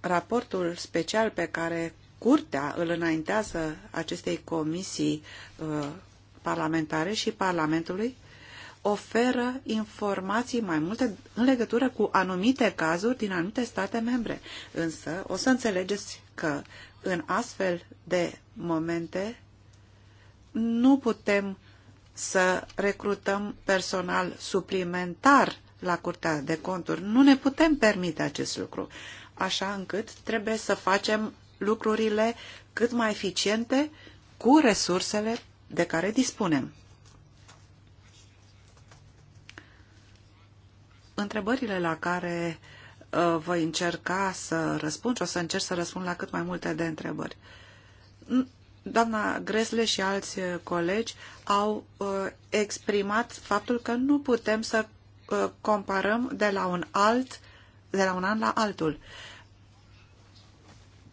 raportul special pe care Curtea îl înaintează acestei comisii uh, parlamentare și Parlamentului oferă informații mai multe în legătură cu anumite cazuri din anumite state membre. Însă o să înțelegeți că în astfel de momente nu putem să recrutăm personal suplimentar la Curtea de Conturi. Nu ne putem permite acest lucru, așa încât trebuie să facem lucrurile cât mai eficiente cu resursele de care dispunem. Întrebările la care uh, voi încerca să răspund și o să încerc să răspund la cât mai multe de întrebări. Doamna Gresle și alți uh, colegi au uh, exprimat faptul că nu putem să comparăm de la un alt, de la un an la altul.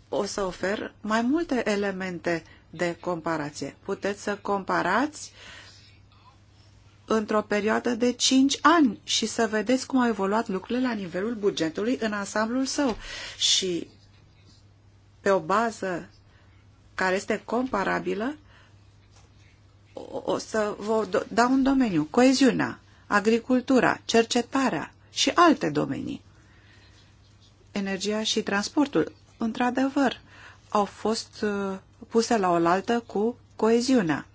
O să ofer mai multe elemente de comparație. Puteți să comparați uh, într-o perioadă de 5 ani și să vedeți cum au evoluat lucrurile la nivelul bugetului în ansamblul său și pe o bază care este comparabilă o, o să vă dau un domeniu, coeziunea, agricultura, cercetarea și alte domenii. Energia și transportul, într-adevăr, au fost uh, puse la oaltă cu coeziunea.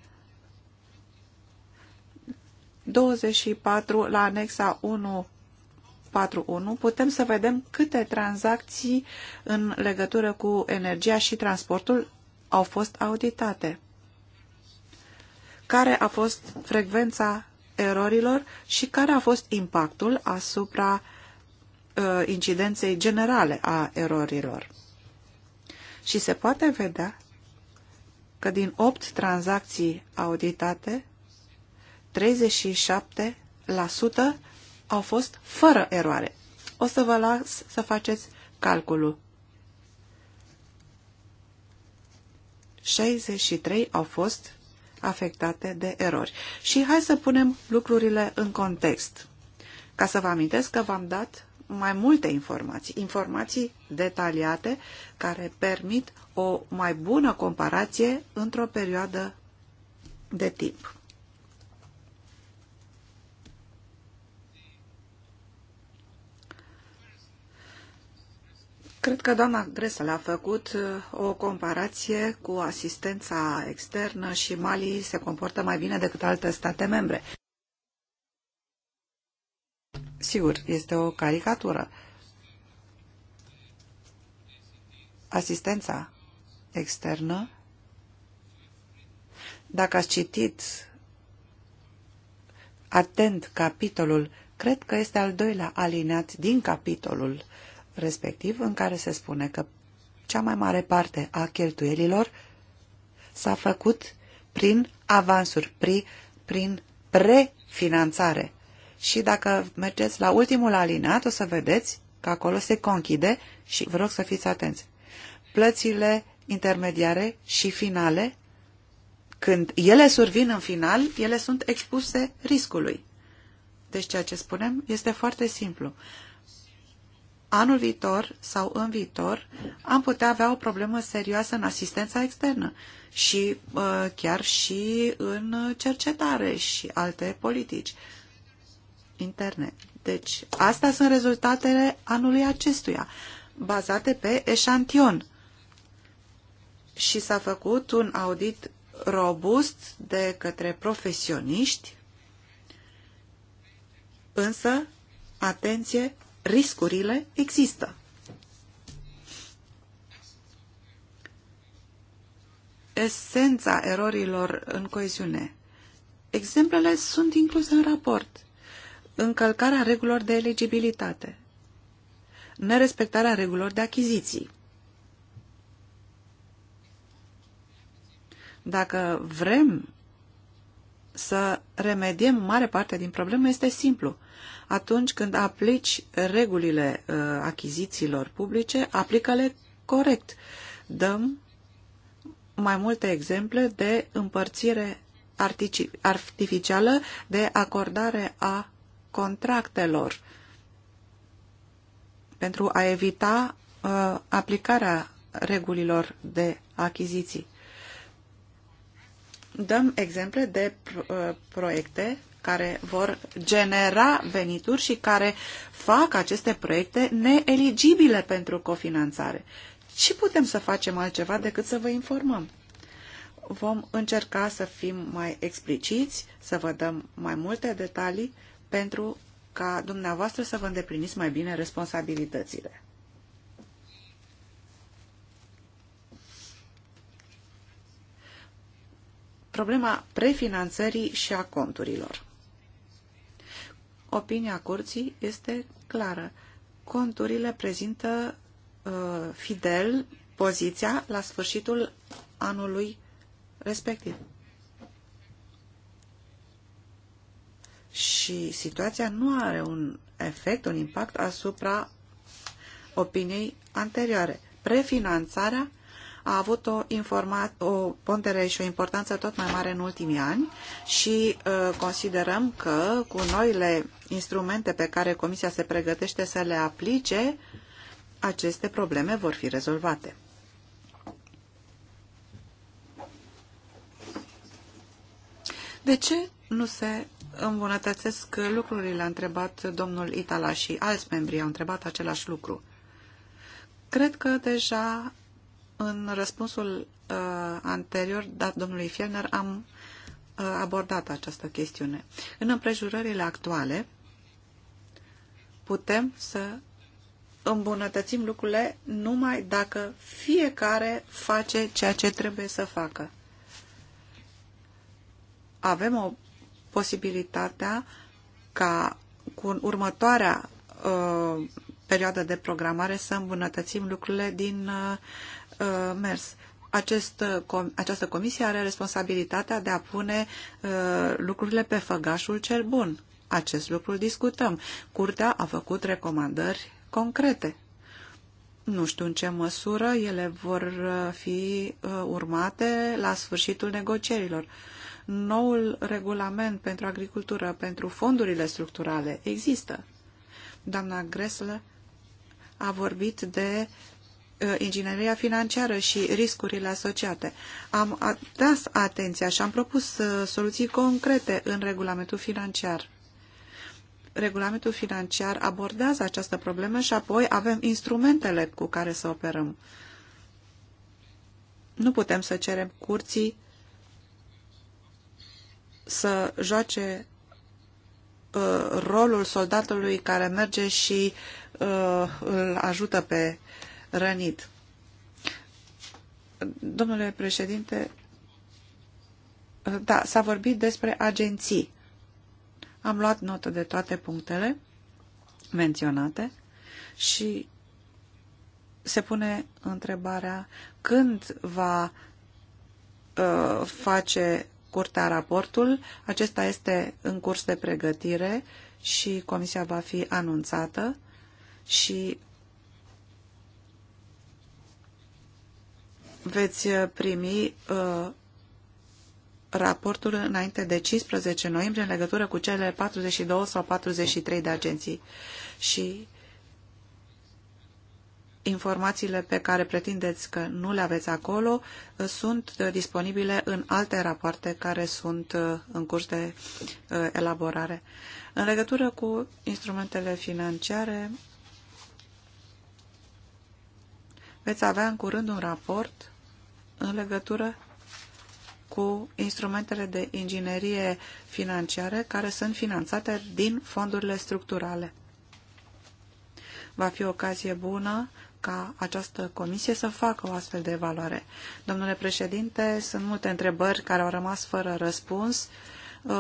24 la anexa 1 41, putem să vedem câte tranzacții în legătură cu energia și transportul au fost auditate. Care a fost frecvența erorilor și care a fost impactul asupra uh, incidenței generale a erorilor. Și se poate vedea că din 8 tranzacții auditate, 37% au fost fără eroare. O să vă las să faceți calculul. 63 au fost afectate de erori. Și hai să punem lucrurile în context. Ca să vă amintesc că v-am dat mai multe informații, informații detaliate care permit o mai bună comparație într-o perioadă de timp. Cred că doamna Gresel a făcut uh, o comparație cu asistența externă și Mali se comportă mai bine decât alte state membre. Sigur, este o caricatură. Asistența externă, dacă ați citit atent capitolul, cred că este al doilea alineat din capitolul uh, respectiv în care se spune că cea mai mare parte a cheltuielilor s-a făcut prin avansuri, prin, prin prefinanțare. Și dacă mergeți la ultimul alinat, o să vedeți că acolo se conchide și vă rog să fiți atenți. Plățile intermediare și finale, când ele survin în final, ele sunt expuse riscului. Deci ceea ce spunem este foarte simplu anul viitor sau în viitor am putea avea o problemă serioasă în asistența externă și uh, chiar și în cercetare și alte politici interne. Deci, astea sunt rezultatele anului acestuia, bazate pe eșantion. Și s-a făcut un audit robust de către profesioniști, însă, atenție, riscurile există. Esența erorilor în coeziune. Exemplele sunt incluse în raport. Încălcarea regulilor de eligibilitate. Nerespectarea regulilor de achiziții. Dacă vrem să remediem mare parte din probleme, este simplu atunci când aplici regulile uh, achizițiilor publice, aplică-le corect. Dăm mai multe exemple de împărțire artificială, de acordare a contractelor pentru a evita uh, aplicarea regulilor de achiziții. Dăm exemple de uh, proiecte care vor genera venituri și care fac aceste proiecte neeligibile pentru cofinanțare. Ce putem să facem altceva decât să vă informăm? Vom încerca să fim mai expliciți, să vă dăm mai multe detalii pentru ca dumneavoastră să vă îndepliniți mai bine responsabilitățile. Problema prefinanțării și a conturilor. Opinia curții este clară. Conturile prezintă uh, fidel poziția la sfârșitul anului respectiv. Și situația nu are un efect, un impact asupra opiniei anterioare. Prefinanțarea a avut o, informat, o pondere și o importanță tot mai mare în ultimii ani și uh, considerăm că cu noile instrumente pe care Comisia se pregătește să le aplice, aceste probleme vor fi rezolvate. De ce nu se îmbunătățesc lucrurile? A întrebat domnul Itala și alți membri au întrebat același lucru. Cred că deja în răspunsul uh, anterior dat domnului Fierner am uh, abordat această chestiune. În împrejurările actuale putem să îmbunătățim lucrurile numai dacă fiecare face ceea ce trebuie să facă. Avem o posibilitatea ca cu următoarea uh, perioadă de programare să îmbunătățim lucrurile din uh, Uh, mers. Acest, uh, com, această comisie are responsabilitatea de a pune uh, lucrurile pe făgașul cel bun. Acest lucru discutăm. Curtea a făcut recomandări concrete. Nu știu în ce măsură ele vor uh, fi uh, urmate la sfârșitul negocierilor. Noul regulament pentru agricultură, pentru fondurile structurale, există. Doamna Gresle a vorbit de Uh, ingineria financiară și riscurile asociate. Am atras atenția și am propus uh, soluții concrete în regulamentul financiar. Regulamentul financiar abordează această problemă și apoi avem instrumentele cu care să operăm. Nu putem să cerem curții să joace uh, rolul soldatului care merge și uh, îl ajută pe rănit. Domnule președinte, da, s-a vorbit despre agenții. Am luat notă de toate punctele menționate și se pune întrebarea când va uh, face curtea raportul. Acesta este în curs de pregătire și comisia va fi anunțată și veți uh, primi uh, raportul înainte de 15 noiembrie în legătură cu cele 42 sau 43 de agenții și informațiile pe care pretindeți că nu le aveți acolo uh, sunt disponibile în alte rapoarte care sunt în curs de elaborare. În legătură cu instrumentele financiare, veți avea în curând un raport în legătură cu instrumentele de inginerie financiare care sunt finanțate din fondurile structurale. Va fi o ocazie bună ca această comisie să facă o astfel de evaluare. Domnule președinte, sunt multe întrebări care au rămas fără răspuns.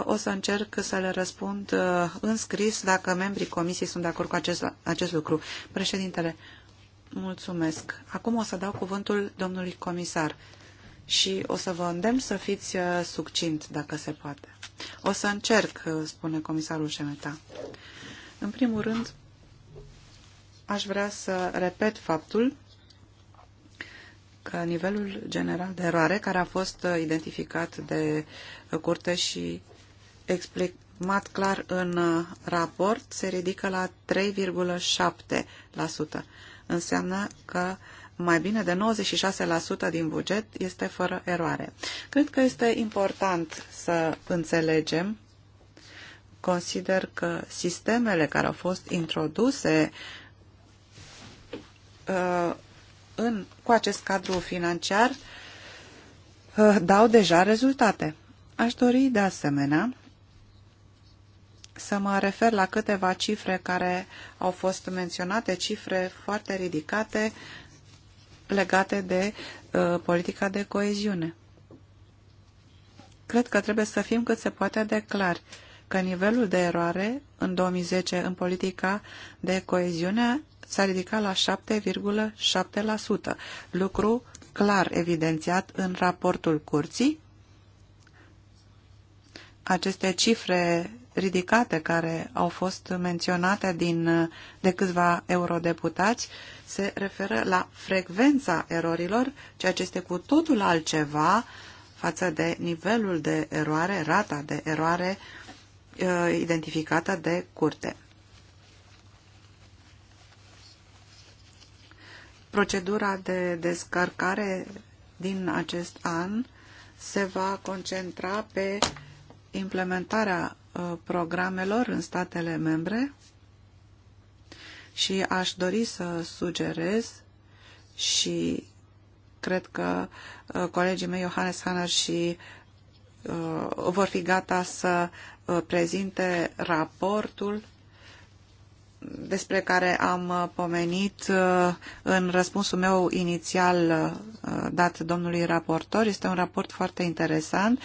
O să încerc să le răspund uh, în scris dacă membrii comisiei sunt de acord cu acest, acest lucru. Președintele, Mulțumesc. Acum o să dau cuvântul domnului comisar și o să vă îndemn să fiți uh, succint, dacă se poate. O să încerc, uh, spune comisarul Șemeta. În primul rând, aș vrea să repet faptul că nivelul general de eroare care a fost uh, identificat de curte și exprimat clar în raport se ridică la 3,7% înseamnă că mai bine de 96% din buget este fără eroare. Cred că este important să înțelegem consider că sistemele care au fost introduse uh, în, cu acest cadru financiar uh, dau deja rezultate. Aș dori de asemenea să mă refer la câteva cifre care au fost menționate, cifre foarte ridicate legate de uh, politica de coeziune. Cred că trebuie să fim cât se poate de clar că nivelul de eroare în 2010 în politica de coeziune s-a ridicat la 7,7%, lucru clar evidențiat în raportul curții. Aceste cifre ridicate care au fost menționate din, de câțiva eurodeputați se referă la frecvența erorilor, ceea ce este cu totul altceva față de nivelul de eroare, rata de eroare uh, identificată de curte. Procedura de descărcare din acest an se va concentra pe implementarea Uh, programelor în statele membre și aș dori să sugerez și cred că uh, colegii mei Johannes Hanner și uh, vor fi gata să prezinte raportul despre care am pomenit în răspunsul meu inițial dat domnului raportor. Este un raport foarte interesant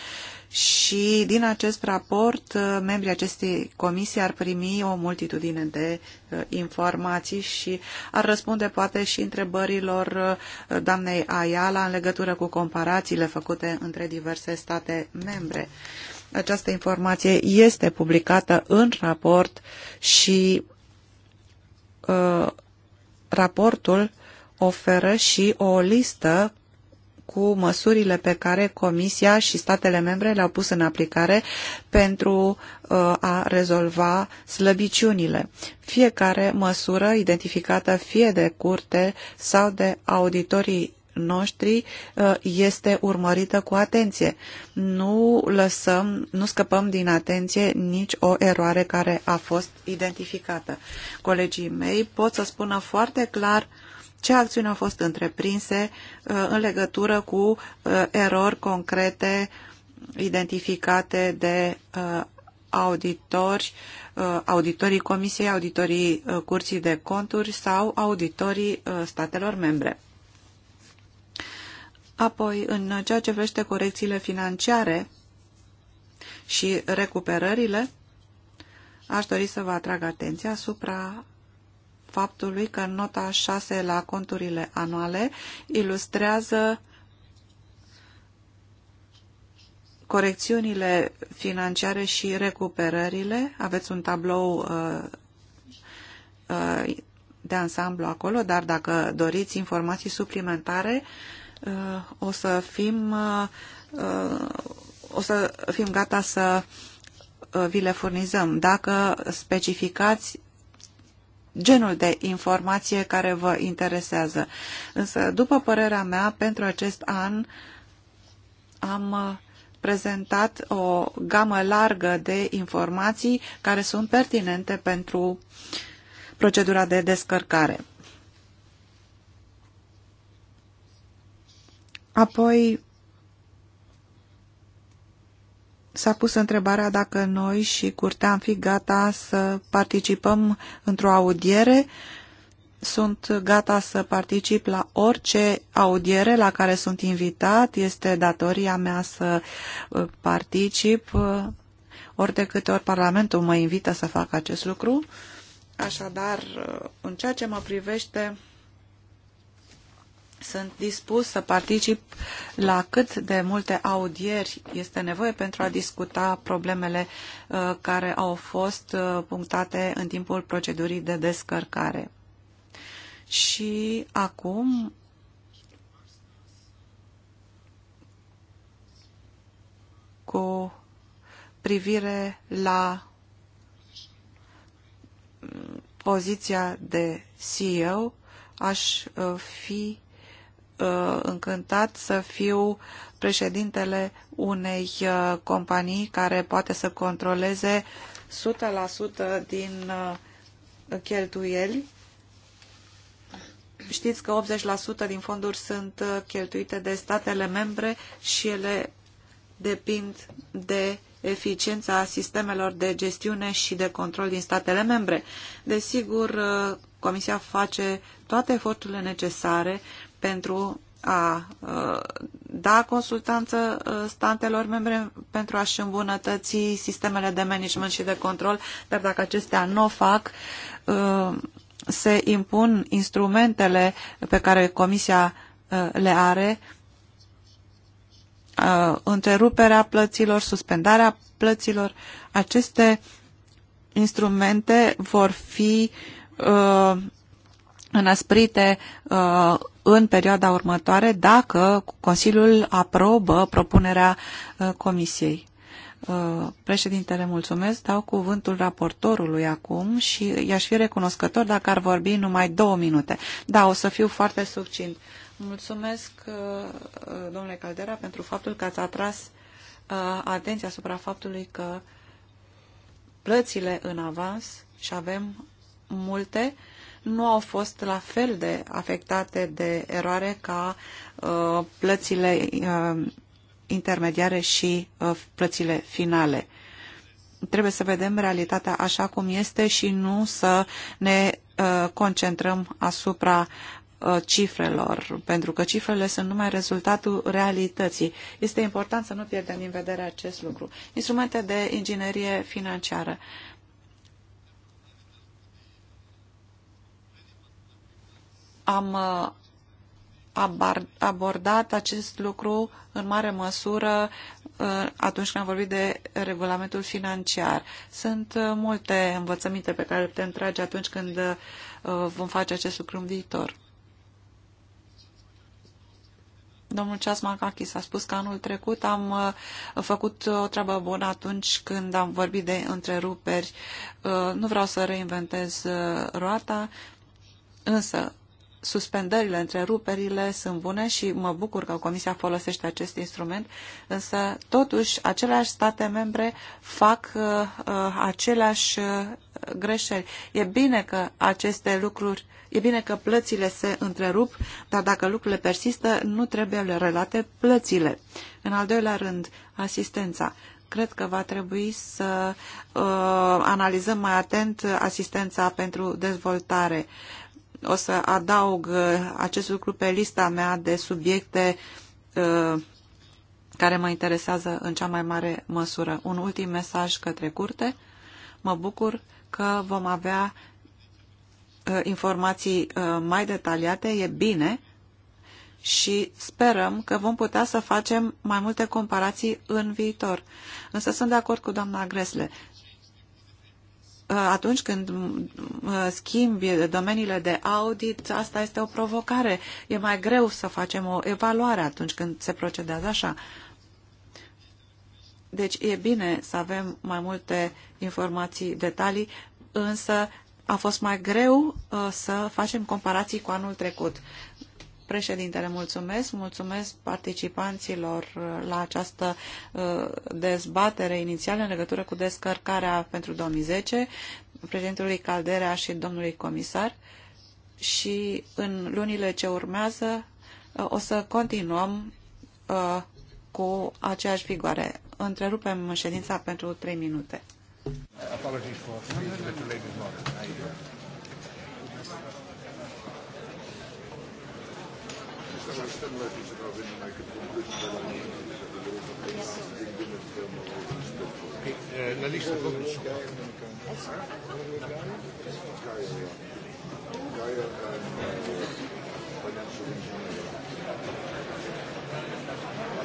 și din acest raport uh, membrii acestei comisii ar primi o multitudine de uh, informații și ar răspunde poate și întrebărilor uh, doamnei Ayala în legătură cu comparațiile făcute între diverse state membre. Această informație este publicată în raport și uh, raportul oferă și o listă cu măsurile pe care Comisia și statele membre le-au pus în aplicare pentru uh, a rezolva slăbiciunile. Fiecare măsură identificată fie de curte sau de auditorii noștri uh, este urmărită cu atenție. Nu lăsăm, nu scăpăm din atenție nici o eroare care a fost identificată. Colegii mei pot să spună foarte clar ce acțiuni au fost întreprinse uh, în legătură cu uh, erori concrete identificate de uh, auditori, auditorii Comisiei, auditorii Curții de Conturi sau auditorii statelor membre. Apoi, în ceea ce vrește corecțiile financiare și recuperările, aș dori să vă atrag atenția asupra faptului că nota 6 la conturile anuale ilustrează corecțiunile financiare și recuperările. Aveți un tablou uh, uh, de ansamblu acolo, dar dacă doriți informații suplimentare, uh, o să fim o să fim gata să vi le furnizăm. Dacă specificați genul de informație care vă interesează. Însă, după părerea mea, pentru acest an am uh, prezentat o gamă largă de informații care sunt pertinente pentru procedura de descărcare. Apoi, S-a pus întrebarea dacă noi și curtea am fi gata să participăm într-o audiere. Sunt gata să particip la orice audiere la care sunt invitat. Este datoria mea să uh, particip uh, ori de câte ori Parlamentul mă invită să fac acest lucru. Așadar, uh, în ceea ce mă privește, sunt dispus să particip la cât de multe audieri este nevoie pentru a discuta problemele uh, care au fost uh, punctate în timpul procedurii de descărcare. Și acum cu privire la mm, poziția de CEO, aș uh, fi Uh, încântat să fiu președintele unei uh, companii care poate să controleze 100% din uh, cheltuieli. Știți că 80% din fonduri sunt cheltuite de statele membre și ele depind de eficiența sistemelor de gestiune și de control din statele membre. Desigur, Comisia face toate eforturile necesare pentru a uh, da consultanță uh, statelor membre pentru a-și îmbunătăți sistemele de management și de control, dar dacă acestea nu o fac, uh, se impun instrumentele pe care Comisia le are, întreruperea plăților, suspendarea plăților, aceste instrumente vor fi înăsprite uh, în perioada următoare dacă Consiliul aprobă propunerea uh, Comisiei. Uh, președintele, mulțumesc. Dau cuvântul raportorului acum și i-aș fi recunoscător dacă ar vorbi numai două minute. Da, o să fiu foarte succint. Mulțumesc, domnule Caldera, pentru faptul că ați atras atenția asupra faptului că plățile în avans și avem multe uh, nu au fost la fel de afectate de eroare ca uh, plățile uh, intermediare și uh, plățile finale. Trebuie să vedem realitatea așa cum este și nu să ne concentrăm asupra cifrelor, pentru că cifrele sunt numai rezultatul realității. Este important să nu pierdem din vedere acest lucru. Instrumente de inginerie financiară. Uh, Am uh, abordat acest lucru în mare măsură uh, atunci când am vorbit de regulamentul financiar. Sunt uh, multe învățăminte pe care le putem trage atunci când vom face acest lucru în viitor. Domnul Ceasmacachis a spus că anul trecut am făcut o treabă bună atunci când am vorbit de întreruperi. Nu vreau să reinventez roata, însă suspendările, întreruperile sunt bune și mă bucur că Comisia folosește acest instrument, însă totuși aceleași state membre fac uh, uh aceleași uh, greșeli. E bine că aceste lucruri, e bine că plățile se întrerup, dar dacă lucrurile persistă, nu trebuie le relate plățile. În al doilea rând, asistența cred că va trebui să uh, analizăm mai atent asistența pentru dezvoltare. O să adaug uh, acest lucru pe lista mea de subiecte uh, care mă interesează în cea mai mare măsură. Un ultim mesaj către curte. Mă bucur că vom avea uh, informații mai detaliate. E bine și sperăm că vom putea să facem mai multe comparații în viitor. Însă sunt de acord cu doamna Gresle. Uh, atunci când uh, schimbi domeniile de audit, asta este o provocare. E mai greu să facem o evaluare atunci când se procedează așa. Deci e bine să avem mai multe informații, detalii, însă a fost mai greu uh, să facem comparații cu anul trecut. Președintele, mulțumesc, mulțumesc participanților uh, la această uh, dezbatere inițială în legătură cu descărcarea pentru 2010, președintelui Caldera și domnului comisar și în lunile ce urmează uh, o să continuăm cu aceeași vigoare. Întrerupem ședința pentru 3 minute. Apologies for the, La lista come insomma?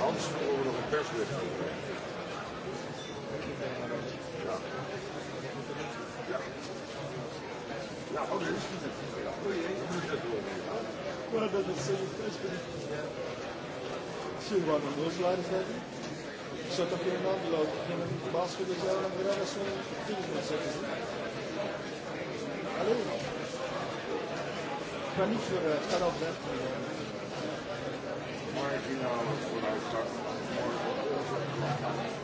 Anders horen we nog een persbericht. Ja. Ja. Ja, oh, dit is Guarda da sua Sim, guarda, dois lares deve. Só está aqui andando lá, tem um básico de zero, na verdade, são filhos, não sei se. Alô? Para mim, está na oferta. Marginal, por aí, está.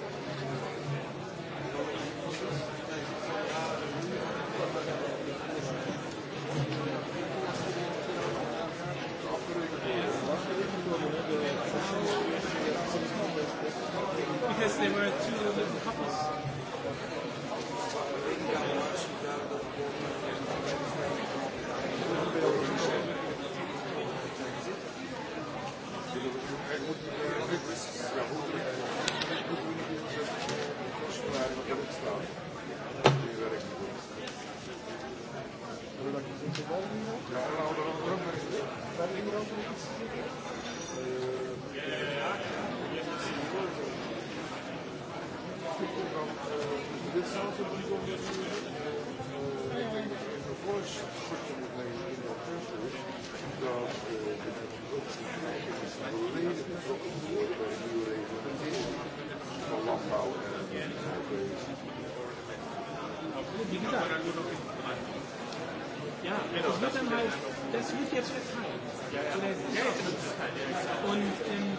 Und ähm,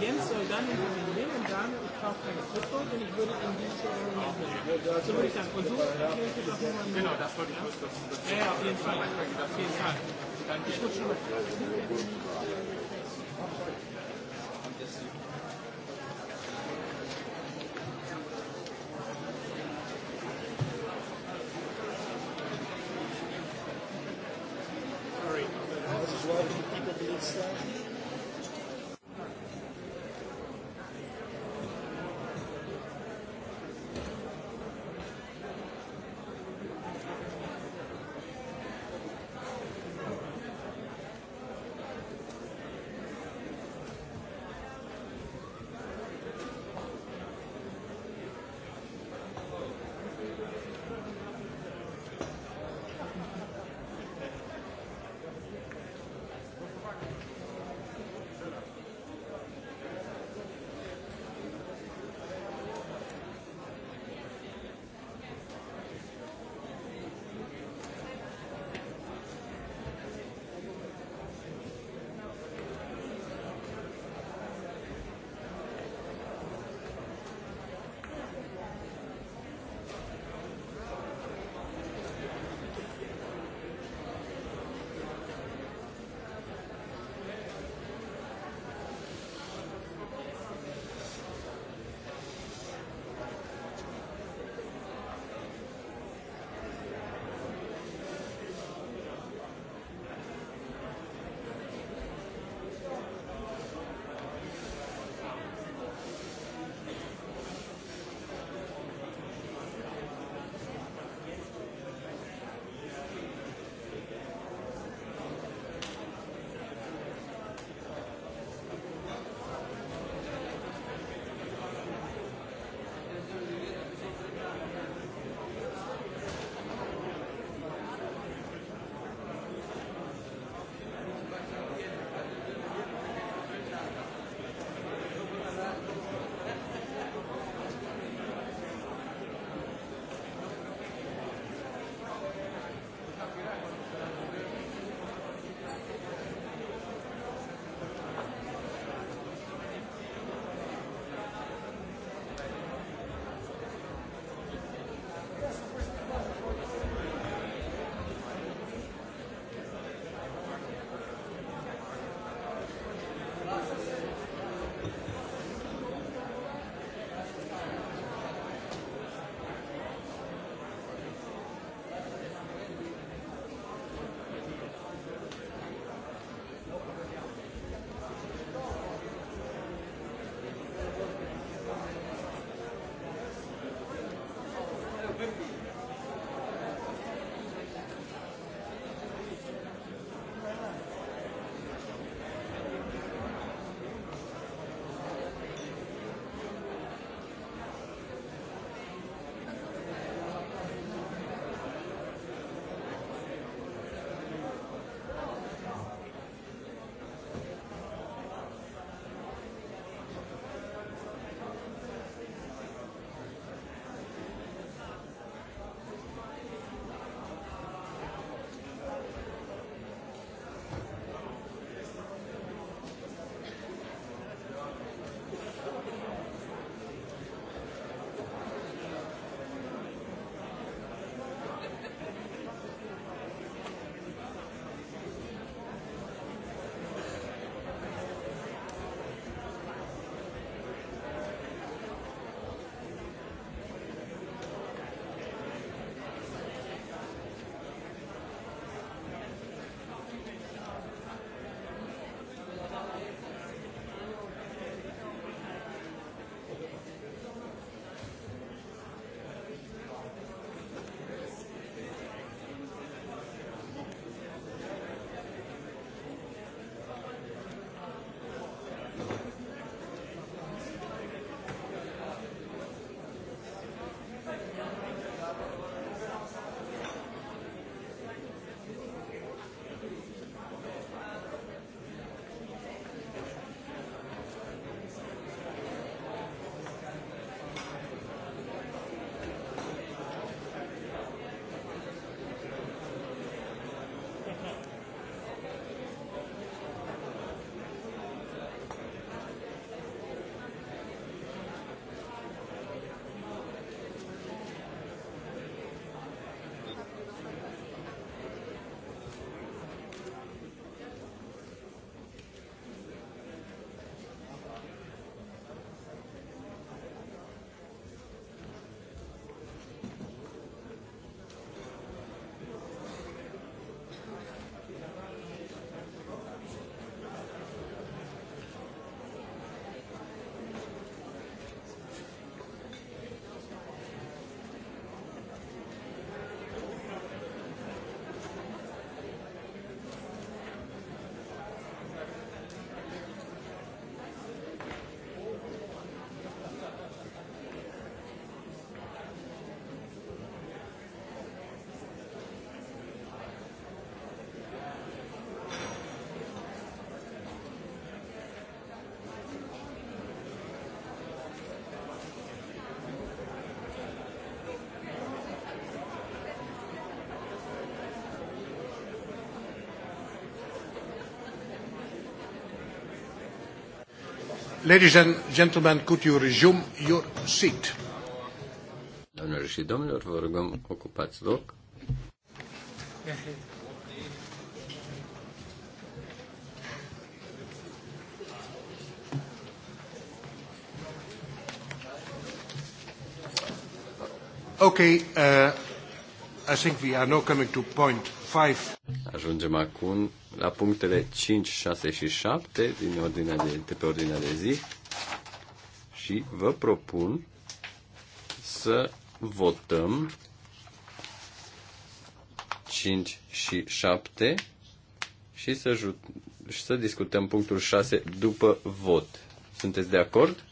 Jens soll dann intervenieren und sagen, ich kaufe keine Krypto, denn ich würde in dieses Jahr nicht So würde ich sagen. Und so erklärst du das nochmal. Genau, das wollte ich kurz dazu. Ja, auf jeden Fall. Auf jeden Fall. Ich rutsche mal. Ladies and gentlemen, could you resume your seat? Doamnelor și domnilor, vă rugăm, ocupați loc. Ok, uh, I think we are now coming to point five. Ajungem acum la punctele 5, 6 și 7 din ordinea de, de pe ordinea de zi și vă propun să votăm 5 și 7 și să, și să discutăm punctul 6 după vot. Sunteți de acord?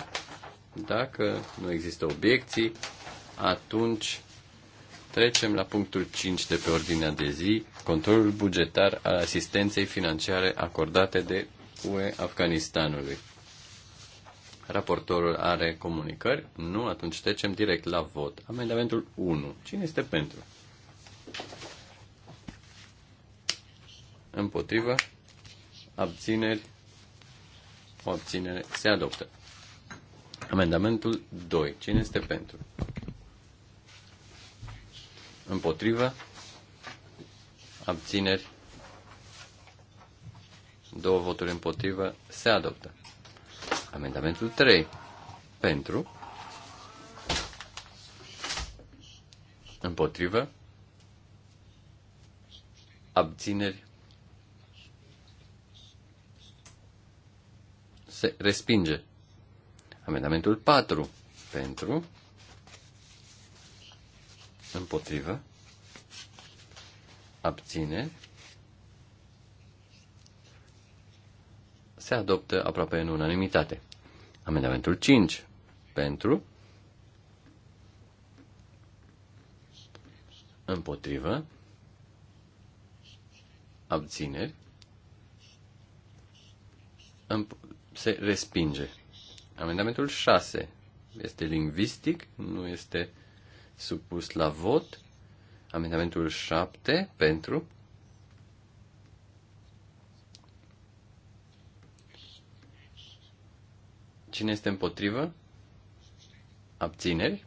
Dacă nu există obiecții, atunci trecem la punctul 5 de pe ordinea de zi, controlul bugetar al asistenței financiare acordate de UE Afganistanului. Raportorul are comunicări? Nu, atunci trecem direct la vot. Amendamentul 1. Cine este pentru? Împotrivă? Abțineri? O abținere se adoptă. Amendamentul 2. Cine este pentru? Împotrivă? abțineri, două voturi împotrivă, se adoptă. Amendamentul 3. Pentru, împotrivă, abțineri, se respinge. Amendamentul 4. Pentru, împotrivă, abține, se adoptă aproape în unanimitate. Amendamentul 5 pentru, împotrivă, abțineri, se respinge. Amendamentul 6 este lingvistic, nu este supus la vot. Amendamentul 7 pentru. Cine este împotrivă? Abțineri?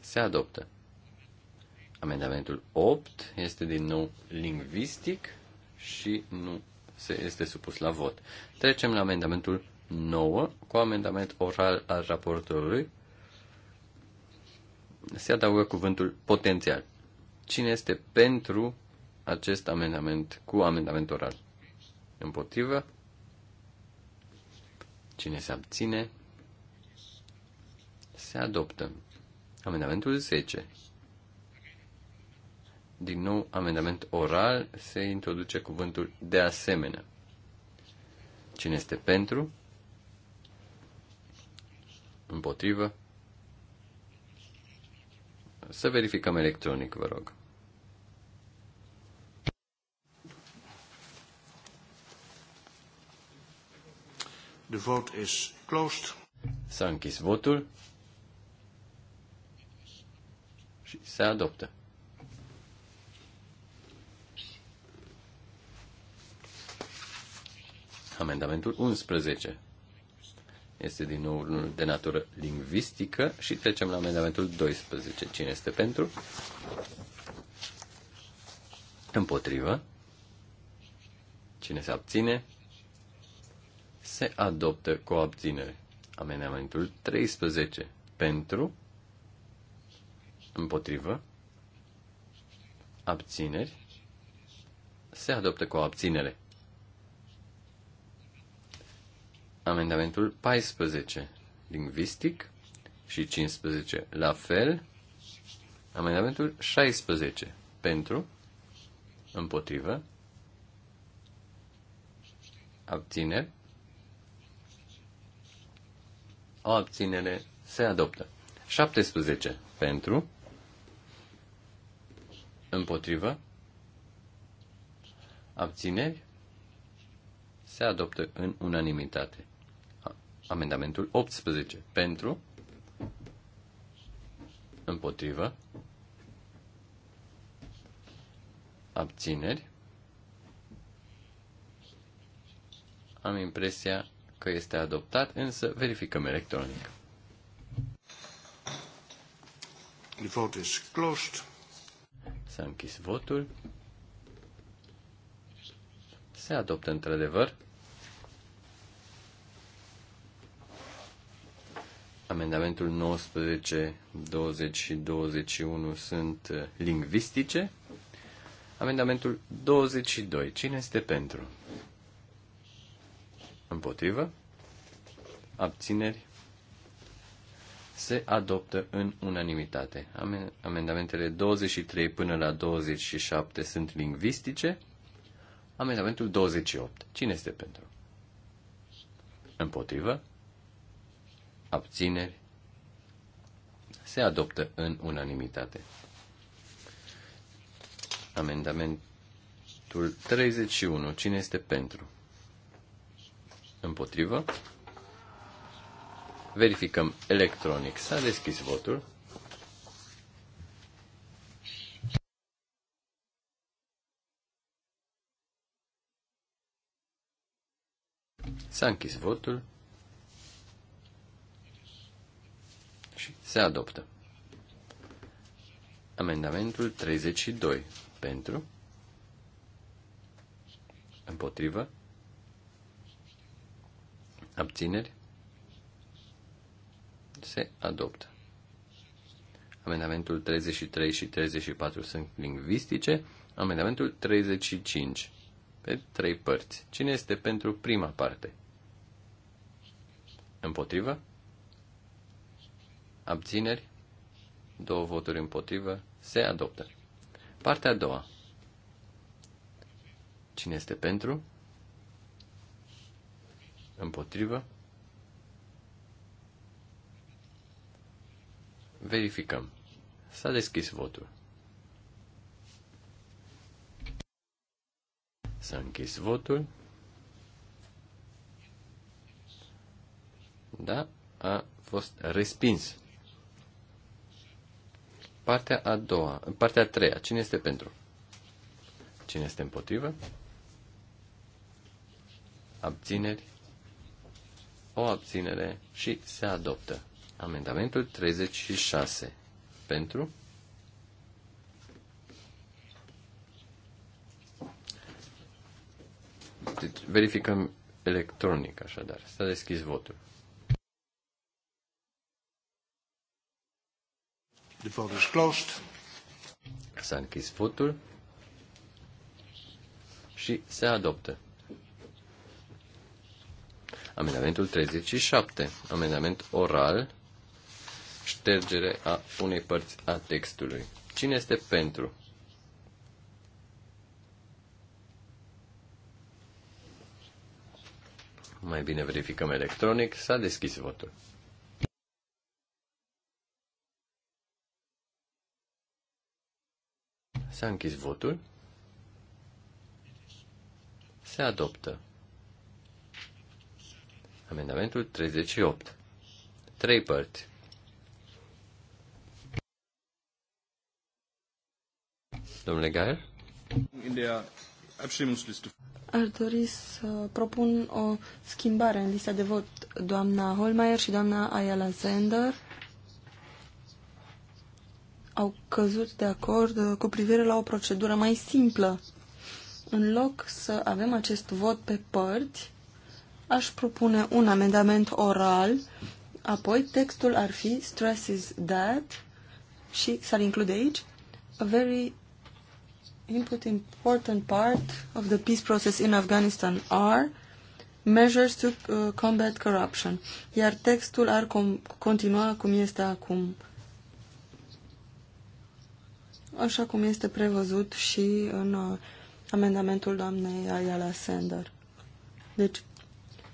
Se adoptă. Amendamentul 8 este din nou lingvistic și nu se este supus la vot. Trecem la amendamentul 9 cu amendament oral al raportorului se adaugă cuvântul potențial. Cine este pentru acest amendament cu amendament oral? Împotrivă? Cine se abține? Se adoptă. Amendamentul 10. Din nou, amendament oral se introduce cuvântul de asemenea. Cine este pentru? Împotrivă? Să verificăm electronic, vă rog. The vote is closed. S-a închis votul și se adoptă. Amendamentul 11. Este din nou unul de natură lingvistică și trecem la amendamentul 12. Cine este pentru? Împotrivă. Cine se abține? Se adoptă cu abținere. Amendamentul 13. Pentru. Împotrivă. Abțineri. Se adoptă cu abținere. Amendamentul 14, lingvistic și 15, la fel. Amendamentul 16, pentru, împotrivă, abțineri, o abținere se adoptă. 17 pentru, împotrivă, abțineri, se adoptă în unanimitate. Amendamentul 18. Pentru. Împotrivă. Abțineri. Am impresia că este adoptat, însă verificăm electronic. The vote is closed. S-a închis votul. Se adoptă într-adevăr amendamentul 19, 20 și 21 sunt uh, lingvistice. Amendamentul 22. Cine este pentru? Împotrivă? Abțineri? Se adoptă în unanimitate. Amendamentele 23 până la 27 sunt lingvistice. Amendamentul 28. Cine este pentru? Împotrivă? abțineri, se adoptă în unanimitate. Amendamentul 31. Cine este pentru? Împotrivă? Verificăm electronic. S-a deschis votul. S-a închis votul. Se adoptă. Amendamentul 32. Pentru. Împotrivă. Abțineri. Se adoptă. Amendamentul 33 și 34 sunt lingvistice. Amendamentul 35 pe trei părți. Cine este pentru prima parte? Împotrivă? Abțineri. Două voturi împotrivă. Se adoptă. Partea a doua. Cine este pentru? Împotrivă. Verificăm. S-a deschis votul. S-a închis votul. Da, a fost respins. Partea a doua, partea a treia, cine este pentru? Cine este împotrivă? Abțineri? O abținere și se adoptă. Amendamentul 36. Pentru? Deci verificăm electronic, așadar. S-a deschis votul. The vote S-a închis votul și se adoptă. Amendamentul 37. Amendament oral. Ștergere a unei părți a textului. Cine este pentru? Mai bine verificăm electronic. S-a deschis votul. S-a închis votul. Se adoptă. Amendamentul 38. Trei părți. Domnule Gaer? Ar dori să propun o schimbare în lista de vot. Doamna Holmeier și doamna Ayala Zender au căzut de acord uh, cu privire la o procedură mai simplă. În loc să avem acest vot pe părți, aș propune un amendament oral, apoi textul ar fi stresses that și s-ar include aici a very input important part of the peace process in Afghanistan are measures to uh, combat corruption. Iar textul ar continua cum este acum așa cum este prevăzut și în uh, amendamentul doamnei Ayala Sender. Deci,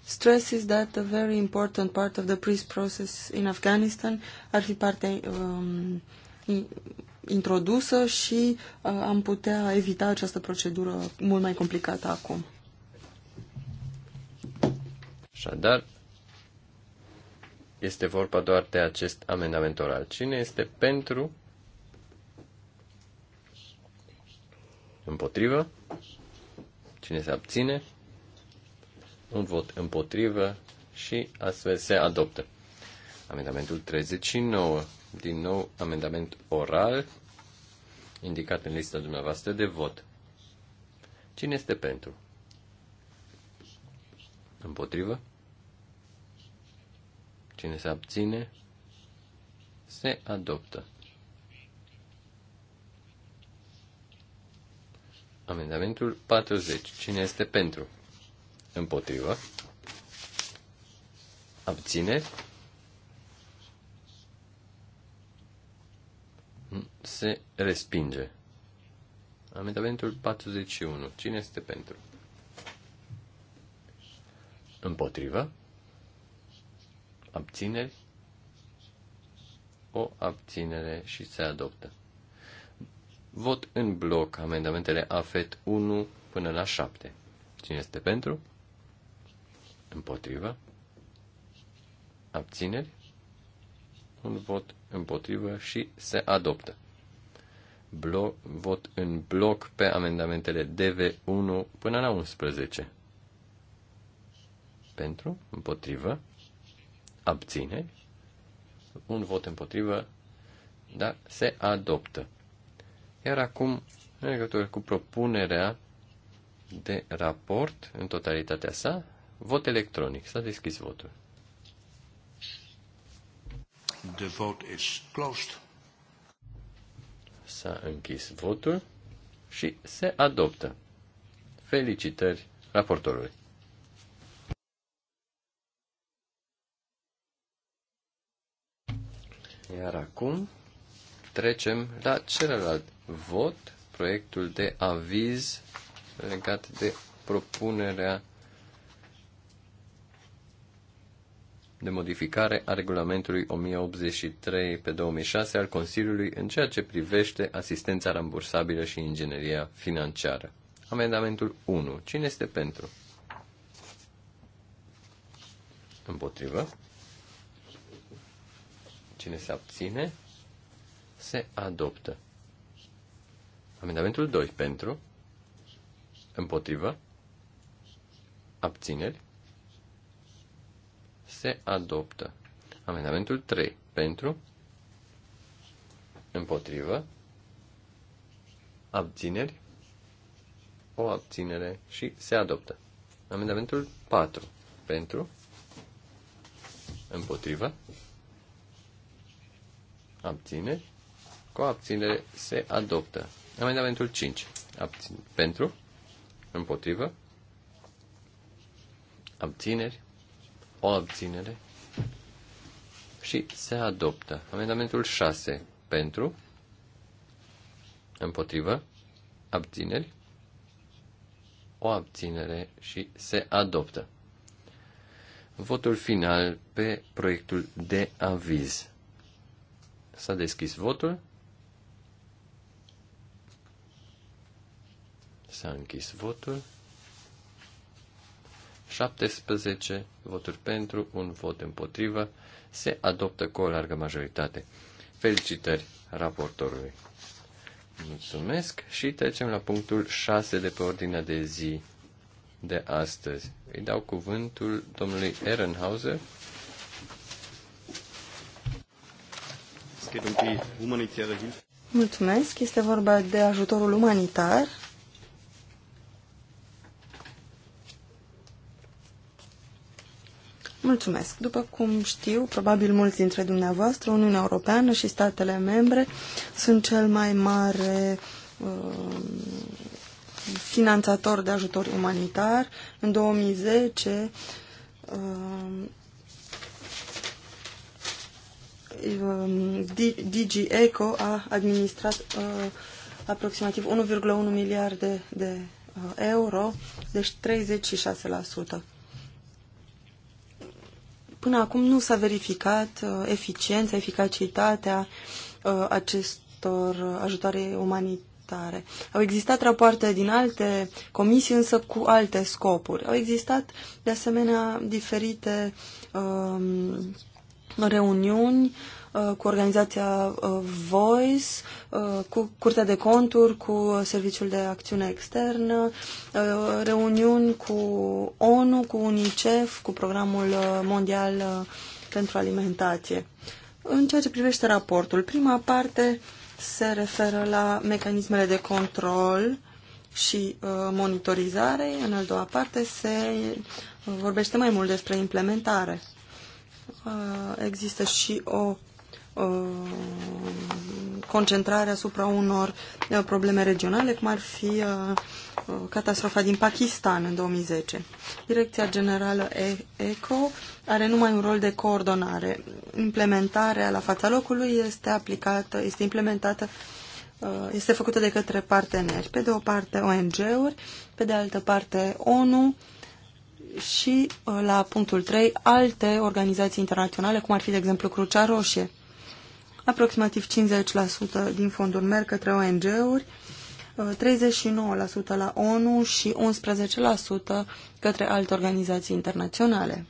stress is that a very important part of the peace process in Afghanistan ar fi parte um, introdusă și uh, am putea evita această procedură mult mai complicată acum. Așadar, este vorba doar de acest amendament oral. Cine este pentru Împotrivă. Cine se abține? Un vot împotrivă și astfel se adoptă. Amendamentul 39. Din nou, amendament oral indicat în lista dumneavoastră de vot. Cine este pentru? Împotrivă? Cine se abține? Se adoptă. Amendamentul 40. Cine este pentru? Împotrivă. Abține? Se respinge. Amendamentul 41. Cine este pentru? Împotrivă. Abține? O abținere și se adoptă. Vot în bloc amendamentele AFET 1 până la 7. Cine este pentru? Împotrivă? Abțineri? Un vot împotrivă și se adoptă. Blo- vot în bloc pe amendamentele DV1 până la 11. Pentru? Împotrivă? Abțineri? Un vot împotrivă, dar se adoptă. Iar acum, în legătură cu propunerea de raport în totalitatea sa, vot electronic. S-a deschis votul. The vote is closed. S-a închis votul și se adoptă. Felicitări raportorului. Iar acum trecem la celălalt vot, proiectul de aviz legat de propunerea de modificare a regulamentului 1083 pe 2006 al Consiliului în ceea ce privește asistența rambursabilă și ingineria financiară. Amendamentul 1. Cine este pentru? Împotrivă. Cine se abține? se adoptă. Amendamentul 2 pentru, împotrivă, abțineri, se adoptă. Amendamentul 3 pentru, împotrivă, abțineri, o abținere și se adoptă. Amendamentul 4 pentru, împotrivă, abțineri, cu abținere se adoptă. Amendamentul 5. Abțin- pentru? Împotrivă? Abțineri? O abținere? Și se adoptă. Amendamentul 6. Pentru? Împotrivă? Abțineri? O abținere și se adoptă. Votul final pe proiectul de aviz. S-a deschis votul. S-a închis votul. 17 voturi pentru, un vot împotrivă. Se adoptă cu o largă majoritate. Felicitări raportorului. Mulțumesc și trecem la punctul 6 de pe ordinea de zi de astăzi. Îi dau cuvântul domnului Ehrenhauser. Um Mulțumesc. Este vorba de ajutorul umanitar Mulțumesc. După cum știu, probabil mulți dintre dumneavoastră, Uniunea Europeană și statele membre sunt cel mai mare uh, finanțator de ajutor umanitar. În 2010 uh, uh DG ECO a administrat uh, aproximativ 1,1 miliarde de uh, euro, deci 36%. Până acum nu s-a verificat uh, eficiența, eficacitatea uh, acestor ajutoare umanitare. Tare. Au existat rapoarte din alte comisii, însă cu alte scopuri. Au existat, de asemenea, diferite um, reuniuni uh, Uh, cu organizația uh, Voice, uh, cu Curtea de Conturi, cu Serviciul de Acțiune Externă, reuniuni cu ONU, cu UNICEF, cu Programul Mondial pentru Alimentație. În ceea ce privește raportul, prima parte se referă la mecanismele de control și monitorizare, în al doua parte se vorbește mai mult despre implementare. există și o Uh, concentrare asupra unor uh, probleme regionale, cum ar fi uh, catastrofa din Pakistan în 2010. Direcția Generală ECO are numai un rol de coordonare. Implementarea la fața locului este aplicată, este implementată este făcută de către parteneri. Pe de o parte ONG-uri, pe de altă parte ONU și la punctul 3 alte organizații internaționale, cum ar fi de exemplu Crucea Roșie aproximativ 50% din fonduri merg către ONG-uri, 39% uh, la ONU și 11% către alte organizații internaționale.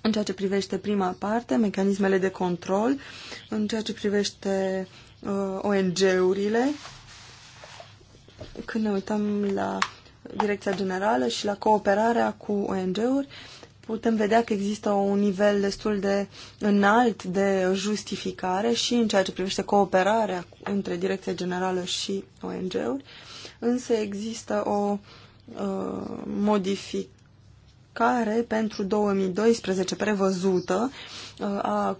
În ceea ce privește prima parte, mecanismele de control, în ceea ce privește uh, ONG-urile, când ne uităm la Direcția Generală și la cooperarea cu ONG-uri, putem vedea că există un nivel destul de înalt de justificare și în ceea ce privește cooperarea între Direcția Generală și ONG-uri, însă există o uh, modificare care pentru 2012 prevăzută uh, a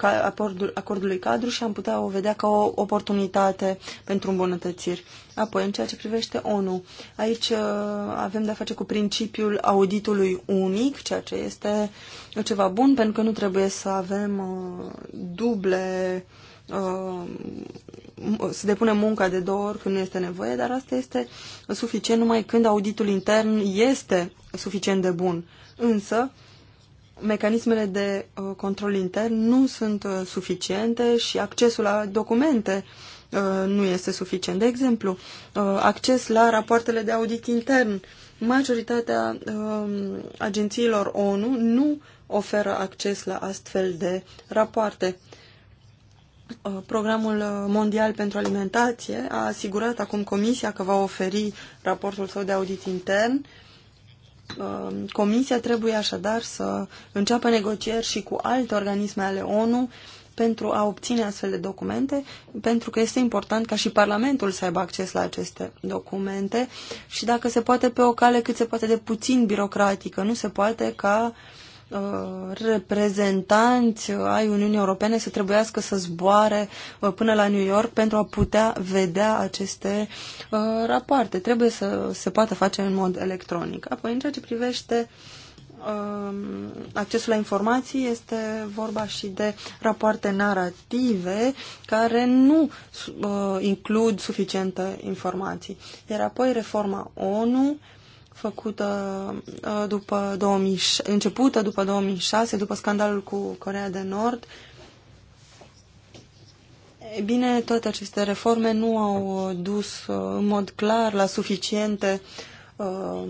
acordului cadru și am putea o vedea ca o oportunitate pentru îmbunătățiri. Apoi, în ceea ce privește ONU, aici uh, avem de-a face cu principiul auditului unic, ceea ce este ceva bun, pentru că nu trebuie să avem uh, duble se depune munca de două ori când nu este nevoie, dar asta este suficient numai când auditul intern este suficient de bun însă mecanismele de uh, control intern nu sunt uh, suficiente și accesul la documente uh, nu este suficient. De exemplu, acces la rapoartele de audit intern. Majoritatea um, agențiilor ONU nu oferă acces la astfel de rapoarte. Programul Mondial pentru Alimentație a asigurat acum Comisia că va oferi raportul său de audit intern Um, comisia trebuie așadar să înceapă negocieri și cu alte organisme ale ONU pentru a obține astfel de documente, pentru că este important ca și Parlamentul să aibă acces la aceste documente și dacă se poate pe o cale cât se poate de puțin birocratică, nu se poate ca uh, Uh, reprezentanți ai Uniunii Europene să trebuiască să zboare uh, până la New York pentru a putea vedea aceste uh, rapoarte. Trebuie să se poată face în mod electronic. Apoi, în ceea ce privește um, accesul la informații este vorba și de rapoarte narrative care nu includ suficientă informații. Iar apoi reforma ONU făcută uh, după 2006, începută după 2006, după scandalul cu Corea de Nord. E bine, toate aceste reforme nu au dus uh, în mod clar la suficiente uh,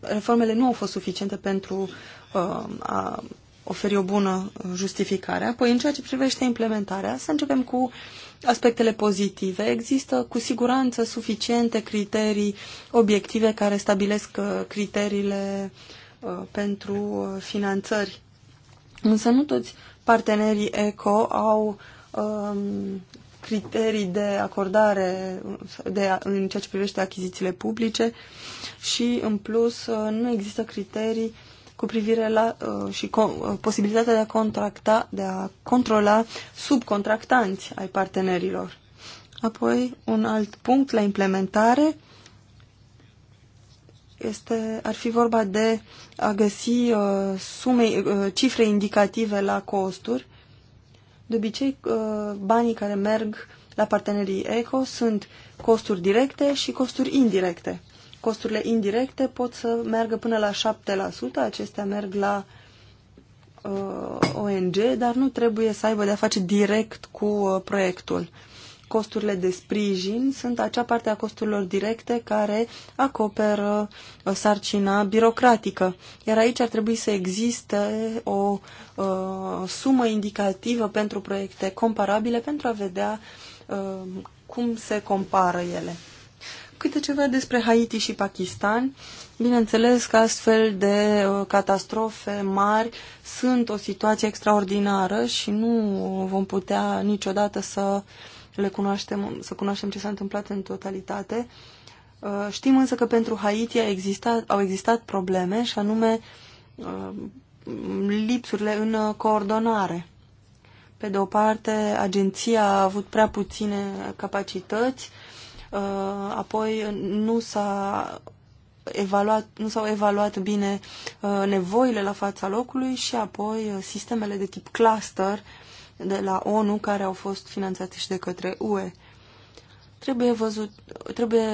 reformele nu au fost suficiente pentru a oferi o bună justificare. Apoi, în ceea ce privește implementarea, să începem cu uh, aspectele pozitive. Există cu siguranță suficiente criterii obiective care stabilesc uh, criteriile uh, pentru uh, finanțări. Însă nu toți partenerii ECO au um, criterii de acordare de, în ceea ce privește achizițiile publice și, în plus, nu există criterii cu privire la uh, și co- uh, posibilitatea de a contracta, de a controla subcontractanți ai partenerilor. Apoi, un alt punct la implementare este, ar fi vorba de a găsi uh, sume, uh, cifre indicative la costuri. De obicei, uh, banii care merg la partenerii ECO sunt costuri directe și costuri indirecte costurile indirecte pot să meargă până la 7%, acestea merg la uh, ONG, dar nu trebuie să aibă de-a face direct cu uh, proiectul. Costurile de sprijin sunt acea parte a costurilor directe care acoperă uh, sarcina birocratică. Iar aici ar trebui să existe o uh, sumă indicativă pentru proiecte comparabile pentru a vedea uh, cum se compară ele. Câte ceva despre Haiti și Pakistan. Bineînțeles că astfel de uh, catastrofe mari sunt o situație extraordinară și nu vom putea niciodată să le cunoaștem, să cunoaștem ce s-a întâmplat în totalitate. Uh, știm însă că pentru Haiti a existat, au existat probleme și anume uh, lipsurile în coordonare. Pe de o parte, agenția a avut prea puține capacități Uh, apoi uh, nu s-a evaluat, nu s-au evaluat bine uh, nevoile la fața locului și apoi sistemele de tip cluster de la ONU care au fost finanțate și de către UE. Trebuie văzut, trebuie,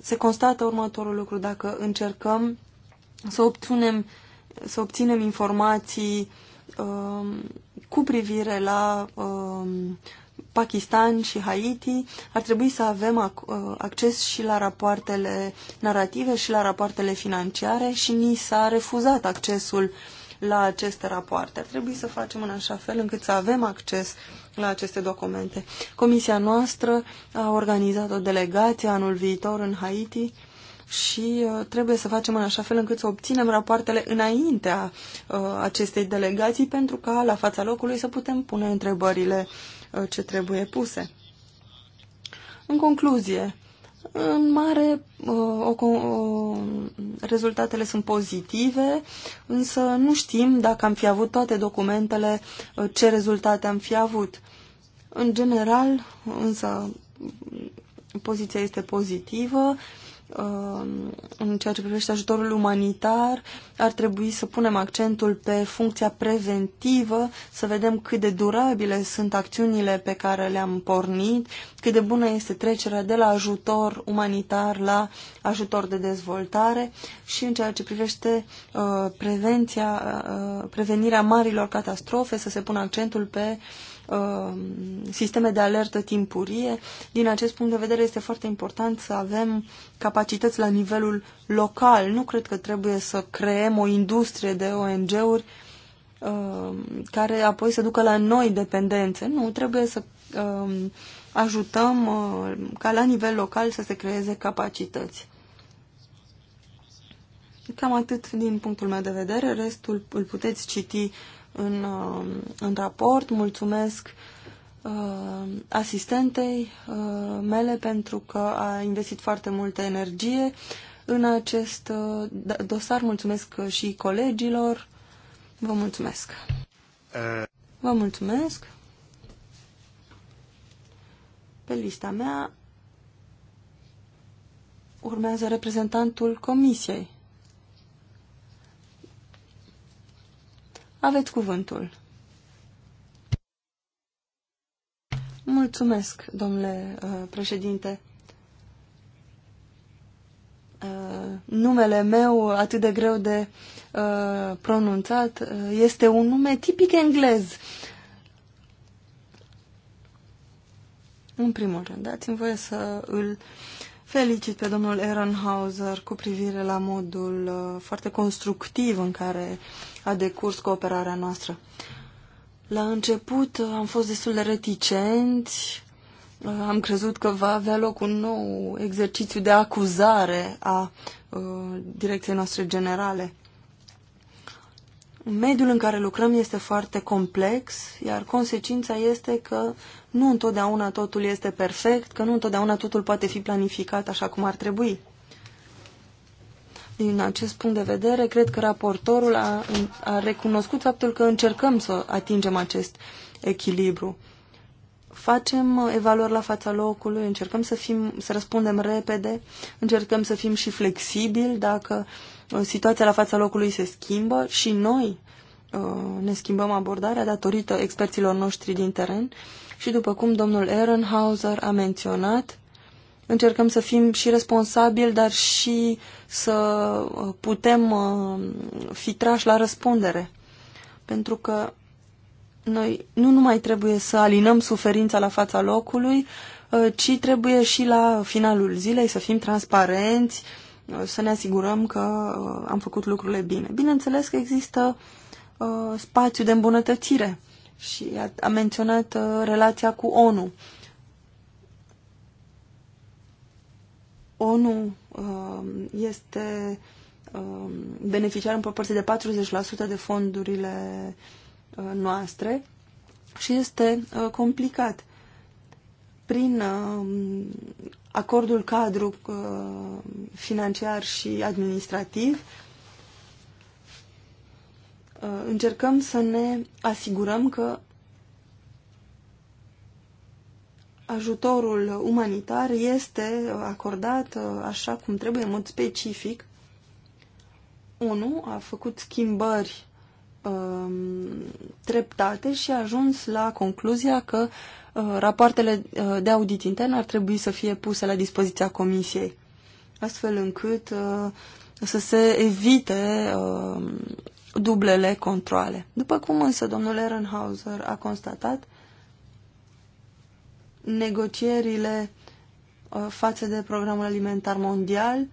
se constată următorul lucru dacă încercăm să obținem, să obținem informații cu privire la Pakistan și Haiti, ar trebui să avem uh, acces și la rapoartele narrative și la rapoartele financiare și ni s-a refuzat accesul la aceste rapoarte. Ar trebui să facem în așa fel încât să avem acces la aceste documente. Comisia noastră a organizat o delegație anul viitor în Haiti și uh, trebuie să facem în așa fel încât să obținem rapoartele înaintea uh, acestei delegații pentru ca la fața locului să putem pune întrebările Uh, ce trebuie puse. În concluzie, în mare, uh, o, o, rezultatele sunt pozitive, însă nu știm dacă am fi avut toate documentele, uh, ce rezultate am fi avut. În general, însă, poziția este pozitivă. Um, în ceea ce privește ajutorul umanitar, ar trebui să punem accentul pe funcția preventivă, să vedem cât de durabile sunt acțiunile pe care le-am pornit, cât de bună este trecerea de la ajutor umanitar la ajutor de dezvoltare și în ceea ce privește uh, prevenția, uh, uh, prevenirea marilor catastrofe, să se pună accentul pe uh, Um, sisteme de alertă timpurie. Din acest punct de vedere este foarte important să avem capacități la nivelul local. Nu cred că trebuie să creăm o industrie de ONG-uri um, care apoi să ducă la noi dependențe. Nu, trebuie să um, ajutăm uh, ca la nivel local să se creeze capacități. Cam atât din punctul meu de vedere, restul îl puteți citi în, uh, în raport. Mulțumesc uh, asistentei uh, mele pentru că a investit foarte multă energie în acest dosar. Mulțumesc și colegilor. Vă mulțumesc. Vă mulțumesc. Pe lista mea urmează reprezentantul comisiei. Aveți cuvântul. Mulțumesc, domnule uh, președinte. Uh, numele meu, atât de greu de uh, pronunțat, uh, este un nume tipic englez. În primul rând, dați-mi voie să îl felicit pe domnul Ehrenhauser cu privire la modul uh, foarte constructiv în care a decurs cooperarea noastră. La început uh, am fost destul de reticenți, uh, am crezut că va avea loc un nou exercițiu de acuzare a uh, direcției noastre generale. Mediul în care lucrăm este foarte complex, iar consecința este că nu întotdeauna totul este perfect, că nu întotdeauna totul poate fi planificat așa cum ar trebui. Din acest punct de vedere, cred că raportorul a, a recunoscut faptul că încercăm să atingem acest echilibru. Facem uh, evaluări la fața locului, încercăm să, fim, să răspundem repede, încercăm să fim și flexibili dacă uh, situația la fața locului se schimbă și noi uh, ne schimbăm abordarea datorită experților noștri din teren și după cum domnul Ehrenhauser a menționat, încercăm să fim și responsabili, dar și să uh, putem uh, fi trași la răspundere. Pentru că noi nu numai trebuie să alinăm suferința la fața locului, uh, ci trebuie și la finalul zilei să fim transparenți, să ne asigurăm că am făcut lucrurile bine. Bineînțeles că există spațiu de îmbunătățire și a menționat relația cu ONU. ONU um, este um, beneficiar în proporție de 40% de fondurile uh, noastre și este uh, complicat. Prin um, acordul cadru uh, financiar și administrativ încercăm să ne asigurăm că ajutorul umanitar este acordat uh, așa cum trebuie, în mod specific. ONU a făcut schimbări um, treptate și a ajuns la concluzia că uh, rapoartele uh, de audit intern ar trebui să fie puse la dispoziția comisiei, astfel încât să se evite um, dublele controle. După cum însă domnul Ehrenhauser a constatat, negocierile uh, față de programul alimentar mondial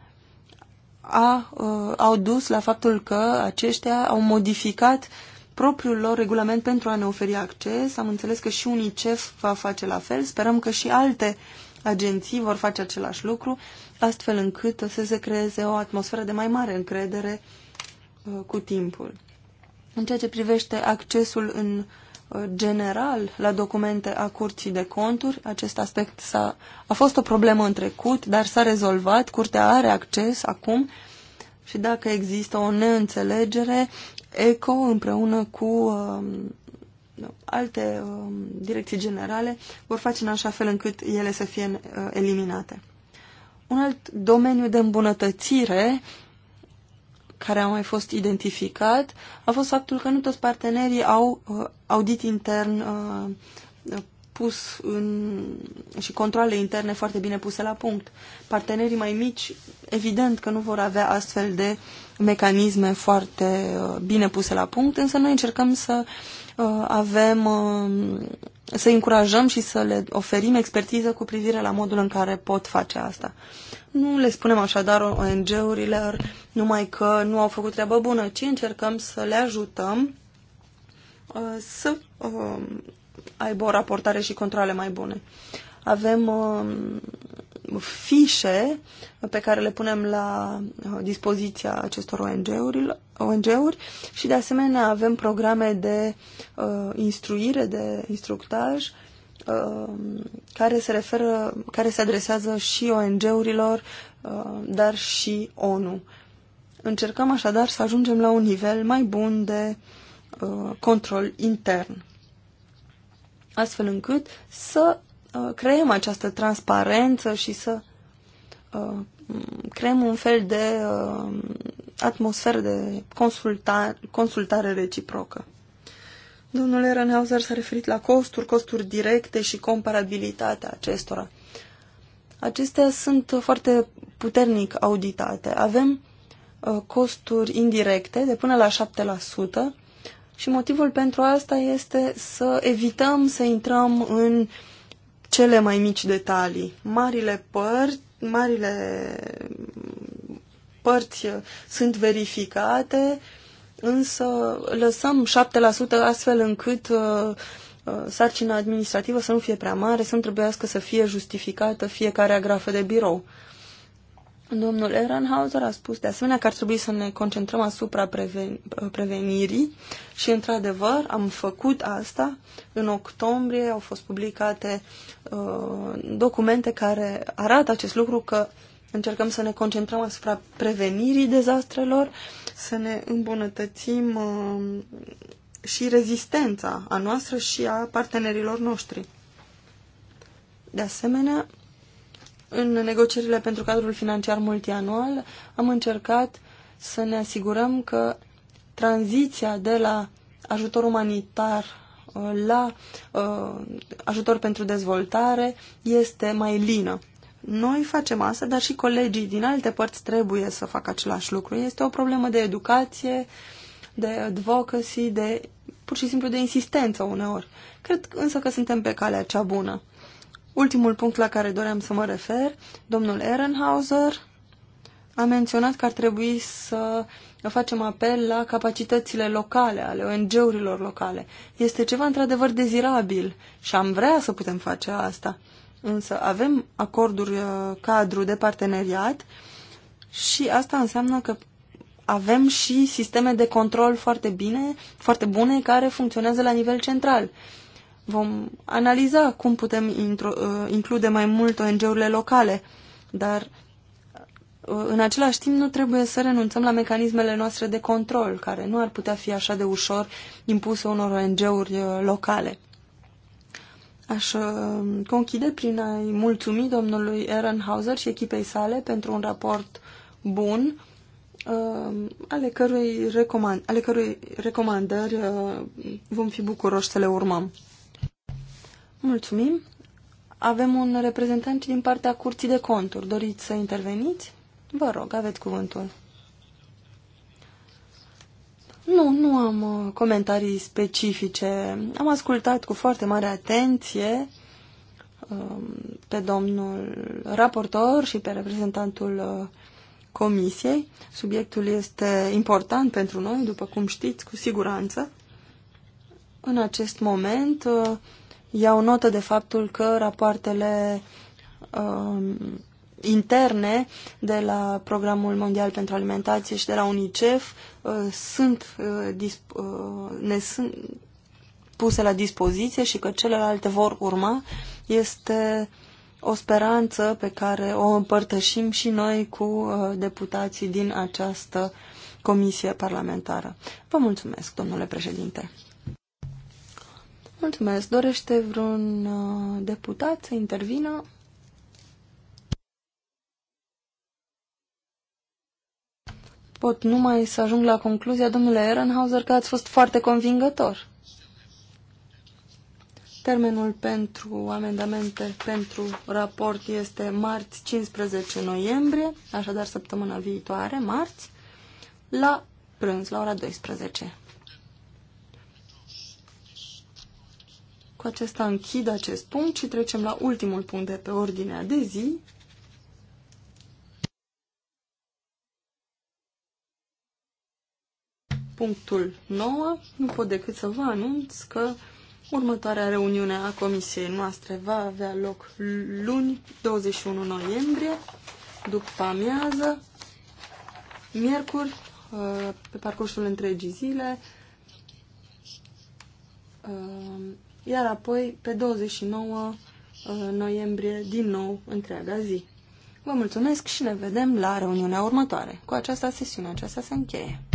a, uh, au dus la faptul că aceștia au modificat propriul lor regulament pentru a ne oferi acces. Am înțeles că și UNICEF va face la fel. Sperăm că și alte agenții vor face același lucru, astfel încât să se creeze o atmosferă de mai mare încredere uh, cu timpul. În ceea ce privește accesul în Uh, general la documente a curții de conturi. Acest aspect a a fost o problemă în trecut, dar s-a rezolvat. Curtea are acces acum și dacă există o neînțelegere, ECO împreună cu uh, alte uh, direcții generale vor face în așa fel încât ele să fie uh, eliminate. Un alt domeniu de îmbunătățire uh, care a mai fost identificat a fost faptul că nu toți partenerii au uh, audit intern uh, pus în, și controle interne foarte bine puse la punct. Partenerii mai mici, evident că nu vor avea astfel de mecanisme foarte uh, bine puse la punct, însă noi încercăm să avem, să încurajăm și să le oferim expertiză cu privire la modul în care pot face asta. Nu le spunem așadar ONG-urilor numai că nu au făcut treabă bună, ci încercăm să le ajutăm uh, să uh, aibă o raportare și controle mai bune. Avem uh, fișe pe care le punem la uh, dispoziția acestor ONG-uri ONG și de asemenea avem programe de uh, instruire, de instructaj uh, Uh, care se referă, care se adresează și ONG-urilor, uh, dar și ONU. Încercăm așadar să ajungem la un nivel mai bun de uh, control intern, astfel încât să creăm această transparență și să creăm un fel de atmosferă de consulta, consultare reciprocă. Domnul Ehrenhauser s-a referit la costuri, costuri directe și comparabilitatea acestora. Acestea sunt foarte puternic auditate. Avem uh, costuri indirecte de până la 7% și motivul pentru asta este să evităm să intrăm în cele mai mici detalii. Marile mm, părți, marile uh, părți sunt verificate, uh, însă lăsăm 7% astfel încât uh, uh, sarcina administrativă să nu fie prea mare, să nu trebuiască să fie justificată fiecare agrafă de birou. Domnul Ehrenhauser a spus de asemenea că ar trebui să ne concentrăm asupra preven uh, prevenirii și, într-adevăr, am făcut asta. În octombrie au fost publicate uh, documente care arată acest lucru că Încercăm să ne concentrăm asupra prevenirii dezastrelor, să ne îmbunătățim uh, și rezistența a noastră și a partenerilor noștri. De asemenea, în negocierile pentru cadrul financiar multianual am încercat să ne asigurăm că tranziția de la ajutor umanitar uh, la uh, ajutor pentru dezvoltare este mai lină. Noi facem asta, dar și colegii din alte părți trebuie să facă același lucru. Este o problemă de educație, de advocacy, de pur și simplu de insistență uneori. Cred însă că suntem pe calea cea bună. Ultimul punct la care doream să mă refer, domnul Ehrenhauser a menționat că ar trebui să facem apel la capacitățile locale, ale ONG-urilor locale. Este ceva într-adevăr dezirabil și am vrea să putem face asta. Însă avem acorduri uh, cadru de parteneriat și asta înseamnă că avem și sisteme de control foarte bine, foarte bune, care funcționează la nivel central. Vom analiza cum putem intro, uh, include mai mult ONG-urile locale, dar uh, în același timp nu trebuie să renunțăm la mecanismele noastre de control, care nu ar putea fi așa de ușor impuse unor ONG-uri locale. Aș uh, conchide prin a-i mulțumi domnului Ehrenhauser și echipei sale pentru un raport bun, uh, ale cărui, recomand, ale cărui recomandări uh, vom fi bucuroși să le urmăm. Mulțumim. Avem un reprezentant din partea Curții de Conturi. Doriți să interveniți? Vă rog, aveți cuvântul. Nu, nu am uh, comentarii specifice. Am ascultat cu foarte mare atenție um, pe domnul raportor și pe reprezentantul uh, comisiei. Subiectul este important pentru noi, după cum știți, cu siguranță. În acest moment uh, iau notă de faptul că rapoartele um, interne de la Programul Mondial pentru Alimentație și de la UNICEF uh, sunt, uh, uh, ne sunt puse la dispoziție și că celelalte vor urma este o speranță pe care o împărtășim și noi cu deputații din această comisie parlamentară. Vă mulțumesc, domnule președinte. Mulțumesc. Dorește vreun deputat să intervină? pot numai să ajung la concluzia, domnule Ehrenhauser, că ați fost foarte convingător. Termenul pentru amendamente pentru raport este marți 15 noiembrie, așadar săptămâna viitoare, marți, la prânz, la ora 12. Cu acesta închid acest punct și trecem la ultimul punct de pe ordinea de zi, punctul 9, nu pot decât să vă anunț că următoarea reuniune a comisiei noastre va avea loc luni 21 noiembrie, după amiază, miercuri, uh, pe parcursul întregii zile, uh, iar apoi pe 29 uh, noiembrie din nou întreaga zi. Vă mulțumesc și ne vedem la reuniunea următoare. Cu această sesiune aceasta se încheie.